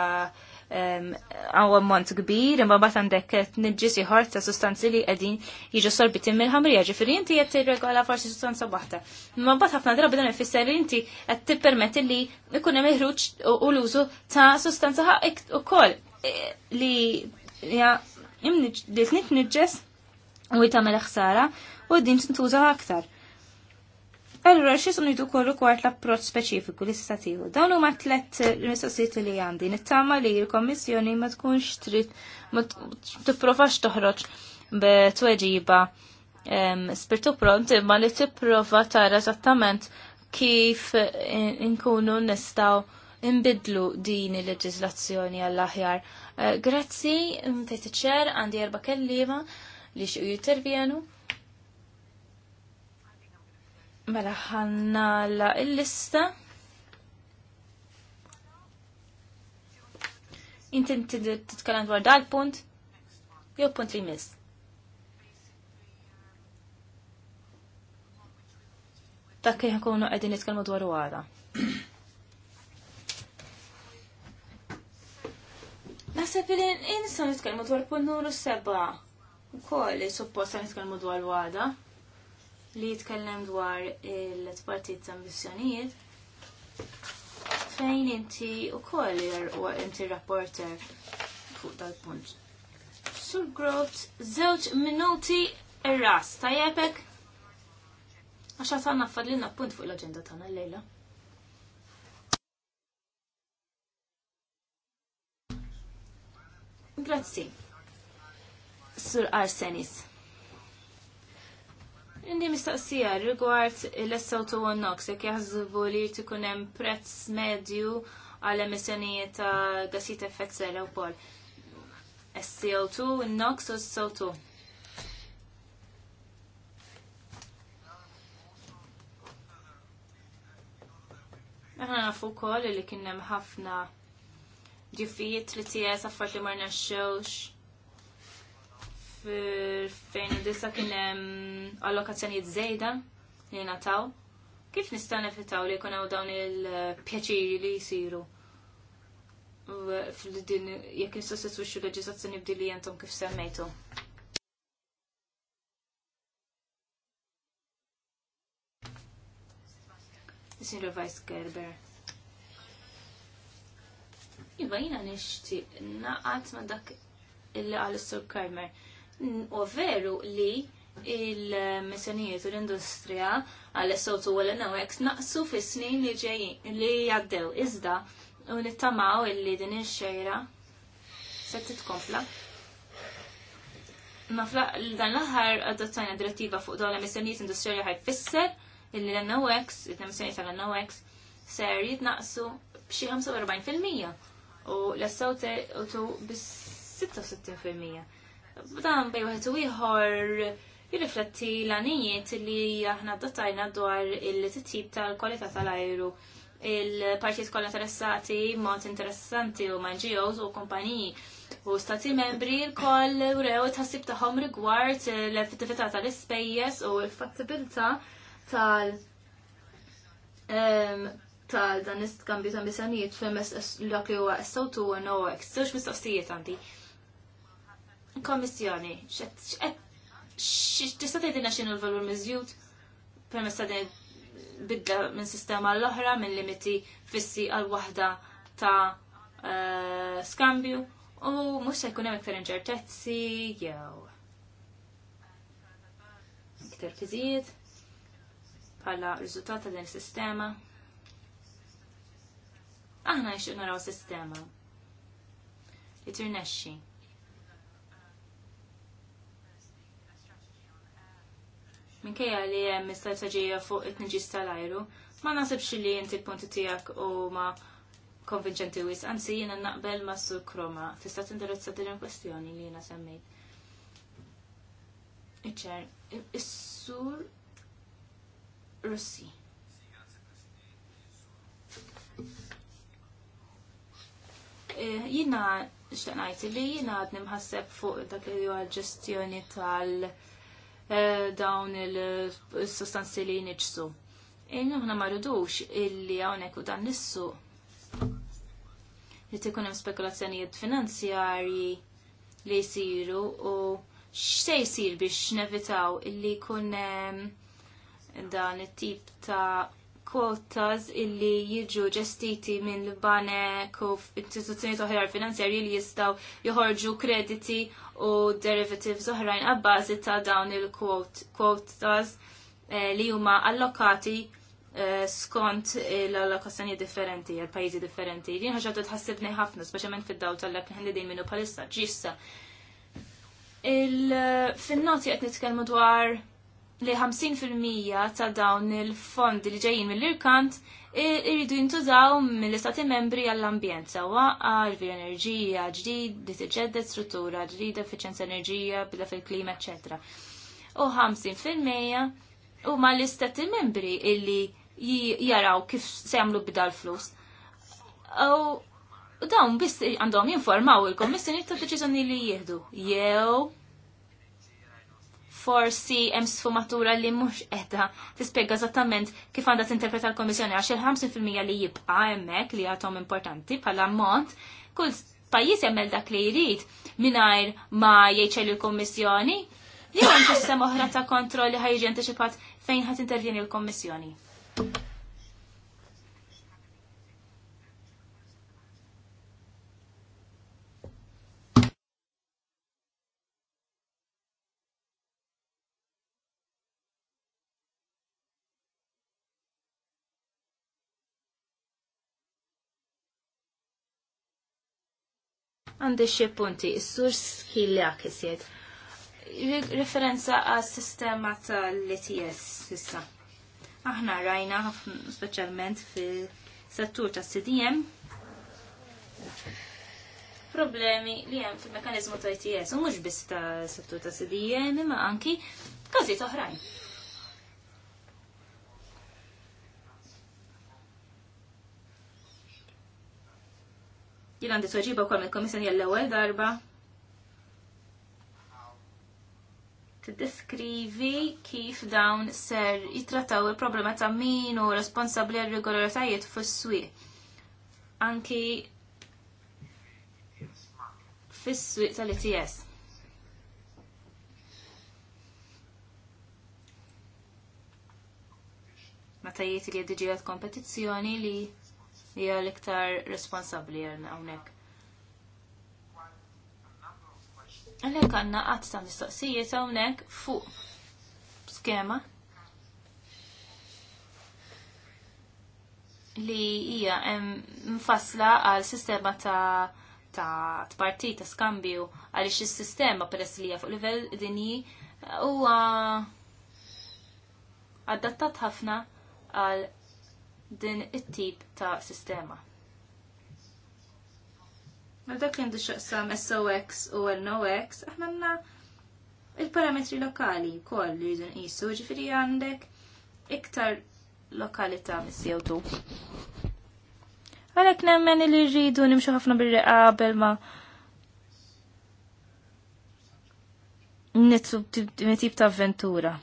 għaw ammont kbir, imma bat għandek t-nġis jħor ta' sustanzi li għedin jiġu sorbitin mill ħamri ġifiri inti għed t-regola forsi sustanza waħda. Imma bat ħafna drabi dan ifisser inti għed t-permetti li ikunem iħruċ u l-użu ta' sustanza u kol li li t-nġis u l ħsara u din t-ntuża aktar xie xis unidu kollu kwart l-approċ speċifiku li Dan Dawn huma tlet eh, mistoqsijiet li għandi. Nittama li l-Kommissjoni ma tkunx trid ma tipprovax toħroġ b'tweġiba spirtu pront imma li tipprova tara eżattament kif eh, inkunu nistaw imbidlu din il leġizlazzjoni għall-aħjar. Eh, grazzi, t-ċer, għandi erba kellima li xiju jittervjenu Mela la il-lista. Inti titkellem dwar dal-punt jew punt li miss. Dak kien ħakunu qegħdin nitkellmu dwar għada. Naħseb li insa nitkellmu dwar punt numru seba' ukoll suppost nitkellmu dwar għada li jitkellem dwar il-partit ambizjonijiet fejn inti u koll inti rapporter fuq dal-punt. Sur growth, zewċ minuti ir-ras, tajjebek? Għaxa sanna naffad punt fuq l-agenda tagħna l-lejla. Grazzi. Sur Arsenis. Indi mistaqsija rigward l-SO2 NOx, jek jahżbu li tikunem prezz medju għal emissjonijiet ta' gasit effett serra u pol. SCO2, NOx u s 2 Aħna nafu kol li kienem ħafna ġifijiet li tijes affart li marna xewx id-dissa kien hemm allokazzjonijiet żejda li nataw. Kif nista' nefittaw li jkun hawn dawn il-pjaċiri li jsiru? fil-din jekk nistostitwixxu leġiżlazzjoni bdili jentom kif semmejtu. Sinra Vice Gerber. Iva jina nishti naqat ma dak illi għal sur Kramer u veru li il-missjonijiet u l-industrija għal sotu u l-NOX naqsu fi snin li ġejjin li jaddew iżda u nittamaw illi din il-xejra se titkompla. Ma dan l-aħħar adottajna direttiva fuq dawn l industrija industrijali ħaj fisser il-li l-NOX, il emissjonijiet tal-NOX, ser jitnaqsu b'xi 45% u l-sewte u tu bis 66%. B'dan bej wieħed u ieħor jirrifletti l-għanijiet li aħna dottajna dwar il-titjib tal-kwalità tal-ajru il-partijiet kollha interessati mod interessanti u NGOs u kumpaniji u stati membri l-koll rew tħassib tagħhom rigward l-effettività tal-ispejjeż u l-fattibilità tal- ehm, tal dan iskambju ta' misanijiet fil-dak li huwa s-sawtu u NOx, żewġ mistoqsijiet għandi. Kommissjoni, tista' tgħidilna x'inhu l-valur miżjud permessa din bidda minn sistema l-oħra minn limiti fissi għal waħda ta' eh, skambju u mhux se jkun hemm iktar inċertezzi jew iktar fiżijiet bħala riżultat ta' din is-sistema. Aħna jxuq naraw sistema. Jitirnexxi. minkejja li hemm istrateġija fuq it nġis tal-ajru, ma nasibx li jinti l-punti tiegħek u ma konvinċenti wis, anzi jiena naqbel ma' sur kroma. Tista' tindirizza din il-kwestjoni li jiena semmejt. Iċċer, is-sur Russi. Eh, jina, xtaqnajt, li jina għad nimħasseb fuq dak li għal ġestjoni tal- Eh, dawn il-sostanzi li jniġsu. Innuħna marridux illi għonek u dan nissu li tikun hemm spekulazzjonijiet finanzjarji li jsiru u x'se jsir biex nevitaw illi jkun hemm dan it-tip ta' kwotas illi jiġu ġestiti minn l-banek u istituzzjoni oħra finanzjarji li jistaw joħorġu krediti u derivatives oħrajn għabbażi ta' dawn il-kwotas eh, li huma allokati eh, skont l-allokazzjoni differenti għal pajjiżi differenti. Din ħaġa tħassibni ħafna, speċjalment fid-dawl tal-lek li din minnu palissa ġissa. Il-finnoti qed nitkellmu dwar li 50% ta' dawn il-fondi li ġejjin mill-irkant irridu jintużaw mill-istati membri għall-ambjent sewa għal enerġija ġdid, li tiġġedded struttura ġdida, efficienza enerġija, bidla fil-klima, eccetera. U 50% huma l-istati membri illi jaraw kif se jagħmlu bida l-flus. U dawn biss għandhom jinformaw il-kommissjoni ta' deċiżjoni li jieħdu. Jew forsi hemm sfumatura li mhux qiegħda tispjega eżattament kif għandha tinterpreta l-Kommissjoni għax il-50% li jibqa' hemmhekk li għadhom importanti bħala ammont, kull pajjiż jagħmel dak li jrid mingħajr ma jgħidx il-Kommissjoni għandu hemm sistema oħra ta' kontrolli ħajġi antiċipat fejn ħadd intervjeni l-Kommissjoni. għandi xie punti, s surs skillak jisiet. Referenza għas sistema tal-ETS sissa. Aħna rajna, specialment fil-settur ta' CDM, problemi li hemm fil-mekanizmu ta' ETS, u mhux biss ta' settur ta' CDM, imma anki każijiet oħrajn. Jien għandi soġiba kol mill-Komissjoni għall-ewwel darba. Tiddeskrivi kif dawn ser jitrataw il-problema ta' min u responsabbli għal regolaritajiet fis-swieq. Anki fis-swieq tal-ITS. Meta jiet li għedġiet kompetizzjoni li hija l-iktar responsabbli hawnhekk. Għalhekk għandna qatt ta' mistoqsijiet hawnhekk fuq skema li hija mfassla għal sistema ta' ta' t-parti ta' skambju għaliex is-sistema peress li fuq livell dinji uh, huwa adattat ħafna għal din it-tip ta' sistema. Mel dak jendu xaqsam SOX u NOX, aħna il-parametri lokali kol li jidun jisu, ġifiri għandek iktar lokalità mis-CO2. Għalek nemmen li rridu nimxu ħafna bil-reqabel ma' nitsu tip ta' avventura.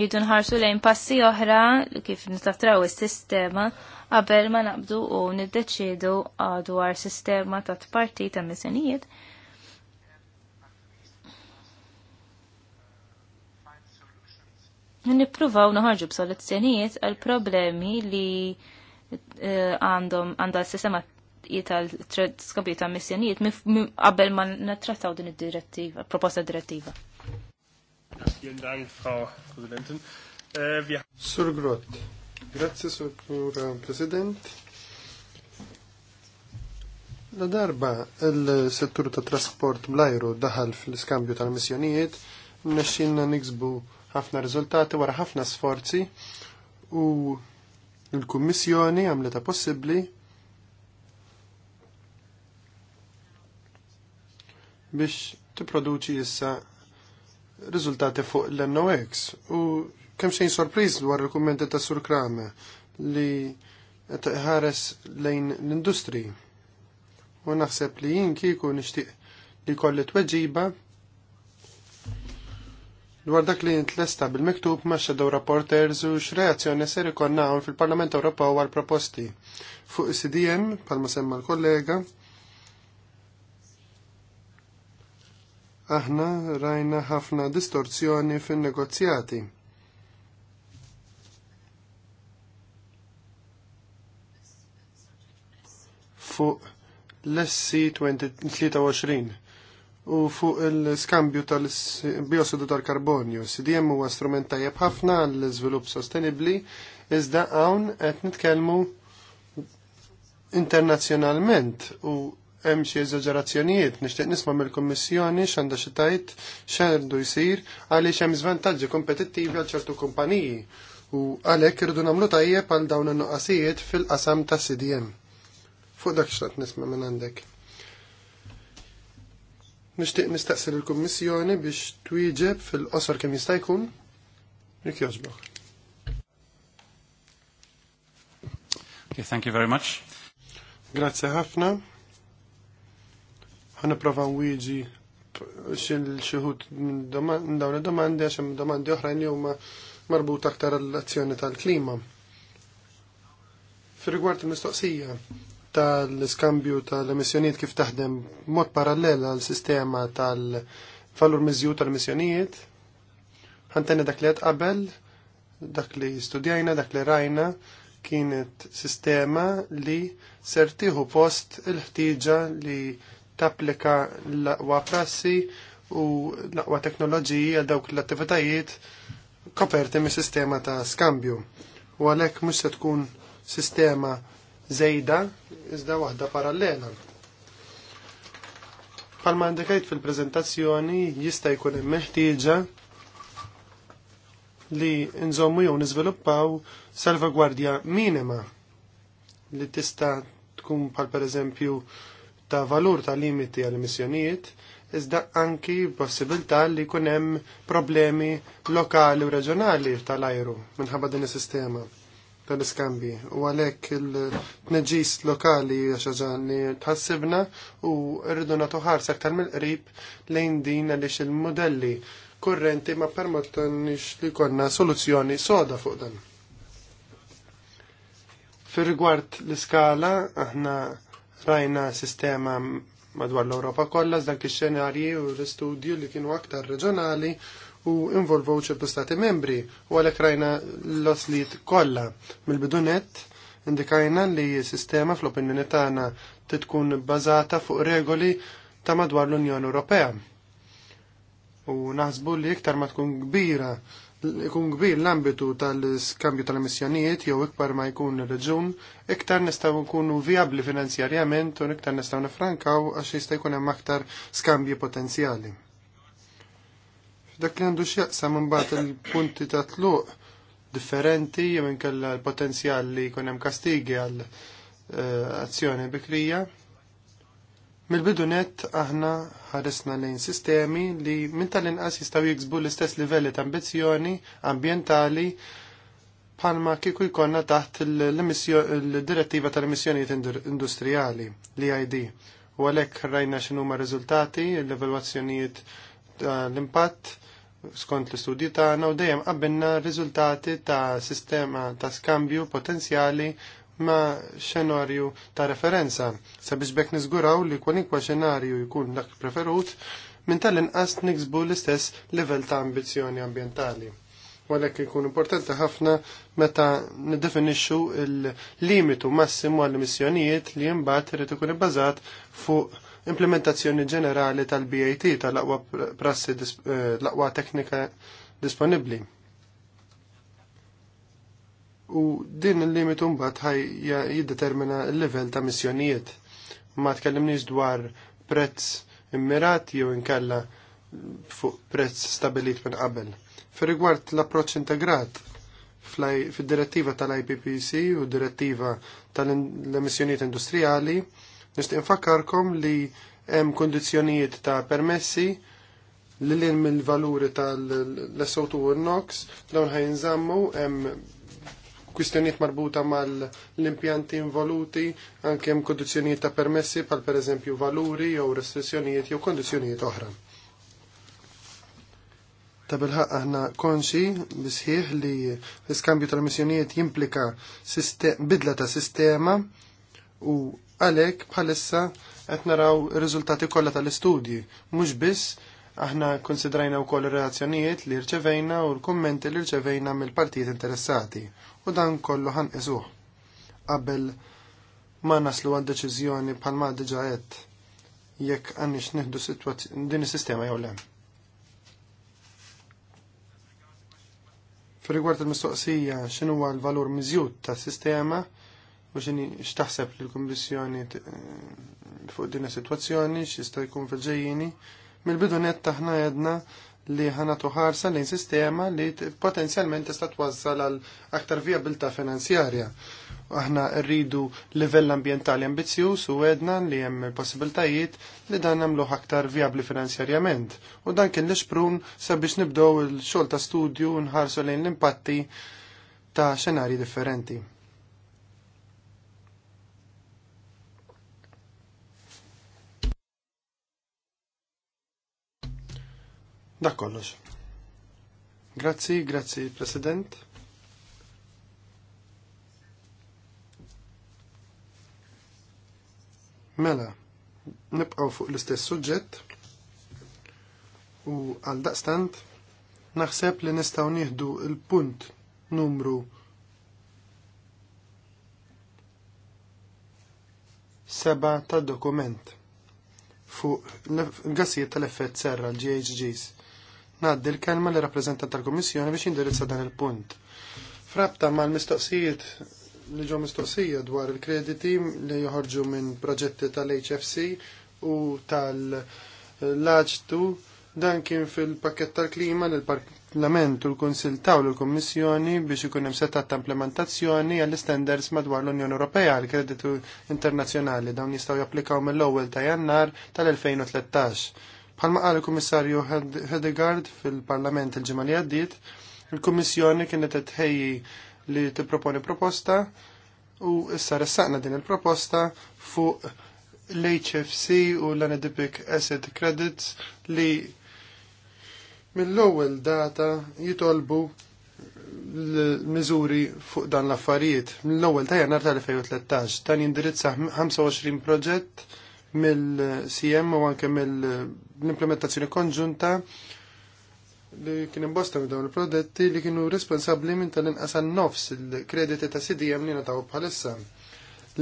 Jidu nħarsu lejn passi oħra kif nittraw is-sistema qabel ma naqbdu u niddeċiedu dwar sistema ta' tparti ta' misenijiet. Nippruvaw noħarġu b'soluzzjonijiet għal problemi li eh, għandhom għandha s-sistema tal skopju ta' missjonijiet qabel ma nattrattaw din id-direttiva, proposta direttiva. Vielen Dank, Frau Präsidentin. Äh, Sur Grot. Grazie, Sur äh, President. La darba il-settur ta' trasport mlajru daħal fl-iskambju tal-missjonijiet, nesċinna niksbu ħafna riżultati wara ħafna sforzi u l-Kummissjoni għamleta possibbli biex tipproduċi issa riżultati fuq l-NOX u kemm xejn sorpriż dwar il-kummenti ta' Sur Krame li qed ħares lejn l-industri. U naħseb li jien kiku nixtieq li kolli tweġiba dwar dak li ntlesta bil-miktub ma' shadow reporters u x'reazzjoni ser ikonna fil-Parlament Ewropew għal proposti fuq CDM, palma semma l-kollega, aħna rajna ħafna distorzjoni fin-negozjati. Fuq l-SC23 u fuq il-skambju tal biosidu tal-karbonju. CDM huwa strument tajjeb ħafna għall-iżvilupp sostenibbli, iżda hawn qed nitkellmu internazzjonalment u hemm xi eżaġerazzjonijiet, nixtieq nisma' mill-Kummissjoni x'għandha xi tajt x'għandu jsir għaliex hemm żvantaġġi kompetittivi għal ċertu kumpaniji u għalhekk irridu nagħmlu tajjeb għal dawn in-nuqqasijiet fil-qasam ta' cdm Fuq dak x'taqt nisma' minn għandek. Nixtieq nistaqsi lill kummissjoni biex twieġeb fil-qosor kemm jista' jkun. Jekk jogħġbok. Okay, thank you very much. Grazie ħafna niprofa wiġi xil xuħut domandi għax hemm domandi oħrajn li huma marbuta aktar l-azzjoni tal-klima. Fir-rigward il-mistoqsija tal-iskambju tal-emissjonijiet kif taħdem mod parallela għal sistema tal-falur miżju tal-emissjonijiet, ħantenni dak li qabel, dak li studjajna, dak li rajna, kienet sistema li sertiħu post il ħtieġa li tapplika l-aqwa prassi u l-aqwa teknoloġiji għal dawk l-attivitajiet koperti mis sistema ta' skambju. U għalhekk mhux se tkun sistema żejda iżda waħda parallela. Palma indikajt fil-prezentazzjoni jista' jkun hemm meħtieġa li nżommu jew niżviluppaw salvagwardja minima li tista' tkun pal pereżempju ta' valur ta' limiti għal emissjonijiet iżda anki possibilità li jkun hemm problemi lokali u reġjonali tal-ajru minħabba din is-sistema tal-iskambi u għalhekk il-tneġis lokali għax li tħassibna u rridu nagħtu ħarsa aktar mill-qrib lejn din għaliex il-modelli kurrenti ma permettonix li konna soluzzjoni soda fuq dan. Fir rigward l-iskala, aħna Rajna sistema madwar l-Europa kollha dak ix-xenarji u l-istudju li kienu aktar reġjonali u involvow ċertu stati membri u għalhekk rajna l-oslit kollha. Mill-bidunet indikajna li s-sistema fl-opinjoni tagħna titkun bbażata fuq regoli ta' madwar l-Unjoni Ewropea. U naħsbu li iktar ma tkun kbira ikun kbir l-ambitu tal-skambju tal-emissjonijiet jew ikbar ma jkun reġun, iktar nistgħu nkunu viabli finanzjarjament u iktar nistgħu nifrankaw għax jista' jkun hemm aktar skambji potenzjali. F'dak li għandu x'jaqsam imbagħad il-punti ta' tluq differenti jew inkella l-potenzjal li jkun hemm kastigi għal eh, azzjoni bikrija, mil net, aħna ħaresna lejn sistemi li minn tal-inqas jistaw jiksbu l-istess livelli ta' ambizjoni ambientali palma kieku jkonna taħt l-direttiva tal-emissjonijiet industrijali, l id U għalek rajna x'inhuma riżultati, l-evalwazzjonijiet eh, l-impatt skont l-istudji tagħna u dejjem qabbilna riżultati ta' sistema ta' skambju potenzjali ma xenarju ta' referenza sabiex bekk niżguraw li kwalinkwa xenarju jkun dak preferut minn tal-inqas niksbu l-istess livell ta' ambizzjoni ambientali. Walek ikun importanti ħafna meta niddefinixxu il-limitu massimu għall-emissjonijiet li mbagħad irid ikun ibbażat fuq implementazzjoni ġenerali tal-BAT tal-aqwa prassi eh, l-aqwa teknika disponibbli u din il-limitu mbagħad ħaj jiddetermina l-livell ta' missjonijiet. Ma tkellimniex dwar prezz immirat jew inkella fuq prezz stabilit minn qabel. Fir-rigward l-approċċ integrat fid-direttiva tal-IPPC u direttiva tal-emissjonijiet industrijali, nistgħu infakkarkom li hemm kondizzjonijiet ta' permessi li l mill mill-valuri tal-SO2 u NOx, dawn ħajnżammu hemm kwistjoniet marbuta mal-impjanti involuti, anke hemm kondizzjonijiet ta' permessi pal pereżempju valuri jew restrizzjonijiet jew kondizzjonijiet oħra. Ta' bilħaq aħna konxi bisħieħ li l-iskambju tal-missjonijiet jimplika bidla ta' sistema u għalhekk bħalissa qed naraw ir-riżultati kollha tal-istudji, mhux biss Aħna konsidrajna wkoll ir-reazzjonijiet li rċevejna u l-kummenti li rċevejna mill-partijiet interessati u dan kollu ħanqisuh qabel ma naslu għal deċiżjoni bħal ma diġa qed jekk għandix nieħdu din is-sistema jew le. Fir-rigward il-mistoqsija x'inhu huwa l-valur miżjud tas-sistema u x'inhi x'taħseb li l-Kummissjoni fuq din is-sitwazzjoni x'jista' jkun fil-ġejjieni Mill-bidu netta ħna jedna li ħana tuħarsa lejn sistema li potenzjalment tista' twassal għal aktar viabilità finanzjarja. Aħna rridu livell ambjentali ambizzjuż u għedna li hemm possibiltajiet li dan nagħmluh aktar viabli finanzjarjament. U dan kien li xprun sabiex nibdew il-xogħol ta' studju nħarsu lejn l-impatti ta' xenarji differenti. Dak kollox. Grazzi, grazzi, President. Mela, nibqaw fuq l-istess suġġett u għal daqstant naħseb li nistaw nieħdu il-punt numru seba tad dokument fuq gassijiet tal-effett serra l-GHGs. Naddi l-kelma li rappresentant tal-Kommissjoni biex indirizza dan il-punt. Frabta mal mistoqsijiet li ġo mistoqsija dwar il-krediti li joħorġu minn proġetti tal-HFC u tal-laġtu dan kien fil-pakket tal-klima li l-Parlament u l-Konsil taw l-Kommissjoni biex ikun hemm setat ta' implementazzjoni għall standards madwar l-Unjoni Ewropea għall kreditu internazzjonali dawn jistgħu japplikaw mill-ewwel ta' Jannar tal-2013 Palma qal il-Kummissarju Hedegard fil-Parlament il-ġimgħa li għaddiet, il-Kummissjoni kienet qed li tipproponi proposta u issa ressaqna din il-proposta fuq l-HFC u l-Anedipic Asset Credits li mill-ewwel data jitolbu l-mizuri fuq dan l-affarijiet. mill ewwel ta' jannar tal-2013 dan jindirizza 25 proġett mill-CM u anke mill-implementazzjoni konġunta li kien imbosta minn dawn il-prodotti li kienu responsabbli minn tal-inqas nofs il-krediti ta' CDM li nataw bħalissa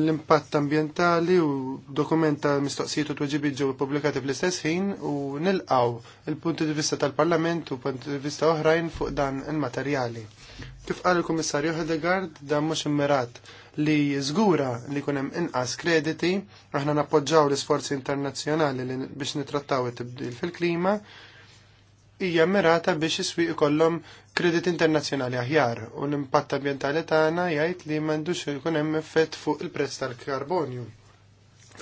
l-impatt ambientali u dokumenta mistoqsijiet u tweġibi ġew pubblikati fl-istess ħin u nilqaw il-punti di vista tal-Parlament u punti di vista oħrajn fuq dan il-materjali. Kif qal il-Kummissarju Hedegard dan mhux immirat li żgura li jkun hemm inqas krediti, aħna nappoġġaw l-isforzi internazzjonali biex nitrattaw it-tibdil fil-klima, hija mirata biex iswiq ikollhom kredit internazzjonali aħjar u l-impatt ambjentali tagħna jgħid li m'għandux ikun hemm effett fuq il-prezz tal-karbonju.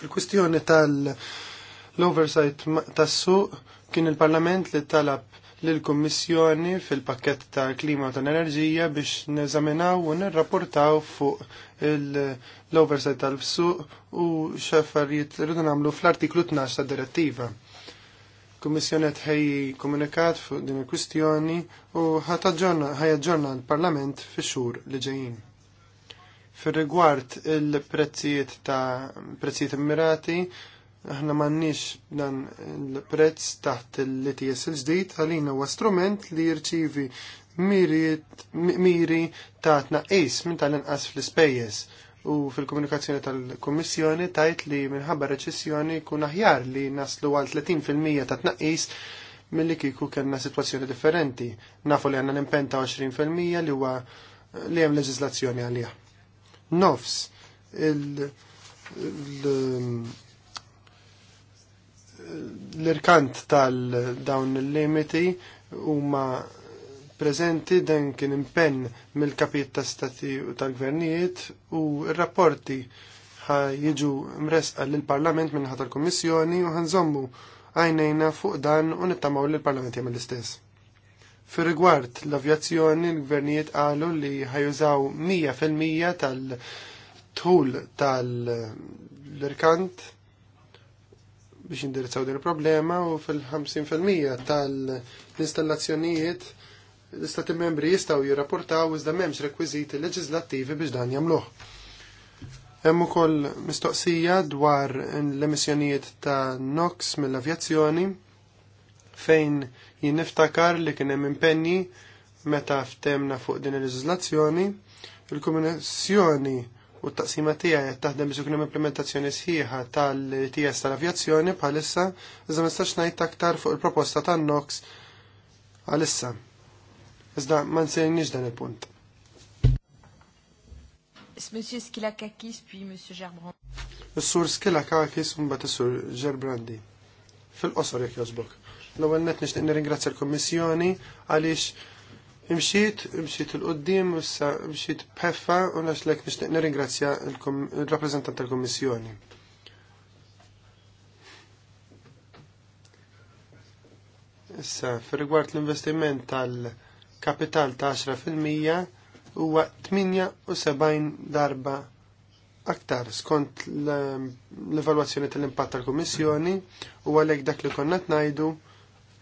Fil-kwistjoni tal-oversight tas-suq kien il-Parlament li talab lill-Kummissjoni fil-pakket tal-klima u tal-enerġija biex neżaminaw u nirrapportaw fuq l-oversight tal-suq u xaffarijiet rridu nagħmlu fl-artiklu 12 tad-direttiva Kummissjoni qed ħejji komunikat fuq din il-kwistjoni u ħajaġġorna l-Parlament fi xur li ġejjin. Fir-rigward il-prezzijiet ta' prezzijiet immirati, aħna m'għandniex dan il-prezz taħt l-ITS il-ġdid għalina huwa strument li jirċivi miri ta' tnaqqis minn tal-inqas fl-ispejjeż u fil-komunikazzjoni tal-Kummissjoni tajt li minħabba reċessjoni kun aħjar li naslu għal 30% ta' tnaqqis mill-li kiku kellna situazzjoni differenti. Nafu li għanna nimpenta 20% li huwa li hemm leġislazzjoni għalija. Nofs l-irkant tal-dawn il-limiti huma preżenti dan kien impenn mill-kapit ta' stati u tal-gvernijiet u r-rapporti jiġu mresqa l-Parlament minn ħatar kommissjoni u ħanżommu għajnejna fuq dan u nittamaw li l-Parlament jagħmel l-istess. Fir rigward l-avjazzjoni, l-gvernijiet qalu li ħajużaw 100% tal-tul tal-irkant biex indirizzaw din il-problema u fil-50% tal-installazzjonijiet l-istati membri jistgħu jirrapportaw iżda m'hemmx rekwiżiti leġislattivi biex dan jagħmluh. Hemm ukoll mistoqsija dwar l-emissjonijiet ta' NOx mill-avjazzjoni fejn jinniftakar li kien hemm impenni meta ftemna fuq din il leġizlazzjoni il-Kummissjoni u t-taqsima tiegħi qed taħdem biex ikun hemm implementazzjoni sħiħa tal-TS tal-avjazzjoni bħalissa iżda ma nistax ngħid aktar fuq il-proposta tan-NOx għalissa. Iżda ma nsejniex dan il-punt. Monsieur Skilakakis, puis Monsieur Gerbrandi. Is-sur Skilakakis, mbagħad is-sur Gerbrandi. Fil-qosor jekk jogħġbok. L-ewwel nett nixtieq nirringrazzja l-Kummissjoni għaliex imxiet, imxiet il-qoddim, issa imxiet bħeffa u naxlek nixtieq nirringrazzja l-rappreżentant tal-Kummissjoni. Issa, fir rigward l-investiment tal-, -tal kapital ta' 10% huwa 78 darba aktar skont l-evalwazzjoni tal-impatt tal-Kummissjoni u għalhekk dak li konna ngħidu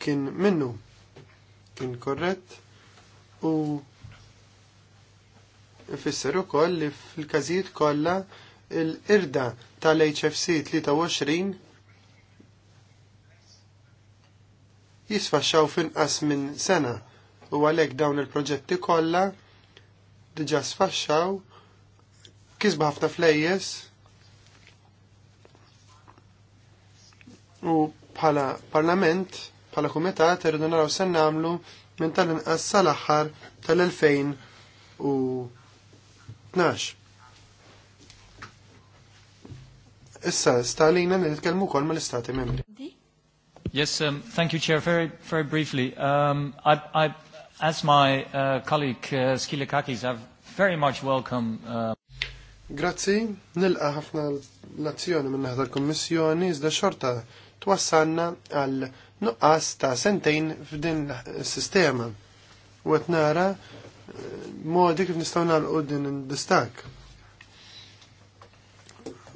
kien minnu kien korrett u ifisser ukoll li fil-każijiet kollha l-irda tal-HFC 23 jisfaxxaw finqas minn sena u għalhekk dawn il-proġetti kollha diġà sfaxxaw kisba ħafna flejjes u bħala parlament, bħala kumitat irridu naraw se nagħmlu minn tal-inqas sal-aħħar tal-2012. Issa, stalina nitkellmu wkoll mal-Istati Membri. Yes, um, thank you, Chair. Very, very briefly, um, I, I As my uh, colleague uh, Skilikakis, have very much welcome. Uh... Grazzi, nilqa ħafna l-azzjoni minn naħdar kommissjoni iżda xorta twassanna għal nuqqas ta' sentejn f'din sistema U għet nara eh, modi kif nistaw nalqu din distak.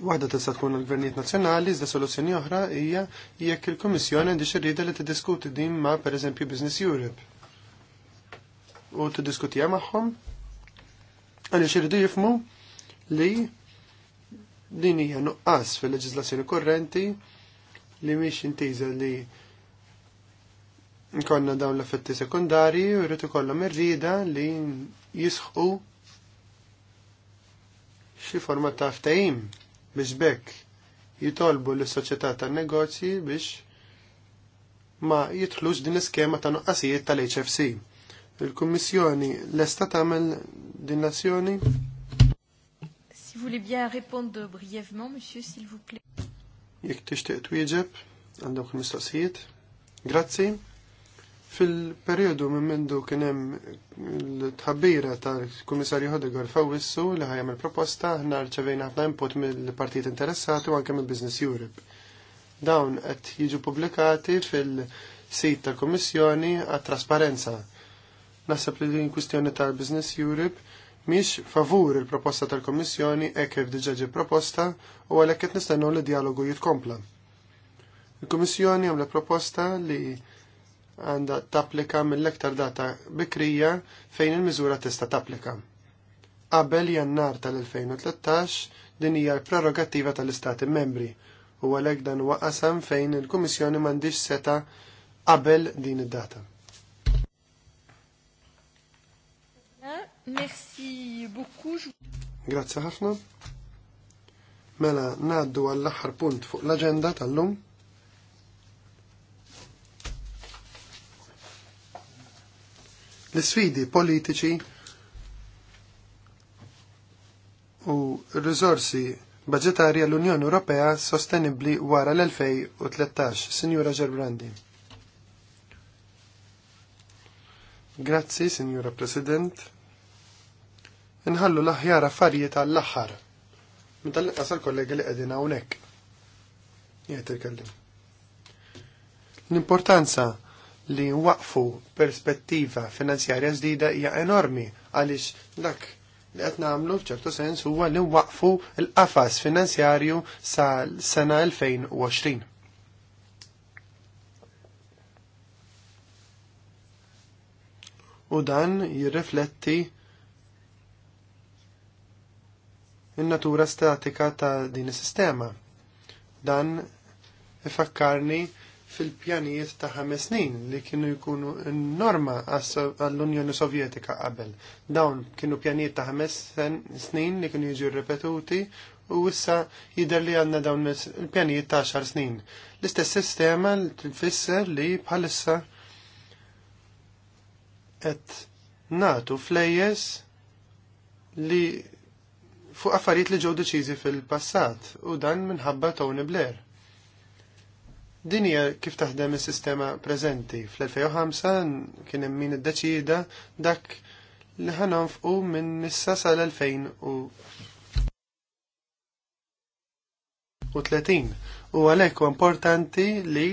Waħda tista' tkun il-gvernijiet nazzjonali, iżda soluzzjoni oħra hija jekk il-Kummissjoni għandi xirrida li tiddiskuti din ma' pereżempju Business Europe u t-diskutija magħhom għalli xirridu jifmu li din hija nuqqas fil leġizlazzjoni korrenti li mhix intiża li nkonna dawn l-effetti sekundari u jrid ikollhom irrida li jisħu xi forma ta' ftehim biex bekk jitolbu lis soċjetà tan-negozji biex ma jitħlux din iskema ta' nuqqasijiet tal-HFC. Il-Kummissjoni lesta tagħmel din l-azzjoni? Si vous voulez bien répondre brièvement, monsieur, s'il vous plaît. Jek tixtieq twieġeb għal mistoqsijiet Grazzi. Fil-periodu minn mindu kien hemm l-tħabbira tal-Kummissarju Hodegor Fawissu li ħajjam il-proposta aħna rċevejna ħafna input mill-partit interessati u anke mill-Business Europe. Dawn qed jiġu pubblikati fil-sit tal-Kummissjoni għat-trasparenza Naħseb li din kwistjoni tal-Business Europe miex favur il-proposta tal komissjoni e kif diġaġi proposta u għalek qed nistennu li dialogu jitkompla. il komissjoni għamla proposta li għandha tapplika mill-ektar data bikrija fejn il-miżura tista' tapplika. Qabel jannar tal-2013 din hija l-prerogattiva tal-Istati membri u għalek dan huwa qasam fejn il-Kummissjoni m'għandix seta qabel din id-data. Merci beaucoup. Grazie ħafna. Mela naddu għall-aħħar punt fuq l-aġenda tal-lum. L-sfidi politiċi u r-riżorsi budgetarja l-Unjoni Ewropea sostenibli wara l-2013. Sinjura Ġerbrandi. Grazie, Signora President nħallu l-aħjar affarijiet għall-aħħar. Meta l-qas kollegi li qegħdin hawnhekk. Jgħid il-kellim. L-importanza li waqfu perspettiva finanzjarja ġdida hija enormi għaliex dak li qed nagħmlu f'ċertu sens huwa li waqfu l-qafas finanzjarju sal-sena 2020. U dan jirrifletti in-natura statika ta' din is-sistema. Dan ifakkarni fil-pjanijiet ta' ħames snin li kienu jkunu norma għall-Unjoni Sovjetika qabel. Dawn kienu pjanijiet ta' ħames snin li kienu jiġu ripetuti u issa jider li għanna dawn il-pjanijiet ta' xar snin. L-istess sistema l-fisser li bħalissa et natu flejjes li fuq affarijiet li ġew deċiżi fil-passat u dan minħabba Tony Blair. Din hija kif taħdem is-sistema preżenti. Fl-2005 kien hemm min iddeċida dak li ħanonfqu minn issa sal 30. U għalhekk u importanti li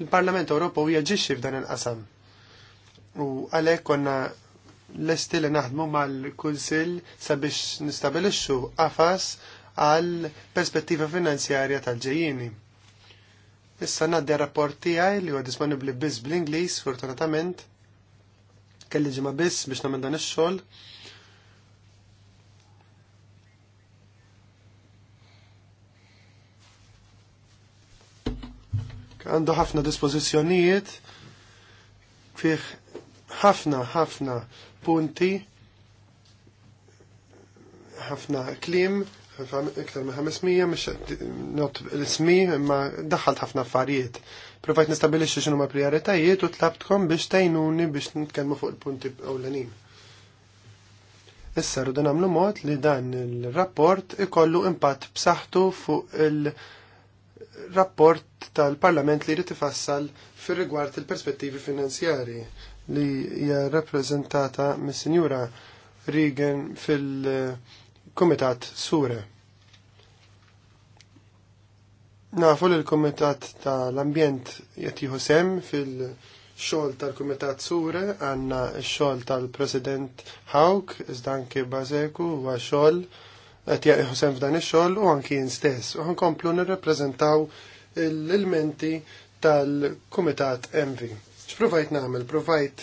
l-Parlament Ewropew jaġixxi f'dan il-qasam. U għalhekk konna l-esti li naħdmu mal-Kunsill sabiex nistabilixxu qafas għal perspettiva finanzjarja tal-ġejjini. Issa naddi rapport tiegħi li huwa disponibbli biss bl-Ingliż fortunatament. Kelli ġimgħa biss biex nagħmel dan ix-xogħol. Għandu ħafna dispożizzjonijiet fih ħafna ħafna punti, ħafna klim, iktar minn 500, mish, not l-ismi, imma daħalt ħafna affarijiet. Provajt nistabilixi xinu ma prioritajiet u tlabtkom biex tajnuni biex nitkellmu fuq il-punti ewlenin. Issa rridu nagħmlu mod li dan il-rapport ikollu impatt b'saħħtu fuq il-rapport tal-Parlament li jrid ifassal fir rigward il-perspettivi finanzjarji li hija rappreżentata mis-Sinjura Regan fil-Kumitat Sure. Nafu li l-Kumitat tal-Ambjent qed jieħu sem fil-xogħol tal-Kumitat Sure għandna x-xogħol tal-President Hawk iżda anke Bażeku huwa xogħol qed jieħu sem f'dan ix-xogħol u anki jien stess. U nkomplu nirrappreżentaw l-elementi tal-Kumitat MV. X'provajt nagħmel? Provajt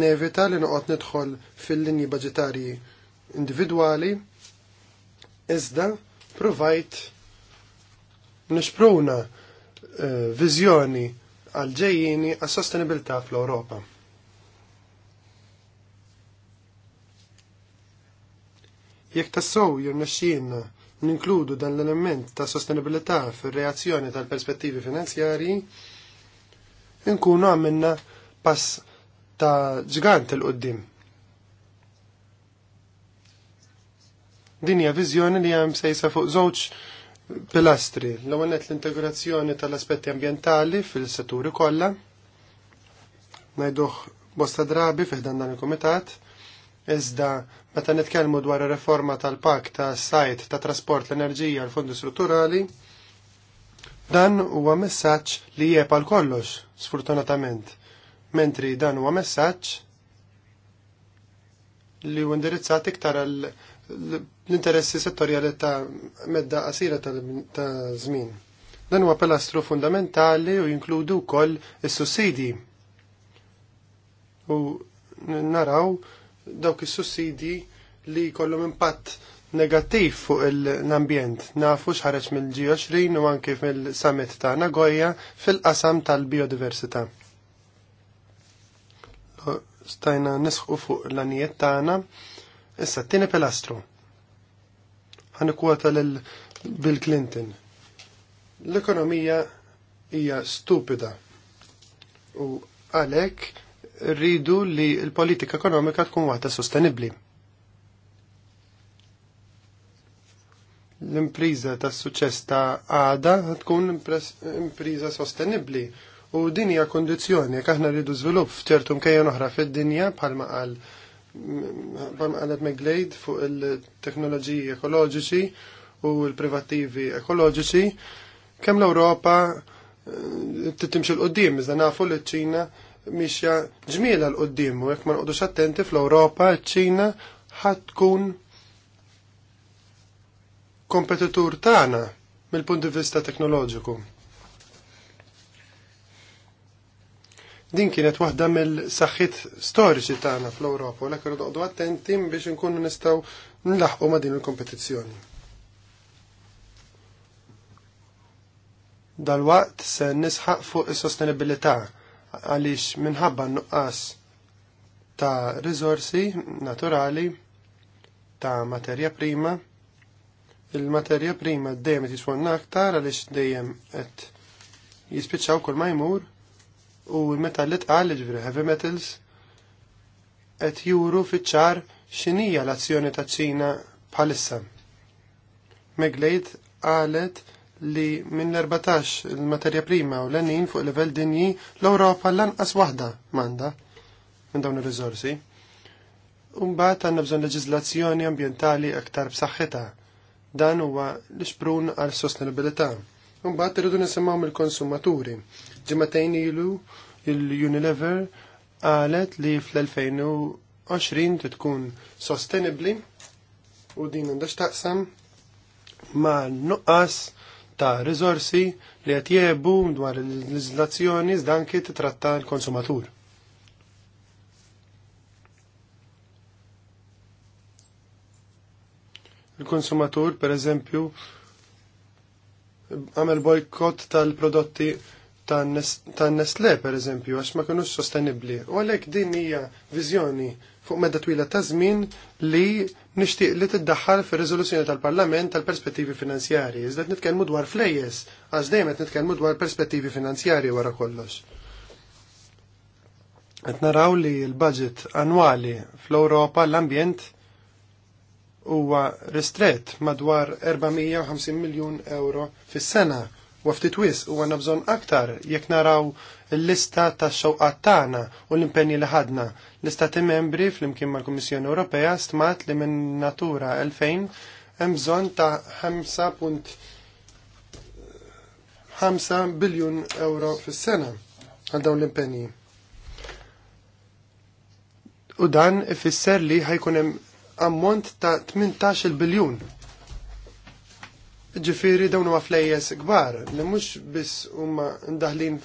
nevita li noqgħod nidħol fil-linji budġetarji individwali iżda provajt nixpruna eh, viżjoni għal-ġejjini għas-sostenibilità fl-Ewropa. Jekk tassow jirnexxin ninkludu dan l-element ta' sostenibilità fir-reazzjoni tal-perspettivi finanzjarji, nkunu għamilna pass ta' ġigant il-qoddim. Din hija viżjoni li hemm sejsa fuq żewġ pilastri. L-ewwel l-integrazzjoni tal-aspetti ambjentali fil-setturi kollha. Ngħiduh bosta drabi fiħdan dan il-kumitat. Iżda meta nitkellmu dwar ir-reforma tal-pak ta' sajt ta' trasport l-enerġija l-fondi strutturali, Dan huwa messaġġ li jepal kollox, sfortunatament, mentri dan huwa messaġġ li huwa indirizzat iktar l-interessi settorjali ta' medda qasira ta' żmien. Dan huwa pilastru fundamentali u jinkludu wkoll is-sussidi. U naraw dawk is-sussidi li jkollhom impatt negattiv fuq l-ambjent. Nafu xħareċ mill-G20 u anki mill-summit ta' Nagoya fil-qasam tal-biodiversità. Stajna nisħu fuq l-anijiet tagħna. Issa t-tieni pilastru. Ħanikwota lil Bill Clinton. L-ekonomija hija stupida u għalhekk rridu li l-politika ekonomika tkun waħda sostenibbli l-impriża tas suċess ta' għada tkun impriża sostenibbli u din hija kondizzjoni jekk aħna rridu żvilupp f'ċertu mkejja oħra fid-dinja bħalma qal bħalma qalet McGlade fuq il-teknoloġiji ekoloġiċi u l-privattivi ekoloġiċi kemm l-Ewropa eh, titimxi l-qoddim, iżda nafu li ċ-Ċina mixja ġmiela l-qoddim u jekk ma nqodux attenti fl-Ewropa ċ-Ċina ħadd tkun kompetitur tagħna mill-punt di vista teknoloġiku. Din kienet waħda mill-saħħit storiċi tagħna fl-Ewropa, u l-ekkur doqdu attenti biex inkunu nistgħu nlaħqu ma' din il-kompetizzjoni. Dal-waqt se nisħaq fuq is-sostenibilità għaliex minħabba nuqqas ta' riżorsi naturali ta' materja prima il-materja prima dejjem qed jiswanna aktar għaliex dejjem dajem jispiċċaw kull ma jmur u il metalli tqal ġifieri heavy metals qed juru fiċ-ċar l-azzjoni ta' Ċina bħalissa. Meglejt qalet li minn l-14 il-materja prima u l-għanin fuq livell dinji l-Ewropa lanqas waħda manda minn dawn ir-riżorsi. Umbat għandna bżonn leġizlazzjoni ambjentali aktar b'saħħitha Dan huwa l-isprun għal sostenibilità. Mbagħad irridu nisimgħu mill-konsumaturi. Ġimagħtejn ilu il-Unilever qalet li fl-2020 tkun sostenibbli u din għandax taqsam ma' nuqqas ta' rizorsi li qed jiebu dwar il-leġiżlazzjoni żdanki titratta l-konsumatur. Il-konsumatur, per eżempju, għamel bojkot tal-prodotti tan Nestle, per eżempju, għax ma kienux sostenibli. U għalek din hija viżjoni fuq medda twila ta' żmien li nixtieq li tiddaħħal fir-riżoluzzjoni tal-Parlament tal-perspettivi finanzjarji. Iżda qed nitkellmu dwar flejjes, għax dejjem qed nitkellmu dwar perspettivi finanzjarji wara kollox. Qed naraw li l-budget annwali fl-Ewropa l-ambjent huwa ristret madwar 450 miljun euro fis-sena u ftit wis huwa nabżon aktar jekk naraw l-lista ta' xewqat tagħna u l-impenni li ħadna. L-istati membri flimkien mal-Kummissjoni Ewropea stmat li minn natura 2000 hemm bżonn ta' 5.5 biljun euro fis-sena għal dawn l-impenni. U dan ifisser li ħajkun hemm ammont ta' 18 biljun. Ġifiri dawn huma flejjes kbar li mhux biss huma ndaħlin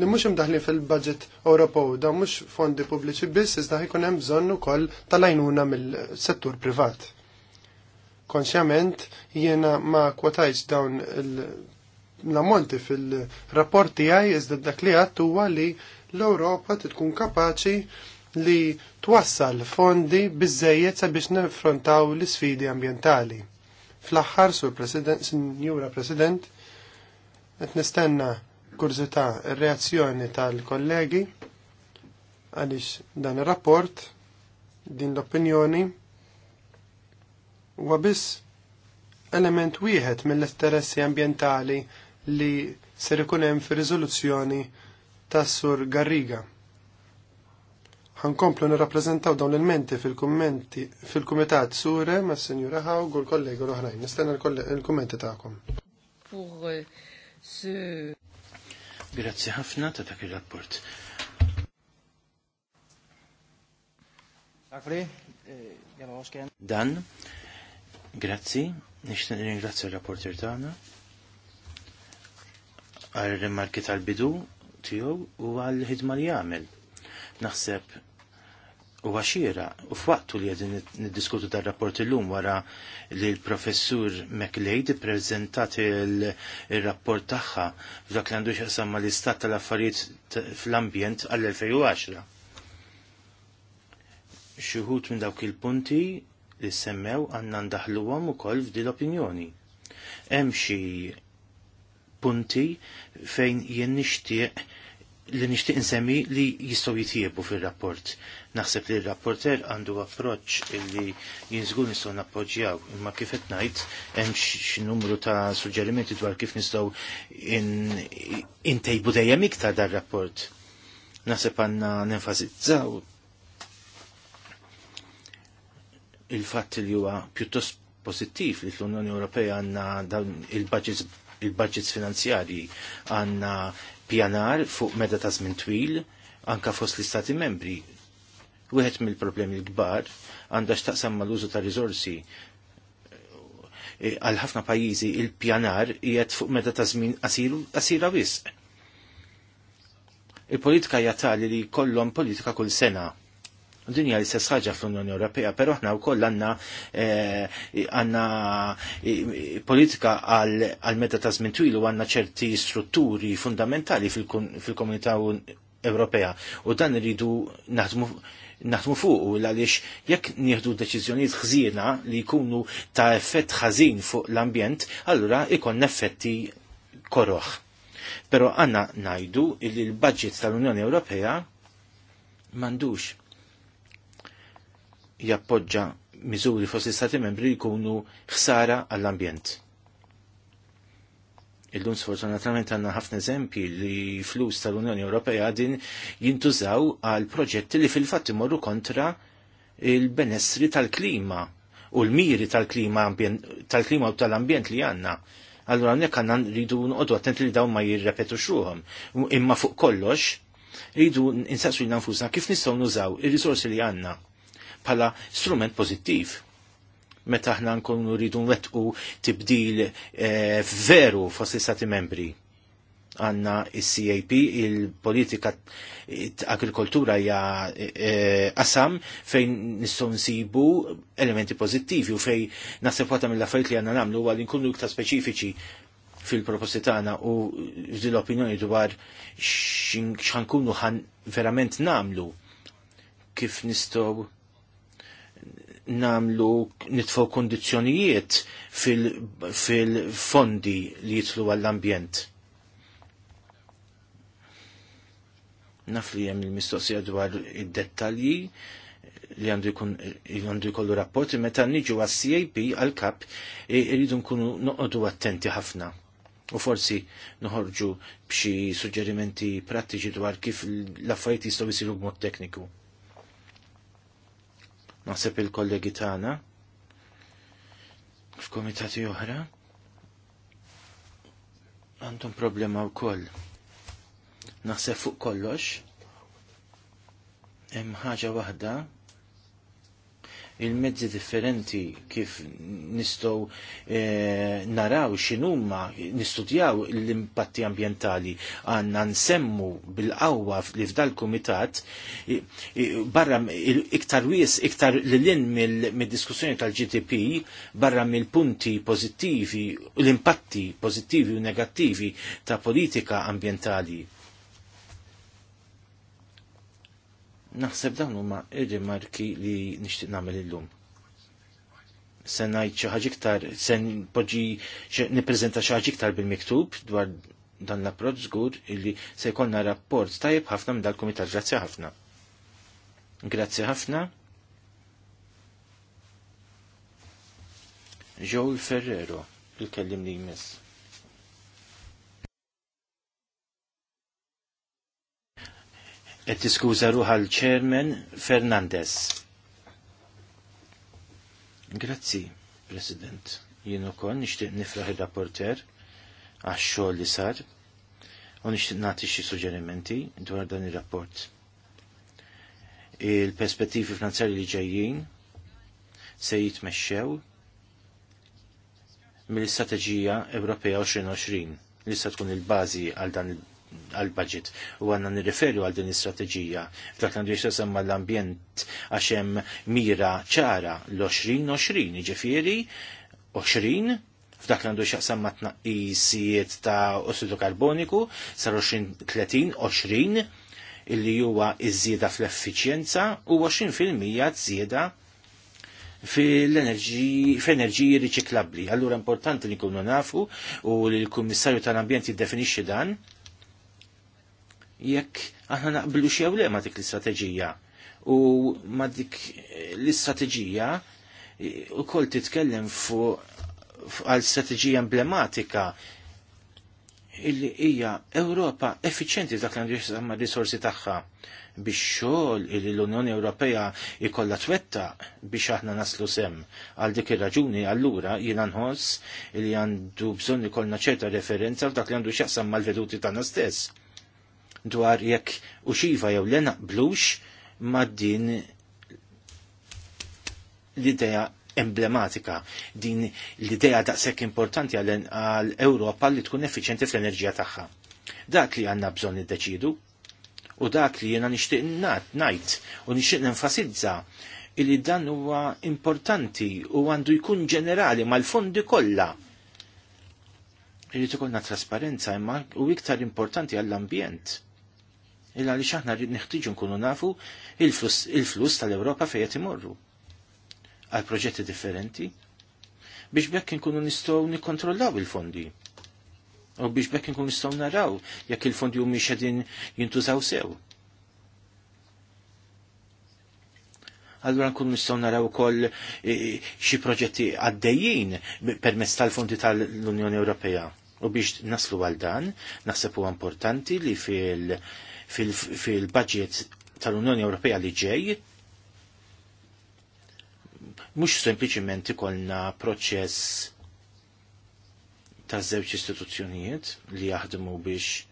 li mhux imdaħlin fil-budget Ewropew, da mhux fondi pubbliċi biss iżda jkun hemm bżonn ukoll tal-għajnuna mill-settur privat. Konxjament jiena ma kwotajx dawn l-ammonti fil-rapport tiegħi iżda dak li għatt huwa li l-Ewropa tkun kapaċi li twassal fondi biżejjed sabiex nifrontaw l-isfidi ambientali. Fl-aħħar, sur President, Sinjura President, qed nistenna kurzita r-reazzjoni tal-kollegi għaliex dan ir-rapport din l-opinjoni huwa biss element wieħed mill-interessi ambientali li ser ikun hemm fir-riżoluzzjoni tas-Sur Garriga ħankomplu nirrappreżentaw dawn l-elementi fil-kummenti fil-kumitat Sure ma' Sinjura Hawg u l-kollegi l-oħrajn. Nistenna l-kummenti tagħkom. Euh, grazzi ħafna ta' dak il-rapport. Eh, Dan, grazzi, nishtan ringrazzi l-rapporter tagħna għal rimarki tal-bidu tiegħu u għal ħidma li jagħmel naħseb u għaxira u f'waqtu li għedin niddiskutu dar rapport illum wara li l-professur McLeod prezentat il-rapport tagħha f'dak li għandu xaqsam l-istat tal-affarijiet fl-ambjent għall-2010. Xuhut minn dawk il-punti li semmew għanna ndaħluwam ukoll f'dil opinjoni. Hemm xi punti fejn jien nixtieq li nixtieq insemmi li jistgħu jitjiebu fir-rapport. Naħseb li r-rapporter għandu approċċ li jinżgur nistgħu nappoġġjaw, imma kif qed ngħid hemm xi numru ta' suġġerimenti dwar kif nistgħu intejbu in dejjem iktar dar-rapport. Naħseb għandna nenfasizzaw il-fatt li huwa pjuttost pożittiv li l-Unjoni Ewropea għandna dawn il-budgets il-budgets finanzjari għanna pjanar fuq meda ta' żmien twil anka fost l-istati membri. Wieħed mill-problemi l-kbar għandha x'taqsam mal-użu ta' riżorsi e, għal ħafna pajjiżi il-pjanar qiegħed fuq meta ta' żmien qasira wisq. Il-politika hija tali li jkollhom politika kull sena Dinja li istess ħaġa fl-Unjoni Ewropea, però aħna wkoll għandna eh, għandna eh, politika għal meta ta' żmien twil u għandna ċerti strutturi fundamentali fil-Komunità Ewropea u dan iridu naħdmu naħdmu fuq u għaliex jekk nieħdu deċiżjonijiet ħżiena li jkunu ta' effett ħażin fuq l-ambjent, allura ikon effetti koroħ. Pero għanna najdu il l-budget tal-Unjoni Ewropea mandux jappoġġa miżuri fost l-Istati membri jkunu ħsara għall-ambjent. Illum sfortunatament għanna ħafna eżempji li flus tal-Unjoni Ewropea din jintużaw għal proġetti li fil-fatt imorru kontra il-benessri tal-klima u l-miri tal-klima tal-klima u tal-ambjent li għanna. Allora nek għanna rridu nqodu attenti li dawn ma jirrepetu xruħom. Imma fuq kollox, rridu n-insassu l-nfusna kif nistgħu nużaw ir-risorsi li għanna bħala strument pozittiv meta aħna nkunu rridu nwettqu tibdil eh, veru fost l-istati membri. Għanna il-CAP, il-politika agrikoltura ja eh, qasam fejn nistgħu nsibu elementi pożittivi u fejn nasib waħda mill-affarijiet li għandna nagħmlu għal nkunu iktar speċifiċi fil-proposti tagħna u l-opinjoni dwar x'ħankunu ħan verament namlu kif nistgħu namlu nitfgħu kondizjonijiet fil-fondi fil li jitlu għall-ambjent. Naf li hemm il-mistoqsija dwar id-dettalji li għandu jkollu rapporti meta nġu għas CAP għal kap e, irridu nkunu noqogħdu attenti ħafna. U forsi noħorġu b'xi suġġerimenti prattiċi dwar kif l-affarijiet jistgħu jsiru b'mod tekniku naħseb il-kollegi tagħna f'komitati oħra għandhom problema wkoll. Naħseb fuq kollox hemm ħaġa waħda il-mezzi differenti kif nistgħu e, eh, naraw x'inhuma nistudjaw l-impatti ambjentali għandna nsemmu bil-qawwa li f'dal kumitat barra iktar wies iktar lilin mid-diskussjoni tal-GDP barra mill-punti pozittivi l-impatti pozittivi u negattivi ta' politika ambjentali Naħseb dawn huma ir-rimarki li nixtieq nagħmel illum. Se ngħid xi ħaġa iktar, se npoġġi nippreżenta xi ħaġa iktar bil-miktub dwar dan l-approċċ żgur illi se jkollna rapport tajjeb ħafna minn dal-kumitat. Grazzi ħafna. Grazzi ħafna. Joel Ferrero, il-kellim li jmiss. qed tiskuża ruħa l-Chairman Fernandez. Grazzi, President. Jien ukoll nixtieq nifraħ ir-rapporter għax-xogħol li sar u nixtieq nagħti xi suġġerimenti dwar dan ir-rapport. Il-perspettivi finanzjarji li ġejjin se jitmexxew mill-Istrateġija Ewropea 2020 li se tkun il-bażi għal dan il għal-budget u għanna nirriferu għal din istrateġija. F'dak għandu jistasemma l-ambjent għaxem mira ċara l-20-20, ġifiri 20 f'dak l-għandu xaqsam ma tnaqqisijiet ta' ossidu karboniku sar 20-30-20 illi huwa iż-żieda fl-effiċjenza u 20% żieda fil-enerġiji riċiklabbli. Allura importanti li nkunu nafu u li l-Kummissarju tal-Ambjent jiddefinixxi dan jekk aħna naqblu xew le ma dik l-istrateġija. U ma dik l-istrateġija u koll titkellem fuq għal strateġija emblematika illi hija Ewropa effiċenti dak li għandu risorsi tagħha biex xogħol illi l-Unjoni Ewropea jkollha twetta biex aħna naslu sem. Għal dik ir-raġuni allura jiena nħoss illi għandu bżonn ikollna ċerta referenza f'dak li għandu x'jaqsam mal-veduti tagħna stess dwar jekk u xiva jew le naqblux ma' din l-idea emblematika, din l-idea daqshekk importanti għal Ewropa li tkun effiċenti fl-enerġija tagħha. Dak li għandna bżonn id-deċidu u dak li jiena nixtieq ngħid u nixtieq nenfasizza illi dan huwa importanti u għandu jkun ġenerali mal-fondi kollha irrid ikollna trasparenza imma u iktar importanti għall-ambjent illa li xaħna rrid neħtiġu nkunu nafu il-flus tal-Ewropa fejn imorru għal proġetti differenti biex bekk nkunu nistgħu nikkontrollaw il-fondi. U biex bekk nkunu nistgħu naraw jekk il-fondi humiex qegħdin jintużaw sew. Allura nkunu nistgħu naraw ukoll e, e, xi proġetti għaddejjin permezz tal-fondi tal-Unjoni Ewropea. U biex naslu għal dan, naħseb importanti li fil- fil-budget tal-Unjoni Ewropea li ġej, mux sempliciment ikolna proċess ta' żewġ istituzzjonijiet li jaħdmu biex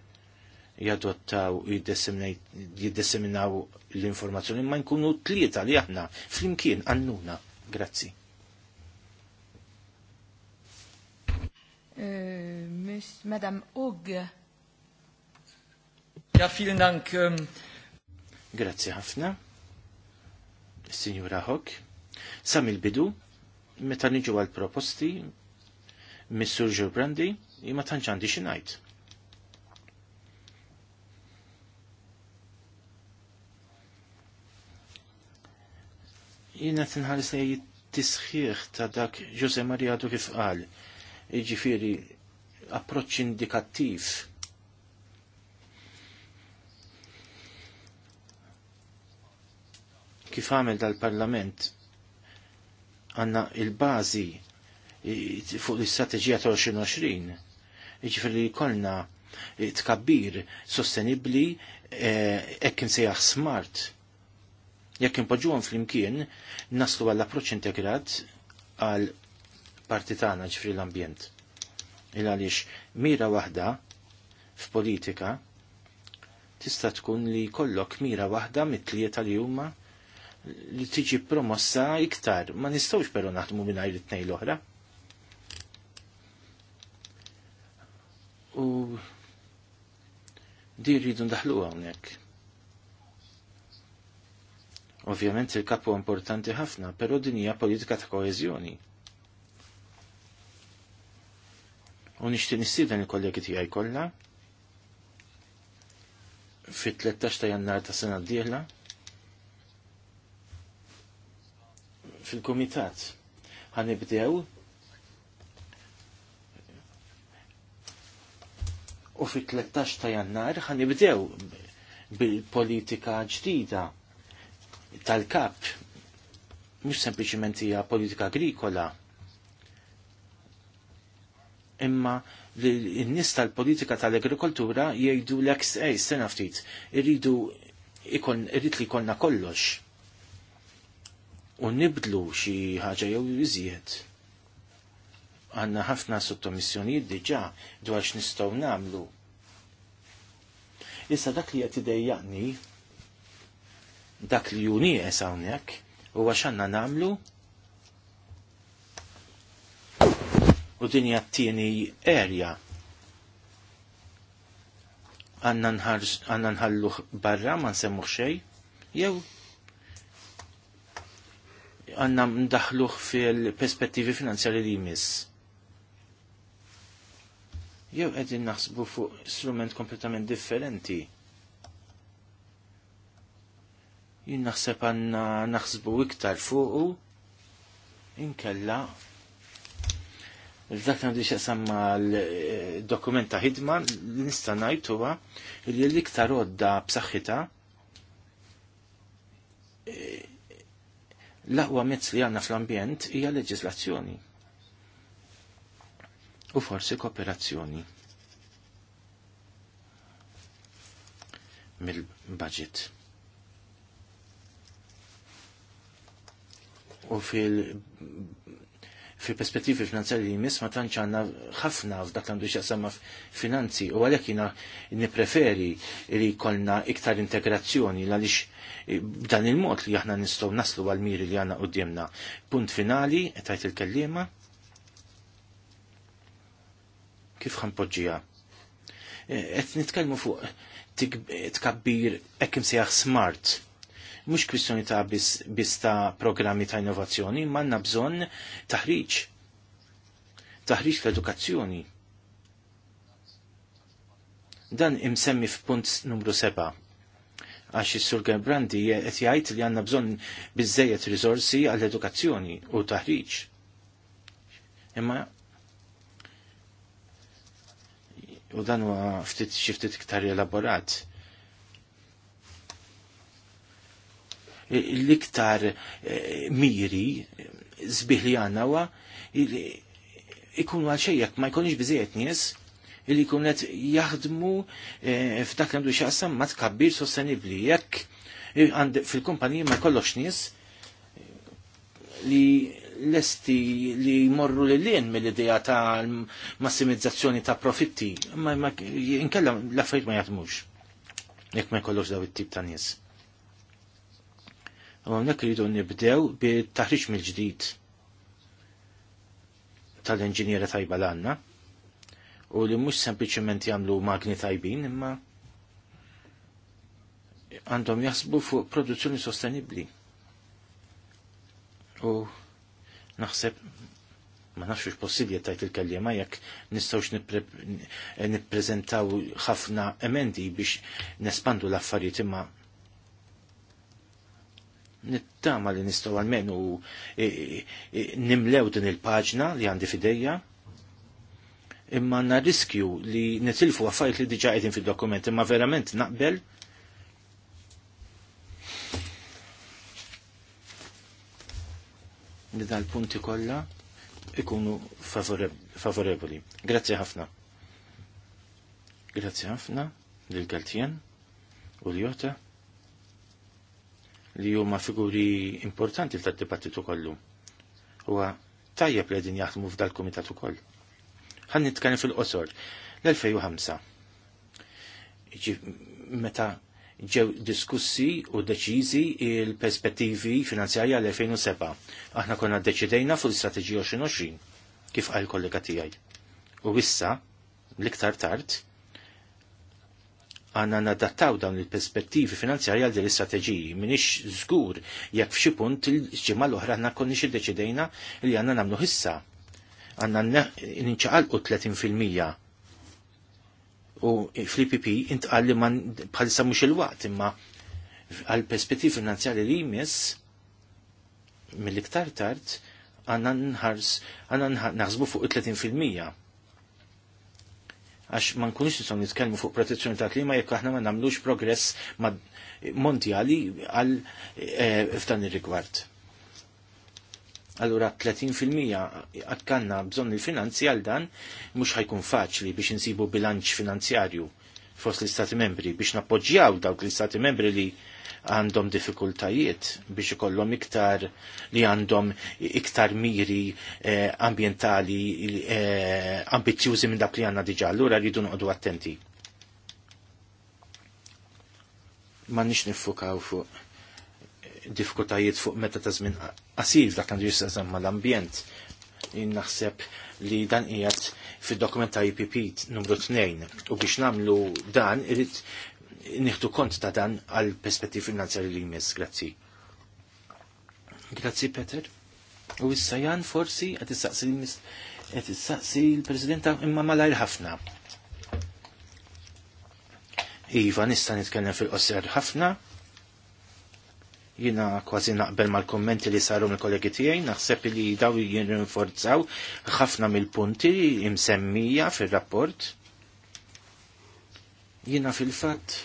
jadottaw jiddisseminaw l-informazzjoni ma nkunu tlieta li aħna flimkien għannuna. Grazzi. Eh, Madam Ugg Ja, vielen Dank. Um... Grazie ħafna. Signora Hock. Sam il-bidu, meta niġu għal-proposti, Missur Brandi, imma tanġandi xinajt. Jina tinħalis li tisħiħ ta' dak Jose Maria kif qal, iġifiri approċ indikattiv kif għamel dal-Parlament għanna il-bazi fuq l-istrateġija ta' 2020. li kolna tkabbir sostenibli ekkim e sejjaħ smart. Jekk impoġuhom fl-imkien naslu għall-approċċ integrat għal partitana ġifri l-ambjent. Il għaliex mira waħda f'politika tista' tkun li kollok mira waħda mit-tlieta li huma li tiġi promossa iktar. Ma nistawx però naħdmu mingħajr it-tnej l-oħra. U di rridu ndaħlu hawnhekk. Ovvjament il-kapu importanti ħafna, però din hija politika ta' koezjoni. U nixtieq nistieden il-kollegi tiegħi kolla fit-13 ta' jannar ta' sena d-dieħla fil-komitat. Għanibdew u fil 13 ta' jannar ħanibdew bil-politika ġdida tal-kap mhux sempliciment hija politika agrikola imma n-nis tal-politika tal-agrikoltura jgħidu l-ex sena ftit irridu ikon irrid li jkollna kollox u nibdlu xi ħaġa jew iżjed. Għanna ħafna sottomissjonijiet diġà dwar x'nistgħu nagħmlu. Issa dak li qed idejjaqni dak li junieqes hawnhekk huwa x'għandna nagħmlu u dinja t-tieni erja għanna nħallu barra ma nsemmu xej jew għanna mdaħluħ fil-perspettivi finanzjali li jmiss. Jew qegħdin naħsbu fuq strument kompletament differenti. Jien naħseb għandna naħsbu iktar fuqu inkella Dak għandu xasamma l eh, dokumenta ħidma li nista' ngħid li l-iktar għodda b'saħħitha eh, l-aqwa mezz li għanna fl-ambjent hija leġislazzjoni u forsi kooperazzjoni mill-budget. U fil fi perspettivi finanzjali li jmiss ma tantx għandna ħafna f'dak għandu xaqsamma finanzi u għalhekk jina nippreferi li jkollna iktar integrazzjoni għaliex eh, b'dan il-mod li aħna nistgħu naslu għal miri li għandna qudiemna. Punt finali qed il-kellima. Kif poġġija? Eh, qed nitkellmu fuq tkabbir hekk imsejjaħ smart mhux kwistjoni ta' biss ta' programmi ta' innovazzjoni, ma għandna bżonn taħriġ. Taħriġ l-edukazzjoni. Dan imsemmi f'punt numru seba' għax is-Sur Gerbrandi qed jgħid li għandna bżonn bizzejet rizorsi għall-edukazzjoni u taħriġ. Imma u dan huwa ftit xiftit ftit iktar elaborat l-iktar eh, miri zbih li għanna wa ikunu għalxejjak ma jkunx biżejjed nies illi kunet jaħdmu eh, f'dak għandu xaqsam ma tkabbir sostenibli jekk eh, fil kumpanija ma jkollox nies li lesti li morru li l-lien mill-ideja ta' massimizzazzjoni ta' profitti, ma jinkella l-affarijiet ma jaħdmux jekk ma jkollux daw it-tip ta' nies m'nek rridu nibdew bi taħriġ mill-ġdid tal-inġiniera tajba l-għanna u li mux sempliciment jamlu magni tajbin imma għandhom jasbu fuq produzzjoni sostenibli. U naħseb ma nafxux possibli tajt il-kellima jekk nistawx nippreżentaw ħafna emendi biex nespandu l-affarijiet imma nittama li nistaw għalmenu e, e, nimlew din il-paġna li għandi fideja imma għanna riskju li nitilfu għaffajt li diġa għedin fil-dokument imma verament naqbel li dal-punti kolla ikunu favorevoli. Grazie ħafna. Grazie ħafna lil Galtien u l-Jota li huma figuri importanti f'dat dibattitu kollu. Huwa tajjeb li qegħdin jaħdmu f'dal kumitat ukoll. Ħan nitkellem fil-qosor l-2005. Meta ġew diskussi u deċiżi il-perspettivi finanzjarja l-2007. Aħna konna deċidejna fuq l-istrateġija 2020 kif għal kollega tiegħi. U issa l-iktar tard għanna nadattaw dawn il-perspettivi finanzjarja għal din l-istrateġiji. Minix żgur jekk f'xi punt il-ġimgħa l-oħra għandna konniex iddeċidejna li għandna nagħmlu ħissa. Għandna ninċaqalqu 30% u fl-IPP intqal li man bħalissa mhux il-waqt imma għal perspettivi finanzjarji li jmiss mill-iktar tard għanna nħars għanna naħsbu fuq 30% għax ma nkunx nistgħu nitkellmu fuq protezzjoni tal-klima jekk aħna ma nagħmlux progress mondjali għal eh, f'dan ir-rigward. Allura 30% għadkanna bżonn il-finanzi għal dan mhux ħajkun faċli biex insibu bilanċ finanzjarju fost l-Istati membri biex nappoġġjaw dawk l-Istati membri li għandhom diffikultajiet biex ikollhom iktar li għandhom iktar miri eh, ambientali eh, ambizjużi minn dak li għandna diġà, allura rridu noqogħdu attenti. Ma nix nifukaw fuq eh, diffikultajiet fuq meta ta' żmien qasir dak għandu jistgħu mal-ambjent. Naħseb li dan qiegħed fid-dokument ta' IPP numru 2 u biex namlu dan irid Niħtu kont ta' dan għal perspettiv finanzjari li jmiss. Grazzi. Grazzi, Peter. U issa jan forsi qed issaqsi qed issaqsi l-Presidenta imma malajr ħafna. Iva, nista' nitkellem fil-qosser ħafna, jina kważi naqbel mal-kommenti li saru mill-kollegi tiegħi, naħseb li daw jinrinforzaw ħafna mill-punti imsemmija fir-rapport. Jina fil-fatt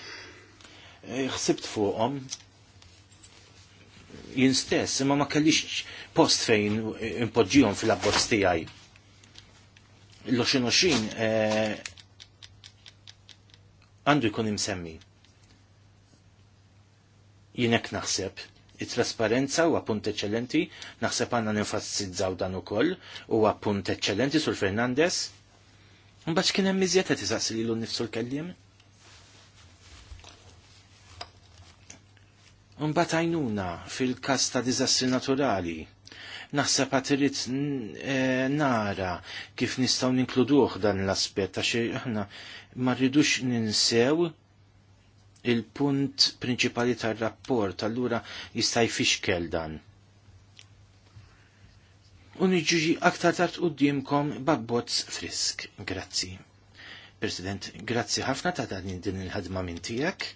Eh, ħsibt fuqhom jien stess, imma ma kellix post fejn impoġġihom fil-abbozz tiegħi. L-20 eh, għandu jkun imsemmi. Jien hekk naħseb it-trasparenza huwa punt eċċellenti, naħseb għandna nenfasizzaw dan ukoll, huwa punt eċċellenti sur Fernandez. Mbagħad kien hemm iżjed qed isaqsi lilu nnifsu l-kelliem. Mbatajnuna għajnuna fil-każ ta' diżastri naturali. Naħseb għad e, nara kif nistgħu ninkluduh dan l-aspett għax aħna ma rridux ninsew il-punt prinċipali tar-rapport, allura jista' fiskel dan. U tart aktar tard qudiemkom babbots frisk. Grazzi. President, grazzi ħafna ta' dan din il-ħadma minn tiegħek.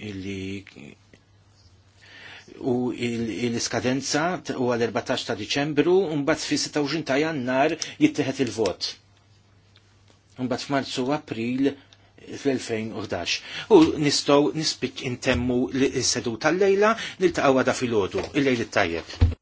illi u l-iskadenza u għal-14 ta' Diċembru, un-bat fi 26 ta' jannar jittieħed il-vot. Un-bat f'Marzu u April fl-2011. U nistow nispik intemmu l-seduta l-lejla, nil taqawada fil-ħodu, il-lejl tajjeb